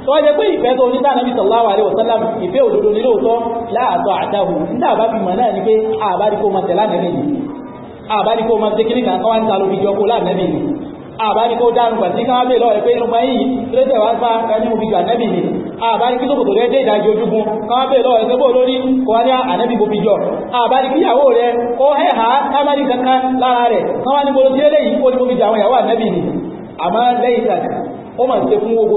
Speaker 1: tó jẹ́ pé ìfẹ́ tó oníta náà sallallahu alaihi wasallam ìfẹ́ òdodo ní lóòótọ́ láàtọ̀ àtàwọn nígbà bá fi mọ̀ náà ni pé àbádìkó máa tẹ̀lá nẹ́bì ni àbádìkó máa ṣe kíníkà kọ́wá ń ta lóbi jọ kó láàbẹ̀bì ni àbádìkó dárùn gbàtí káwá bè lọ́rẹ̀ pé lọ́gbà yìí lẹ́tẹ̀ wá bá ẹni mo fi gbà nẹ́bì àbárí kí sókòtò rẹ̀ dé ìdájí ojúgun káwọn bèèrè lọ́wọ́ ẹgbẹ́ lórí kò wá ní ah, ànábì bobi jọ àbárí kí ìyàwó rẹ̀ ó ẹ̀hà tábárí kankan lára rẹ̀ káwọn ní bolóti eléyìí ó ní bobi jọ àwọn ìyàwó ànábì ni àmọ́ lẹ́yìn ìtàkì ó mà ń ṣe fún gbogbo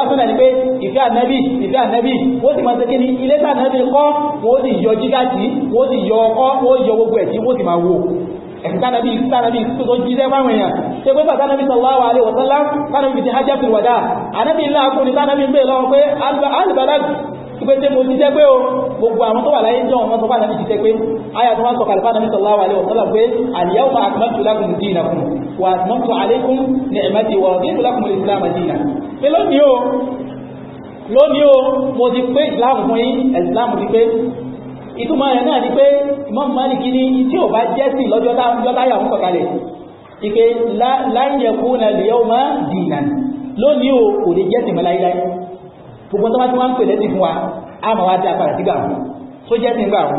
Speaker 1: ah, ni pé ìfẹ́ ànábì ìfẹ́ ànábì wọ́n sì máa ṣe kí ni ilé tá ànábì kọ́ wọ́n sì yọ jígáàtì wọ́n sì yọ ọkọ́ ẹ̀sìn tánàbí tánàbí tó jíṣẹ́ fáwọn èèyàn tó gbé bàtà nàbí sallallahu alaihi wa sallam tánàbí ti hajjatul wada ànábì ńlá akùnrin tánàbí ń bè lọ́wọ́ pé albalag ìpé tí mo jíṣẹ́ pé o gbogbo àwọn tó wà láyé jọ wọn sọ fánàbí jíṣẹ́ pé aya tó wọn sọ kàlùfà nàbí sallallahu alaihi wa sallam pé al-yawma akmaltu lakum dinakum wa atmamtu ìtumọ̀ rẹ̀ náà ni pé Imam Malik ní tí ò bá jẹ́ sí lọ́jọ́ táyà ń kọ̀kalẹ̀ ike lan yakuna al-yawma dinan lónìí o kò lè jẹ́ sí mọ́ láíláí gbogbo tó bá ti wá ń pè lẹ́sìn fún wa a máa wá dá padà sígbà wọn tó jẹ́ sí gbà ò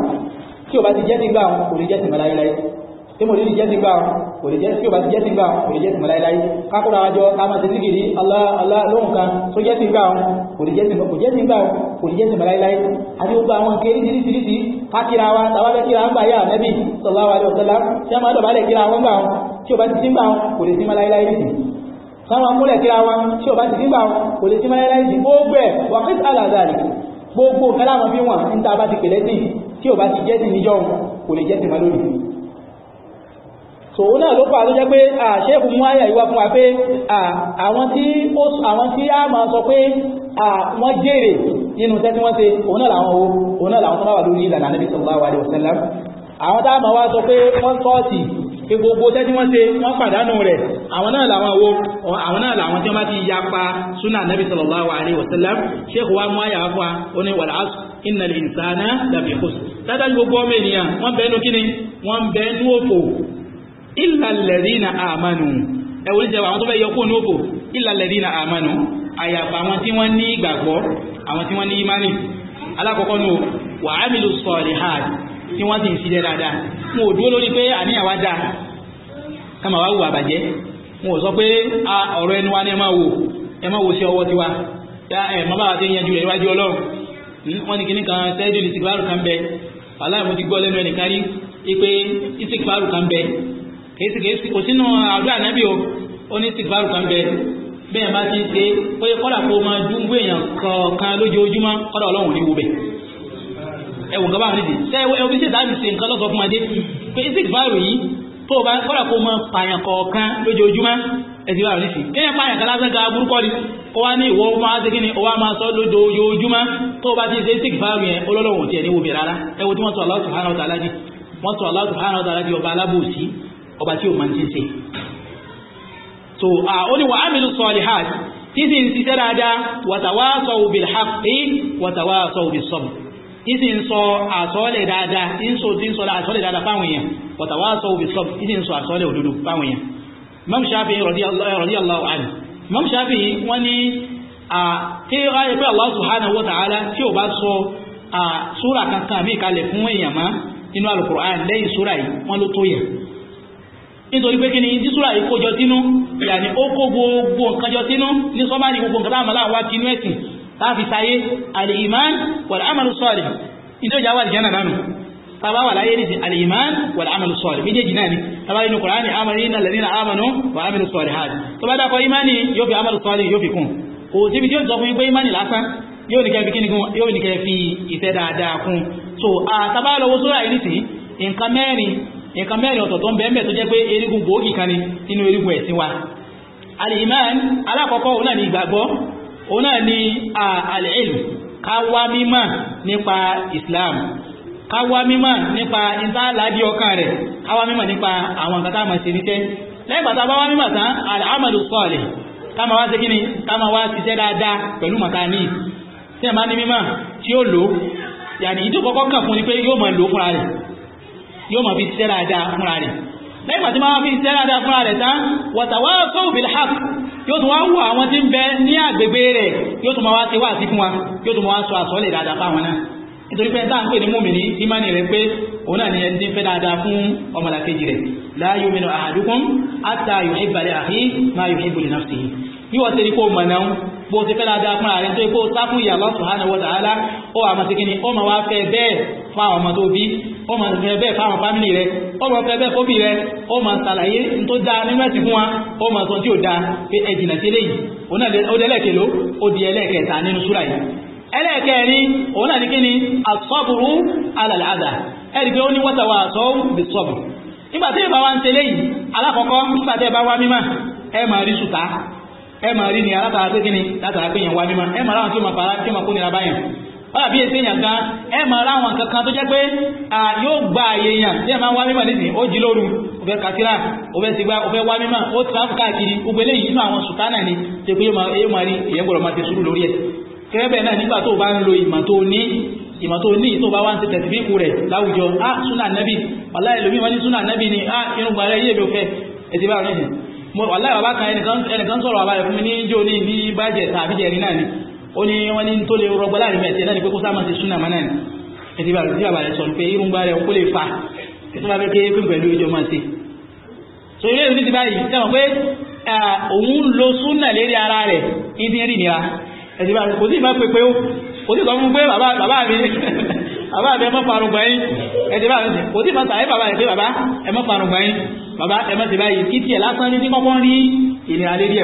Speaker 1: kò lè jẹ́ sí mọ́ Allah Allah lóhùn kan tó jẹ́ kò ní jẹ́sìn kò jẹ́sìn gbà kò ní jẹ́sìn láíláí àti gbogbo àwọn nǹkan eríṣiríṣiríṣi kákìra wa tàbábẹ́ kíra ń gbà yá ànábì sallallahu alaihi wasallam tí a máa dọ̀bálẹ̀ kíra wọn gbà wọn tí o bá ti sí gbà wọn kò lè sí láíláí nìsín sáwọn múlẹ̀ kíra wọn tí o bá ti sí gbà wọn kò lè sí láíláí nìsín gbogbo ẹ̀ wà kí alàzàrì gbogbo kálá wọn bí wọn ti pèlẹ́sìn tí o bá ti jẹ́sìn níjọ́ kò lè jẹ́sìn má tòun náà ló fà ló jẹ́ pé àṣẹ́kù mú àyà ìwà fún wa pé àwọn tí a máa sọ pé wọ́n jèrè nínú tẹ́ tí wọ́n ṣe òun náà làwọn owó òun náà làwọn tó máa wà lórí ìlànà Ànábì sallallahu alaihi wasallam àwọn tá a máa wá sọ pé wọ́n sọ́ọ̀tì pé gbogbo tẹ́ tí wọ́n ṣe wọ́n pàdánù rẹ̀ àwọn náà làwọn owó àwọn náà làwọn tí wọ́n bá ti ya pa súnà Ànábì sallallahu alaihi wasallam ṣéèkù wa mú àyà fún wa ó ní wal asr innal insana lafi ìlàlẹ̀dínà àmánu ẹ̀wọ̀n ìjẹba àwọn tó bẹ́ yọkó nóòbò ìlàlẹ̀dínà àmánu àyàfà àwọn tí wọ́n ní ìgbàgbọ́ àwọn tí wọ́n ní imani alákọ̀ọ́kọ́ nù wà ámìlú sọ̀rì ha" tí wọ́n ti ń dáadáa mo ò dúró lórí pé àníyàn kama wá mo ò sọ pé ọ̀rọ̀ ẹnu wa ní ẹ máa wò ẹ tiwa wa kèsì kèsì kò sínú àdúrà ànábì o ó ní sìgbàrù kan bẹ bẹ́ẹ̀ bá ti ṣe ó yẹ kọ́dà kó máa dúngbó èèyàn kọ̀ọ̀kan lójoojúmọ́ kọ́dà ọlọ́run ní wo bẹ̀ ẹ̀wọ̀n kan bá rí di ṣé ẹ̀wọ̀n bí sèta ti ṣe nǹkan lọ́sọ̀ fún adé pé sìgbàrù yìí tó o bá kọ́dà kó máa pààyàn kọ̀ọ̀kan lójoojúmọ́ ẹ̀sì bá rí sí kéèyàn pààyàn kan lásán kan burúkọ ni ó wá ní ìwọ máa ṣe kíni ó wá máa sọ lójoojúmọ́ tó o bá ti ṣe sìgbàrù yẹn ọlọ́run tiẹ̀ ní wo bẹ̀ rárá ẹ̀wọ̀n tí wọ́n sọ Allah subhanahu wa ta'ala wọ́n sọ Allah subhanahu wa ta'ala ọba alábòsí ọba tí ó máa ń ti ṣe so ó ní wà ámìlú salihat títí ń ṣiṣẹ́ dáadáa watawasaw bil haqqi watawasaw bis sabr títí ń sọ àsọ́ọ̀lẹ̀ dáadáa tí ń sọ tí ń sọ àsọ́ọ̀lẹ̀ dáadáa fáwọn èèyàn watawasaw bis sabr títí ń sọ àsọ́ọ̀lẹ̀ òdodo fáwọn èèyàn Imam Shafi'i radiyallahu anhu Imam Shafi'i tí ó ráyẹ Allah subhanahu wa ta'ala tí ó bá sọ súra kankan mí kalẹ̀ al-Qur'an lẹ́yìn súra yìí wọ́n nítorí pé kí ni tí súra yìí kójọ sínú yàní ó kó gbogbo nǹkan jọ sínú ní sọ́mọ́rì gbogbo nǹkan táwọn aláwọ̀ ti inú ẹ̀sìn láti sáyé al-iman wal-amalu salih nítorí ìjà wà lè jẹ́nà nánu tàbá wà láyé nìsí al-iman wal-amalu méjèèjì náà ni tàbá nínú Kùránì amanu innal ladhina imani yóò fi amalu salih yóò imani lásán yóò ní kẹfì kíni kún yóò ní kẹfì ìfẹ́ so àtàbá lọ́wọ́ sóra yìí nìsí nǹkan mẹ́rin ọ̀tọ̀ọ̀tọ̀ ń bẹ mẹ́ tó jẹ́ pé erigun gbòógì kan ni nínú erigun ẹ̀sìn wa al-iman alákọ̀ọ́kọ́ òun náà ni ìgbàgbọ́ òun ni káwá mímọ̀ islam káwá mímọ̀ nípa ìtàládí ọkàn rẹ̀ káwá mímọ̀ nípa àwọn nǹkan táàmà sí níṣẹ́ lẹ́yìn pàtàkì bá wá mímọ̀ ni yóò máa fi ṣiṣẹ́ dáadáa fúnra rẹ̀ lẹ́yìn pàtí máa fi ṣiṣẹ́ dáadáa fúnra rẹ̀ tán wọ̀tàwá sóò bil haqq yóò tún wá wù àwọn tí ń bẹ ní àgbègbè rẹ̀ yóò tún máa wá ṣe wá sí fún wa yóò tún máa wá sọ àsọ́lẹ̀ dáadáa fáwọn náà nítorí pé táà ń pè ní múmìnì ìmánì rẹ̀ pé òun náà ni ẹni tí ń fẹ́ dáadáa fún ọmọlàkejì rẹ̀ bó ti fẹ́ dáadáa fún ààrẹ tó kó sá fún ìyá Allah subhanahu ó àmọ́ ni ó máa wá fẹ́ bẹ́ẹ̀ fún àwọn ọmọ tó bí ó máa ṣe bẹ́ẹ̀ fáwọn fámìlì rẹ, ó máa fẹ́ bẹ́ẹ̀ fóbì rẹ̀ ó máa ṣàlàyé tó dáa nínú fún wa ó máa sọ tí dáa pé ó dé ó di nínú yìí òun náà ní kí ni asọ́bùrú alàlàdà pé ó ní wọ́tàwà ìbá wa ń yìí alákọ̀ọ́kọ́ ìbá wa ẹ máa rí sùtá ẹ máa ni alátara pé kí ni látara pé yẹn wa bára bí èsì èèyàn kan ẹ máa ráwọn kankan tó jẹ́ pé yóò gba àyè èèyàn tí ẹ máa wá mímọ̀ nísìn ó jí lóru òfẹ́ kàtírà òfẹ́ sìgbà òfẹ́ wá mímọ̀ ó ti ráfù káàkiri gbogbo eléyìí inú àwọn sùtánà ni tó pé yóò máa rí èèyàn gbọ́dọ̀ máa ti sùúrù lórí ẹ̀ kẹ́rẹ́bẹ̀ náà nígbà tó bá ń lo ìmọ̀ tó ní ìmọ̀ tó ní tó bá wá ń ti tẹ̀sífíkù rẹ̀ láwùjọ á súnà nẹ́bì wàláì lómi wọ́n ní súnà nẹ́bì ni á irúgbà rẹ̀ yé mi ò fẹ́ ẹ̀sìn bá rẹ̀ wàláì bàbá kan ẹnìkan sọ̀rọ̀ àbáyẹ̀ fún mi ní jó ní bí bájẹ̀ tàbí jẹ̀rin náà ni ó ní wọ́n ní tó lè rọgbọ láàrin mẹ́tẹ́ náà ni pé kó sáà máa ti súnà mọ́ náà ni ètò ìbàlẹ̀ tí bàbá rẹ̀ sọ pé irun bá rẹ̀ kó lè fa ètò ìbàlẹ̀ pé pé pẹ̀lú ìjọ máa ṣe. sọ ilé ìrìn ti báyìí sẹ́wọ̀n pé òun lo súnà lérí ara rẹ̀ ní ti rìn nira ètò ìbàlẹ̀ kò sí ìbá pépé ó kò sí sọ fún pé tí kọ́kọ́ rí ìnira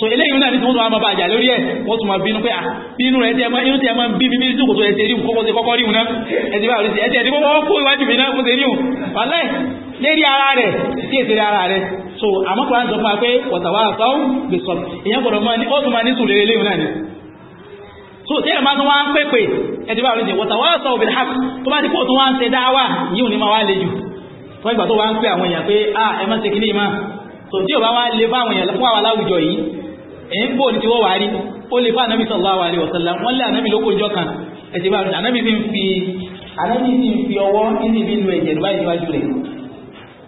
Speaker 1: so eléyìí náà ní tí wọ́n tún wá máa bá àjà lórí ẹ̀ wọ́n tún máa bínú pé à ah, bínú rẹ̀ ẹ̀tẹ́ inú tí ẹ máa ń bí bíbí ìjókòó tó ẹ̀tẹ́ ríhùn kókó ṣe kọ́kọ́ ríhùn náà ẹ̀tẹ́ bá rí sí ẹ̀tẹ́ ìdíkọ́ wọ́n kó iwájú mi náà kó ṣe ríhùn wàlẹ́ lérí ara rẹ̀ tí èsì ara rẹ̀ so àmọ́ kò láti sọ fún wa pé wọ̀tàwà àtàwọn gbèsọ̀ èèyàn gbọ́dọ̀ máa ní ó tún máa ní sùn lérè léwu náà ni so tí ẹ̀ máa tún wá ń pèpè ẹ̀tẹ́ bá rí sí wọ̀tàwà àtàwọn bil haqq tó bá ti kó tún wá ń ṣe dáwà yìí ò ní máa wá le jù fún ìgbà tó wá ń pè àwọn èèyàn pé ah ẹ má ṣe kíní ìmá so tí ò bá wá le fún àwọn èèyàn fún àwọn aláwùjọ yìí èyí bò ní tí wọ́n wà rí ó lè fún ànábì sallallahu alaihi wasallam wọ́n lé ànábì lókò jọ kan ẹ̀sìn bá ànábì fi ń fi ànábì sì ń fi ọwọ́ nínú ibi inú ẹ̀jẹ̀ báyìí níwájú rẹ̀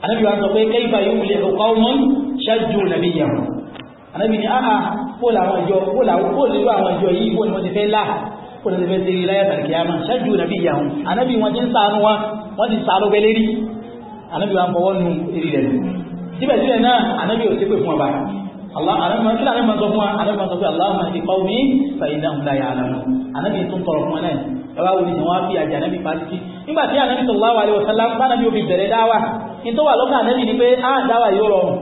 Speaker 1: ànábì wa sọ pé kayfa yuflihu qawmun shajju nabiyyahum ànábì ní àhà kó làwọn ìjọ kó làwọn kó lè lọ àwọn ìjọ yìí bó ni wọ́n ti fẹ́ láà kó lè fẹ́ kílà rẹ̀ máa sọ fún wa alẹ́ máa sọ pé aláwọ̀ àti kọ́ mi fàyínà ńlá yà lánà anábì tó ń tọrọ fún wa náà ẹwà wo ni ìwọ̀n á fi àjà anábì pa títí nígbà tí anábì sallallahu alaihi wasallam bá anábì òfin bẹ̀rẹ̀ dáwà ní tó wà lọ́kà anábì ni pé á dáwà yóò rọrùn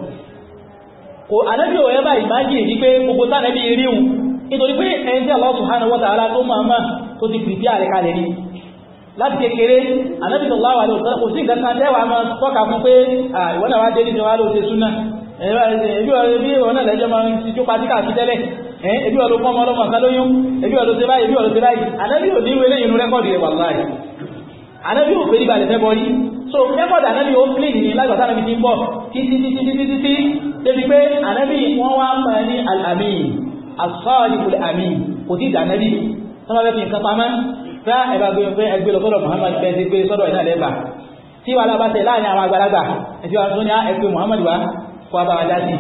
Speaker 1: kò anábì ò ẹbà ìmájì ní pé gbogbo sánábì ríhun nítorí pé ẹni tí Allah subhanahu wa ta'ala tó máa máa tó ti pìrìpì àrẹ kalẹ̀ ni láti kékeré anábì sallallahu alaihi wasallam kò sí ìgbà kan tẹ́wàá máa tọ́ka fún pé ìwọ́n náà wá dé nínú wa ló ṣe súnà ẹbí ọ̀rẹ́ bí ọ̀nà lẹ́jọ́ máa ń ti jó patíkà sí tẹ́lẹ̀ ẹbí ọ̀rẹ́ pọ́mọ ọlọ́mọ ọ̀sán lóyún ẹbí ọ̀rẹ́ tẹ́báyì ẹbí ọ̀rẹ́ tẹ́báyì ànábì ò ní ìwé lẹ́yìn inú rẹ́kọ̀dì rẹ̀ wàláì ànábì ò pé nígbà lẹ́fẹ́ bọ́rí so rẹ́kọ̀dì ànábì ó pílì ní lágbàtà ànábì ti ń bọ̀ títí títí títí títí débi pé ànábì wọ́n wá mọ̀ ní àmì àsọ́ọ̀lì kùlẹ̀ àmì kò tí ìdà ànábì sọ́mọ́ bẹ́ẹ̀ fi nǹkan pamọ́ fẹ́ ẹ̀bà gbé ẹgbẹ́ lọ sọ́dọ̀ Muhammad bẹ́ẹ̀ ti gbé sọ́dọ̀ ìdá lẹ́bà tí wàhálà bá tẹ̀ láàrin àwọn àgbàlagbà ẹ̀fí wa tó ní ẹgbẹ́ Muhammad wa kó abá wa dá sí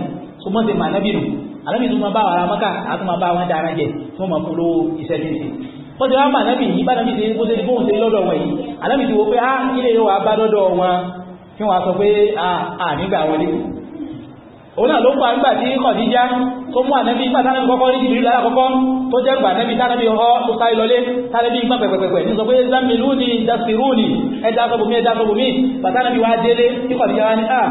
Speaker 1: so mọ́ ti mà nábì nù ànábì tó máa bá wàrà mọ́kà àti máa bá wọn dára jẹ tó máa fún lówó iṣẹ́ tí ń ṣe wọ́n ti wá mà nábì yìí bá nábì ṣe bó ṣe ní bóun ṣe lọ́dọ̀ wọn yìí ànábì ti wo pé á ah, ilé yóò wá bá lọ́dọ̀ wọn kí wọ́n sọ pé à ah, nígbà wọlé òun náà ló pa nígbà tí kọ̀díjá tó mú ànábì nígbà tánábì kọ́kọ́ ní ìbílú lára kọ́kọ́ tó jẹ́ gbà nábì tánábì ọkọ́ tó sáré lọlé tánábì gbà pẹ̀pẹ̀pẹ̀ ní sọ pé zamiluni dasiruni ẹja sọ́bùmí ẹja sọ́bùmí bàtánábì wá délé tí kọ̀díjá wá ní à ah,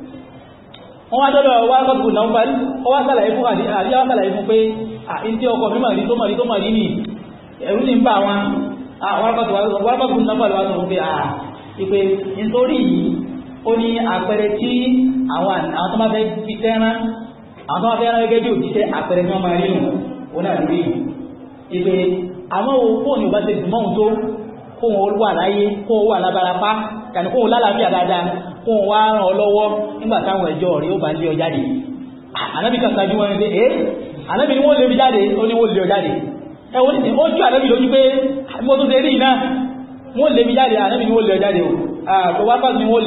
Speaker 1: wọ́n wá dọ́dọ̀ wá kọ́tù náà parí ó wá sàlàyé fún àdí àdí wá sàlàyé fún pé àyín tí ọkọ̀ mímọ̀ rí tó mọ̀ rí tó mọ̀ rí nì ẹ̀rú ní ń bà wọn àwọn kọ́tù náà parí wá sọ fún pé à ìpè nítorí yìí ó ní àpẹẹrẹ tí àwọn tó máa fẹ́ fi tẹ́rán àwọn tó máa fẹ́ rán gẹ́gẹ́ bí òjíṣẹ́ àpẹẹrẹ tí wọ́n máa rí kún wá ràn ọ lọ́wọ́ nígbà táwọn ẹjọ́ rẹ̀ ó bá lé ọ jáde ah, ànábì kan ṣáájú wọn ṣe é ànábì ni wọ́n lé mi jáde ó ní wọ́n lé ọ jáde ẹ wọ́n ti ó jù ànábì lójú pé ah, mo tún ṣe rí iná wọ́n lé mi jáde ànábì ni wọ́n lé ọ jáde o àpò ah, wá pàṣẹ ni wọ́n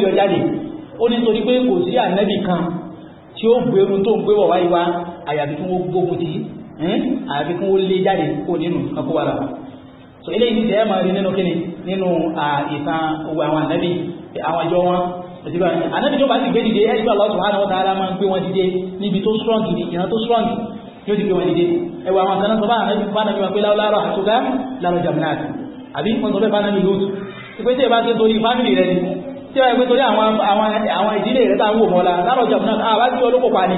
Speaker 1: lé ọ jáde so eléyìí ti tẹ́ ẹ̀ máa rí nínú kíni nínú ìtàn owó àwọn ànábì àwọn àjọ wọn òsìbá anábì tó bá ti gbé dìde ẹgbẹ́ Allah subhanahu wa ta'ala máa ń gbé wọn dìde níbi tó strong ní ìran tó strong yóò ti gbé wọn dìde ẹwà àwọn àtàná sọ bá anábì bá anábì wọn pé láwọláwọ àtúgá lárọ jamnat àbí wọn sọ bẹ́ẹ̀ bá anábì lóòtù pé tí ẹ bá ti torí fámìlì rẹ ni tí ẹ pé torí àwọn ìdílé rẹ tá ń wò mọ́lá lárọ jamnat àbá tí olóko pa ni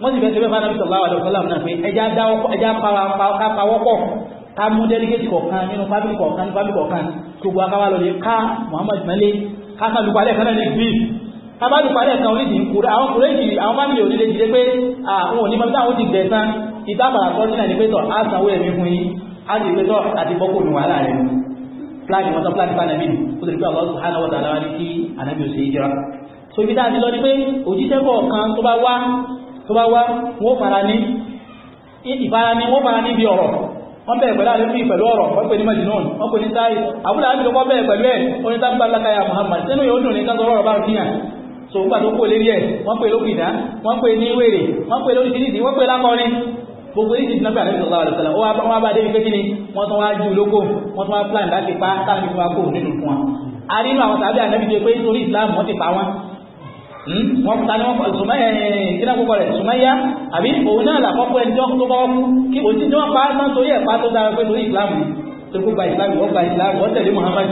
Speaker 1: wọ́n sì fẹ́ẹ́ bá anábì sallallahu alaihi wasallam náà pé ẹja pawọ́pọ̀ ká mú délégéètì kọ̀ọ̀kan nínú fámìlì kọ̀ọ̀kan gbogbo akáwá lọ lè ká Muhammad mẹ́lẹ́ kásàlùpàlẹ̀ kan náà ní greece kábàlùpàlẹ̀ kan onídìí ń kúrẹ́ àwọn kúrẹ́jì àwọn fámìlì onílé ti dé pé àwọn òní mọ́tí àwọn ti gbẹ̀san ìtàbàrà tọ́ nínà ní pẹ́tọ̀ á sanwó ẹ̀mí fún yín á sì pẹ́tọ̀ àti bọ́kò ní wàhálà rẹ̀ pláàdì wọn sọ pláàdì fánàbí ó ti rí pé àwọn so ibi dáadé lọ ni pé òjíṣẹ́ kọ̀ọ̀kan tó bá wá tó bá wá wọ́n fara ní ìfara ní wọ́n bẹ̀rẹ̀ pẹ̀lú àlébí pẹ̀lú ọ̀rọ̀ wọ́n pè ní majinun wọ́n pè ní táì àbúrò àbí lọ́kọ́ bẹ̀rẹ̀ pẹ̀lú ẹ̀ oní tábíbá lákàyà Muhammad sínú yóò dùn ní ká sọ̀rọ̀ bá fi hàn so ń gbà tó kó lérí ẹ̀ wọ́n pè lókìdá wọ́n pè ní wèrè wọ́n pè lórí kìdìdì wọ́n pè lákọrin gbogbo ní ìdíjìnà pẹ̀lú àlébí sọ̀rọ̀ àlùsọ̀lá wọ́n wá bá débi pé kíni wọ́n tún wá ju lóko wọ́n tún wá plan láti pa táàbí fún wa kó nínú fún wa a nínú àwọn tàbí ànábì tó pé nítorí Islam wọ́n ti pa wọn Hmm? wọ́n ta ni wọ́n kọ́ sùmáyà ìdílé eh, àkọ́kọ́ rẹ̀ sùmáyà àbí òun náà làkọ́kọ́ ẹni tó kọ́ kú kí o ti ní wọ́n pa á tán torí ẹ̀pá tó dára pé torí ìsìlámù tó kó gba ìsìlámù wọ́n gba ìsìlámù wọ́n tẹ̀lé Muhammad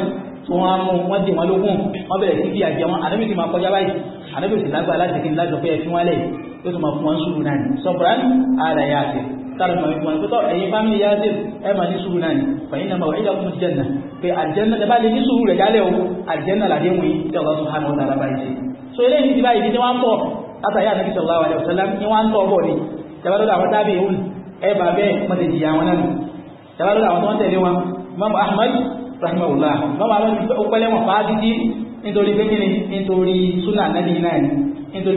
Speaker 1: tó wọ́n á mú wọ́n dì wọ́n lógún wọ́n bẹ̀rẹ̀ sí bí àjẹmọ́ ànábì ti máa kọjá báyìí ànábì sì lágbà láti kí n lájọ pé ẹ fi tára ìmọ̀ ìmọ̀ ìpótọ́ ẹ̀yin fámílì Yasir ẹ máa ní sùúrù náà ni fẹ̀yìn náà máa ìdá fún jẹ́nà pé àjẹ́nà tẹ́ bá lè ní sùúrù rẹ̀ jálẹ̀ o àjẹ́nà làdéhùn yìí tí Allah subhanahu wa ta'ala bá yìí so ilé yìí ti báyìí ní wọ́n tọ̀ látàrí ànábì sallallahu alaihi wasallam ní wọ́n tọ̀ bọ̀ ni jabalọ́dọ̀ àwọn tábì ìhùn ẹ bà bẹ́ẹ̀ wọ́n ti jìyà wọn nánu jabalọ́dọ̀ àwọn tó ń wọn Imam Ahmad rahimahullah Imam Ahmad ó pẹ́lẹ́ wọn fàá títí nítorí pé kí ni nítorí súnà náà ni nítorí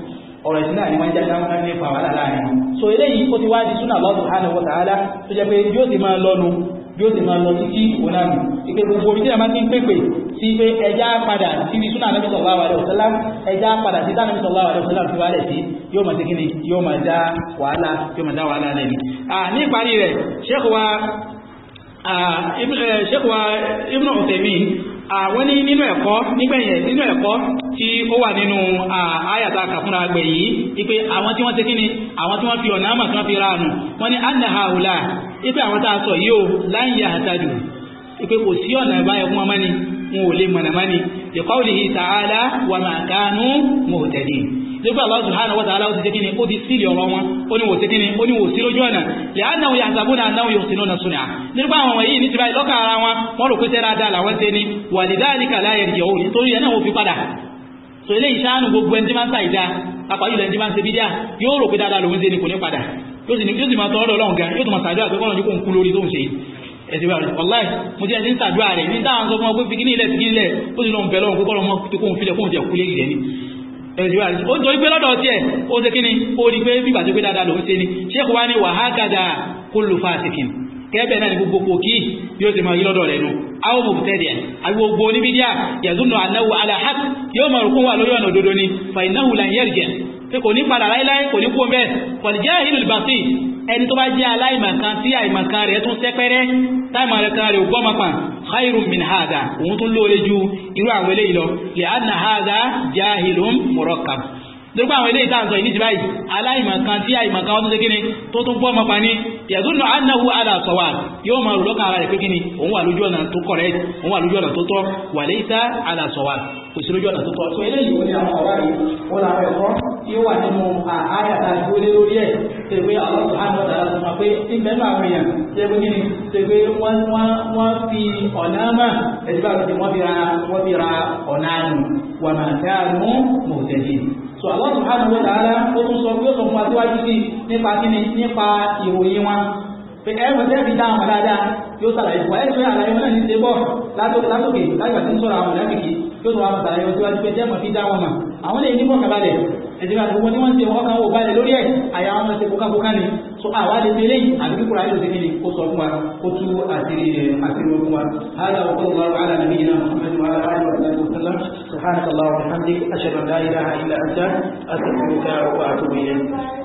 Speaker 1: ọ̀rọ̀ ìsìn náà ni wọ́n jẹ́ dáńkà nípa wà láàrin so eléyìí ó ti wá di súnà Allah subhanahu wa ta'ala tó jẹ́ pé yóò ti máa lọ́nu yóò ti máa lọ títí òlànà ìpè gbogbo orí tí a máa ti ń pèpè sí pé ẹja padà sí ibi súnà Ànábì sallallahu alaihi wasallam ẹja padà sí tánàbí sallallahu alaihi wasallam ti wálẹ̀ sí yóò máa ti kíni yóò máa dá wàhálà yóò máa dá wàhálà lẹ́nu. ní ìparí rẹ̀ ṣẹ́kùwà ibn eh, Uthaymin àwọn ní nínú ẹ̀kọ́ nígbẹ̀yẹ̀ nínú ẹ̀kọ́ tí ó wà nínú àyàtà kàfúnra àgbẹ̀ yìí ipé àwọn tí wọ́n ti kíni àwọn tí wọ́n fi ọ̀nà àmà tí wọ́n fi ra ànù wọ́n ní anna haula ipé àwọn tá a sọ yìí láyé àtàjù ipé kò sí ọ̀nà ìbáyọ̀ fún ọmọ ni wọn ò lè mọ̀nàmọ́ni li qawlihi ta'ala wa ma kanu nígbà Allah subhanahu wa ta'ala ó ti tẹ́kíní ó ti sílì ọ̀rọ̀ wọn ó ní wò tẹ́kíní ó ní wò sí lójú ọ̀nà lẹ́yìn àwọn yàtàbó náà náà yóò sínú nàṣúnà nígbà àwọn wọ̀nyí ní ti lọ́kà ara wọn wọ́n rò pé tẹ́ dáadáa làwọn ni wà lè dáàlìkà láyé ìjọ òní torí ẹ̀ náà ó fi padà so ilé ìṣáánu gbogbo ẹni tí máa ń ṣàìdá apàyí ilẹ̀ ẹni tí máa ń ṣe bídíà yóò rò pé ni kò ní padà yóò sì máa tọrọ lọ́wọ́ gan yóò tún máa ṣàdúrà pé kọ́nà ní kò ń kú lórí tó ń ni ẹ̀dùwà ó ń torí pé lọ́dọ̀ tí ẹ̀ ó ṣe kíni ó rí pé bíbà tó pé dáadáa ni ṣéèkù wá ní wàhákàdà kúlù fásitì kẹ́ẹ̀bẹ̀ náà ni gbogbo pòkí bí ó ti máa yí lọ́dọ̀ rẹ̀ nù àwọn mọ̀tẹ́dẹ̀ agbogbo oníbídíà yẹ̀zúnà anáwó aláhàk yóò mọ̀ rùkún wà lórí ọ̀nà òdodo ni fàìnáwó làyẹ̀rìjẹ̀ pé kò ní padà láíláí kò ní ẹni tó bá jẹ́ aláìmọ̀kan tí àìmọ̀kan rẹ̀ tún sẹ́pẹ́rẹ́ táìmọ̀kan rẹ̀ gbọ́ mọ́pà khairun min haza òun tún lóore ju irú àwọn eléyìí lọ li anna haza jahilun murakkab dókpá àwọn ilé ìtàǹsọ̀ ìní ti báyìí aláìmọ̀kan tí àìmọ̀kan ọdún sékíní tó tún gbọ́ ọmọ pani yàtúndùn annahu ala sawab yóò máa rò lọ́kàn ara rẹ̀ pé kíni òun wà lójú ọ̀nà tó correct òun wà lójú ọ̀nà tó tọ́ wa laysa ala sawab kò sí lójú ọ̀nà tó tọ́. sọ eléyìí wọ́n ní àwọn ọ̀rá yìí wọ́n là rẹ̀ kọ́ tí ó wà nínú so Allah subhanahu wa ta'ala ó tún sọ yóò sọ fún wa síwájú sí nípa kíni nípa ìròyìn wọn pé ẹ̀rọ tẹ́ fi dáhùn dáadáa yóò sàlàyé fún wa ẹ̀sùn àlàyé wọn náà ní ṣe bọ̀ látòkè lágbàtí ń sọ̀rọ̀ àwọn mọ̀lẹ́bìkì yóò tó wá bàtà ayọ̀ tí wá ti pé jẹ́ mọ̀ fi dá wọn mà àwọn lè ní bọ̀kà balẹ̀ ẹ̀sìn bá gbogbo tí wọ́n ń ṣe ọkàn balẹ̀ lórí ẹ̀ àyà wọn máa ṣe kókákóká ni so àwa lè fi eléyìí àbí kíkó ráyè òsèké ni kó sọ fún wa kó tú àṣírí àṣírí ogun wa hàlà ọkọ ọmọ ọmọ ala nàbí yìnyín muhammadu wa ala ali wa sallam sallam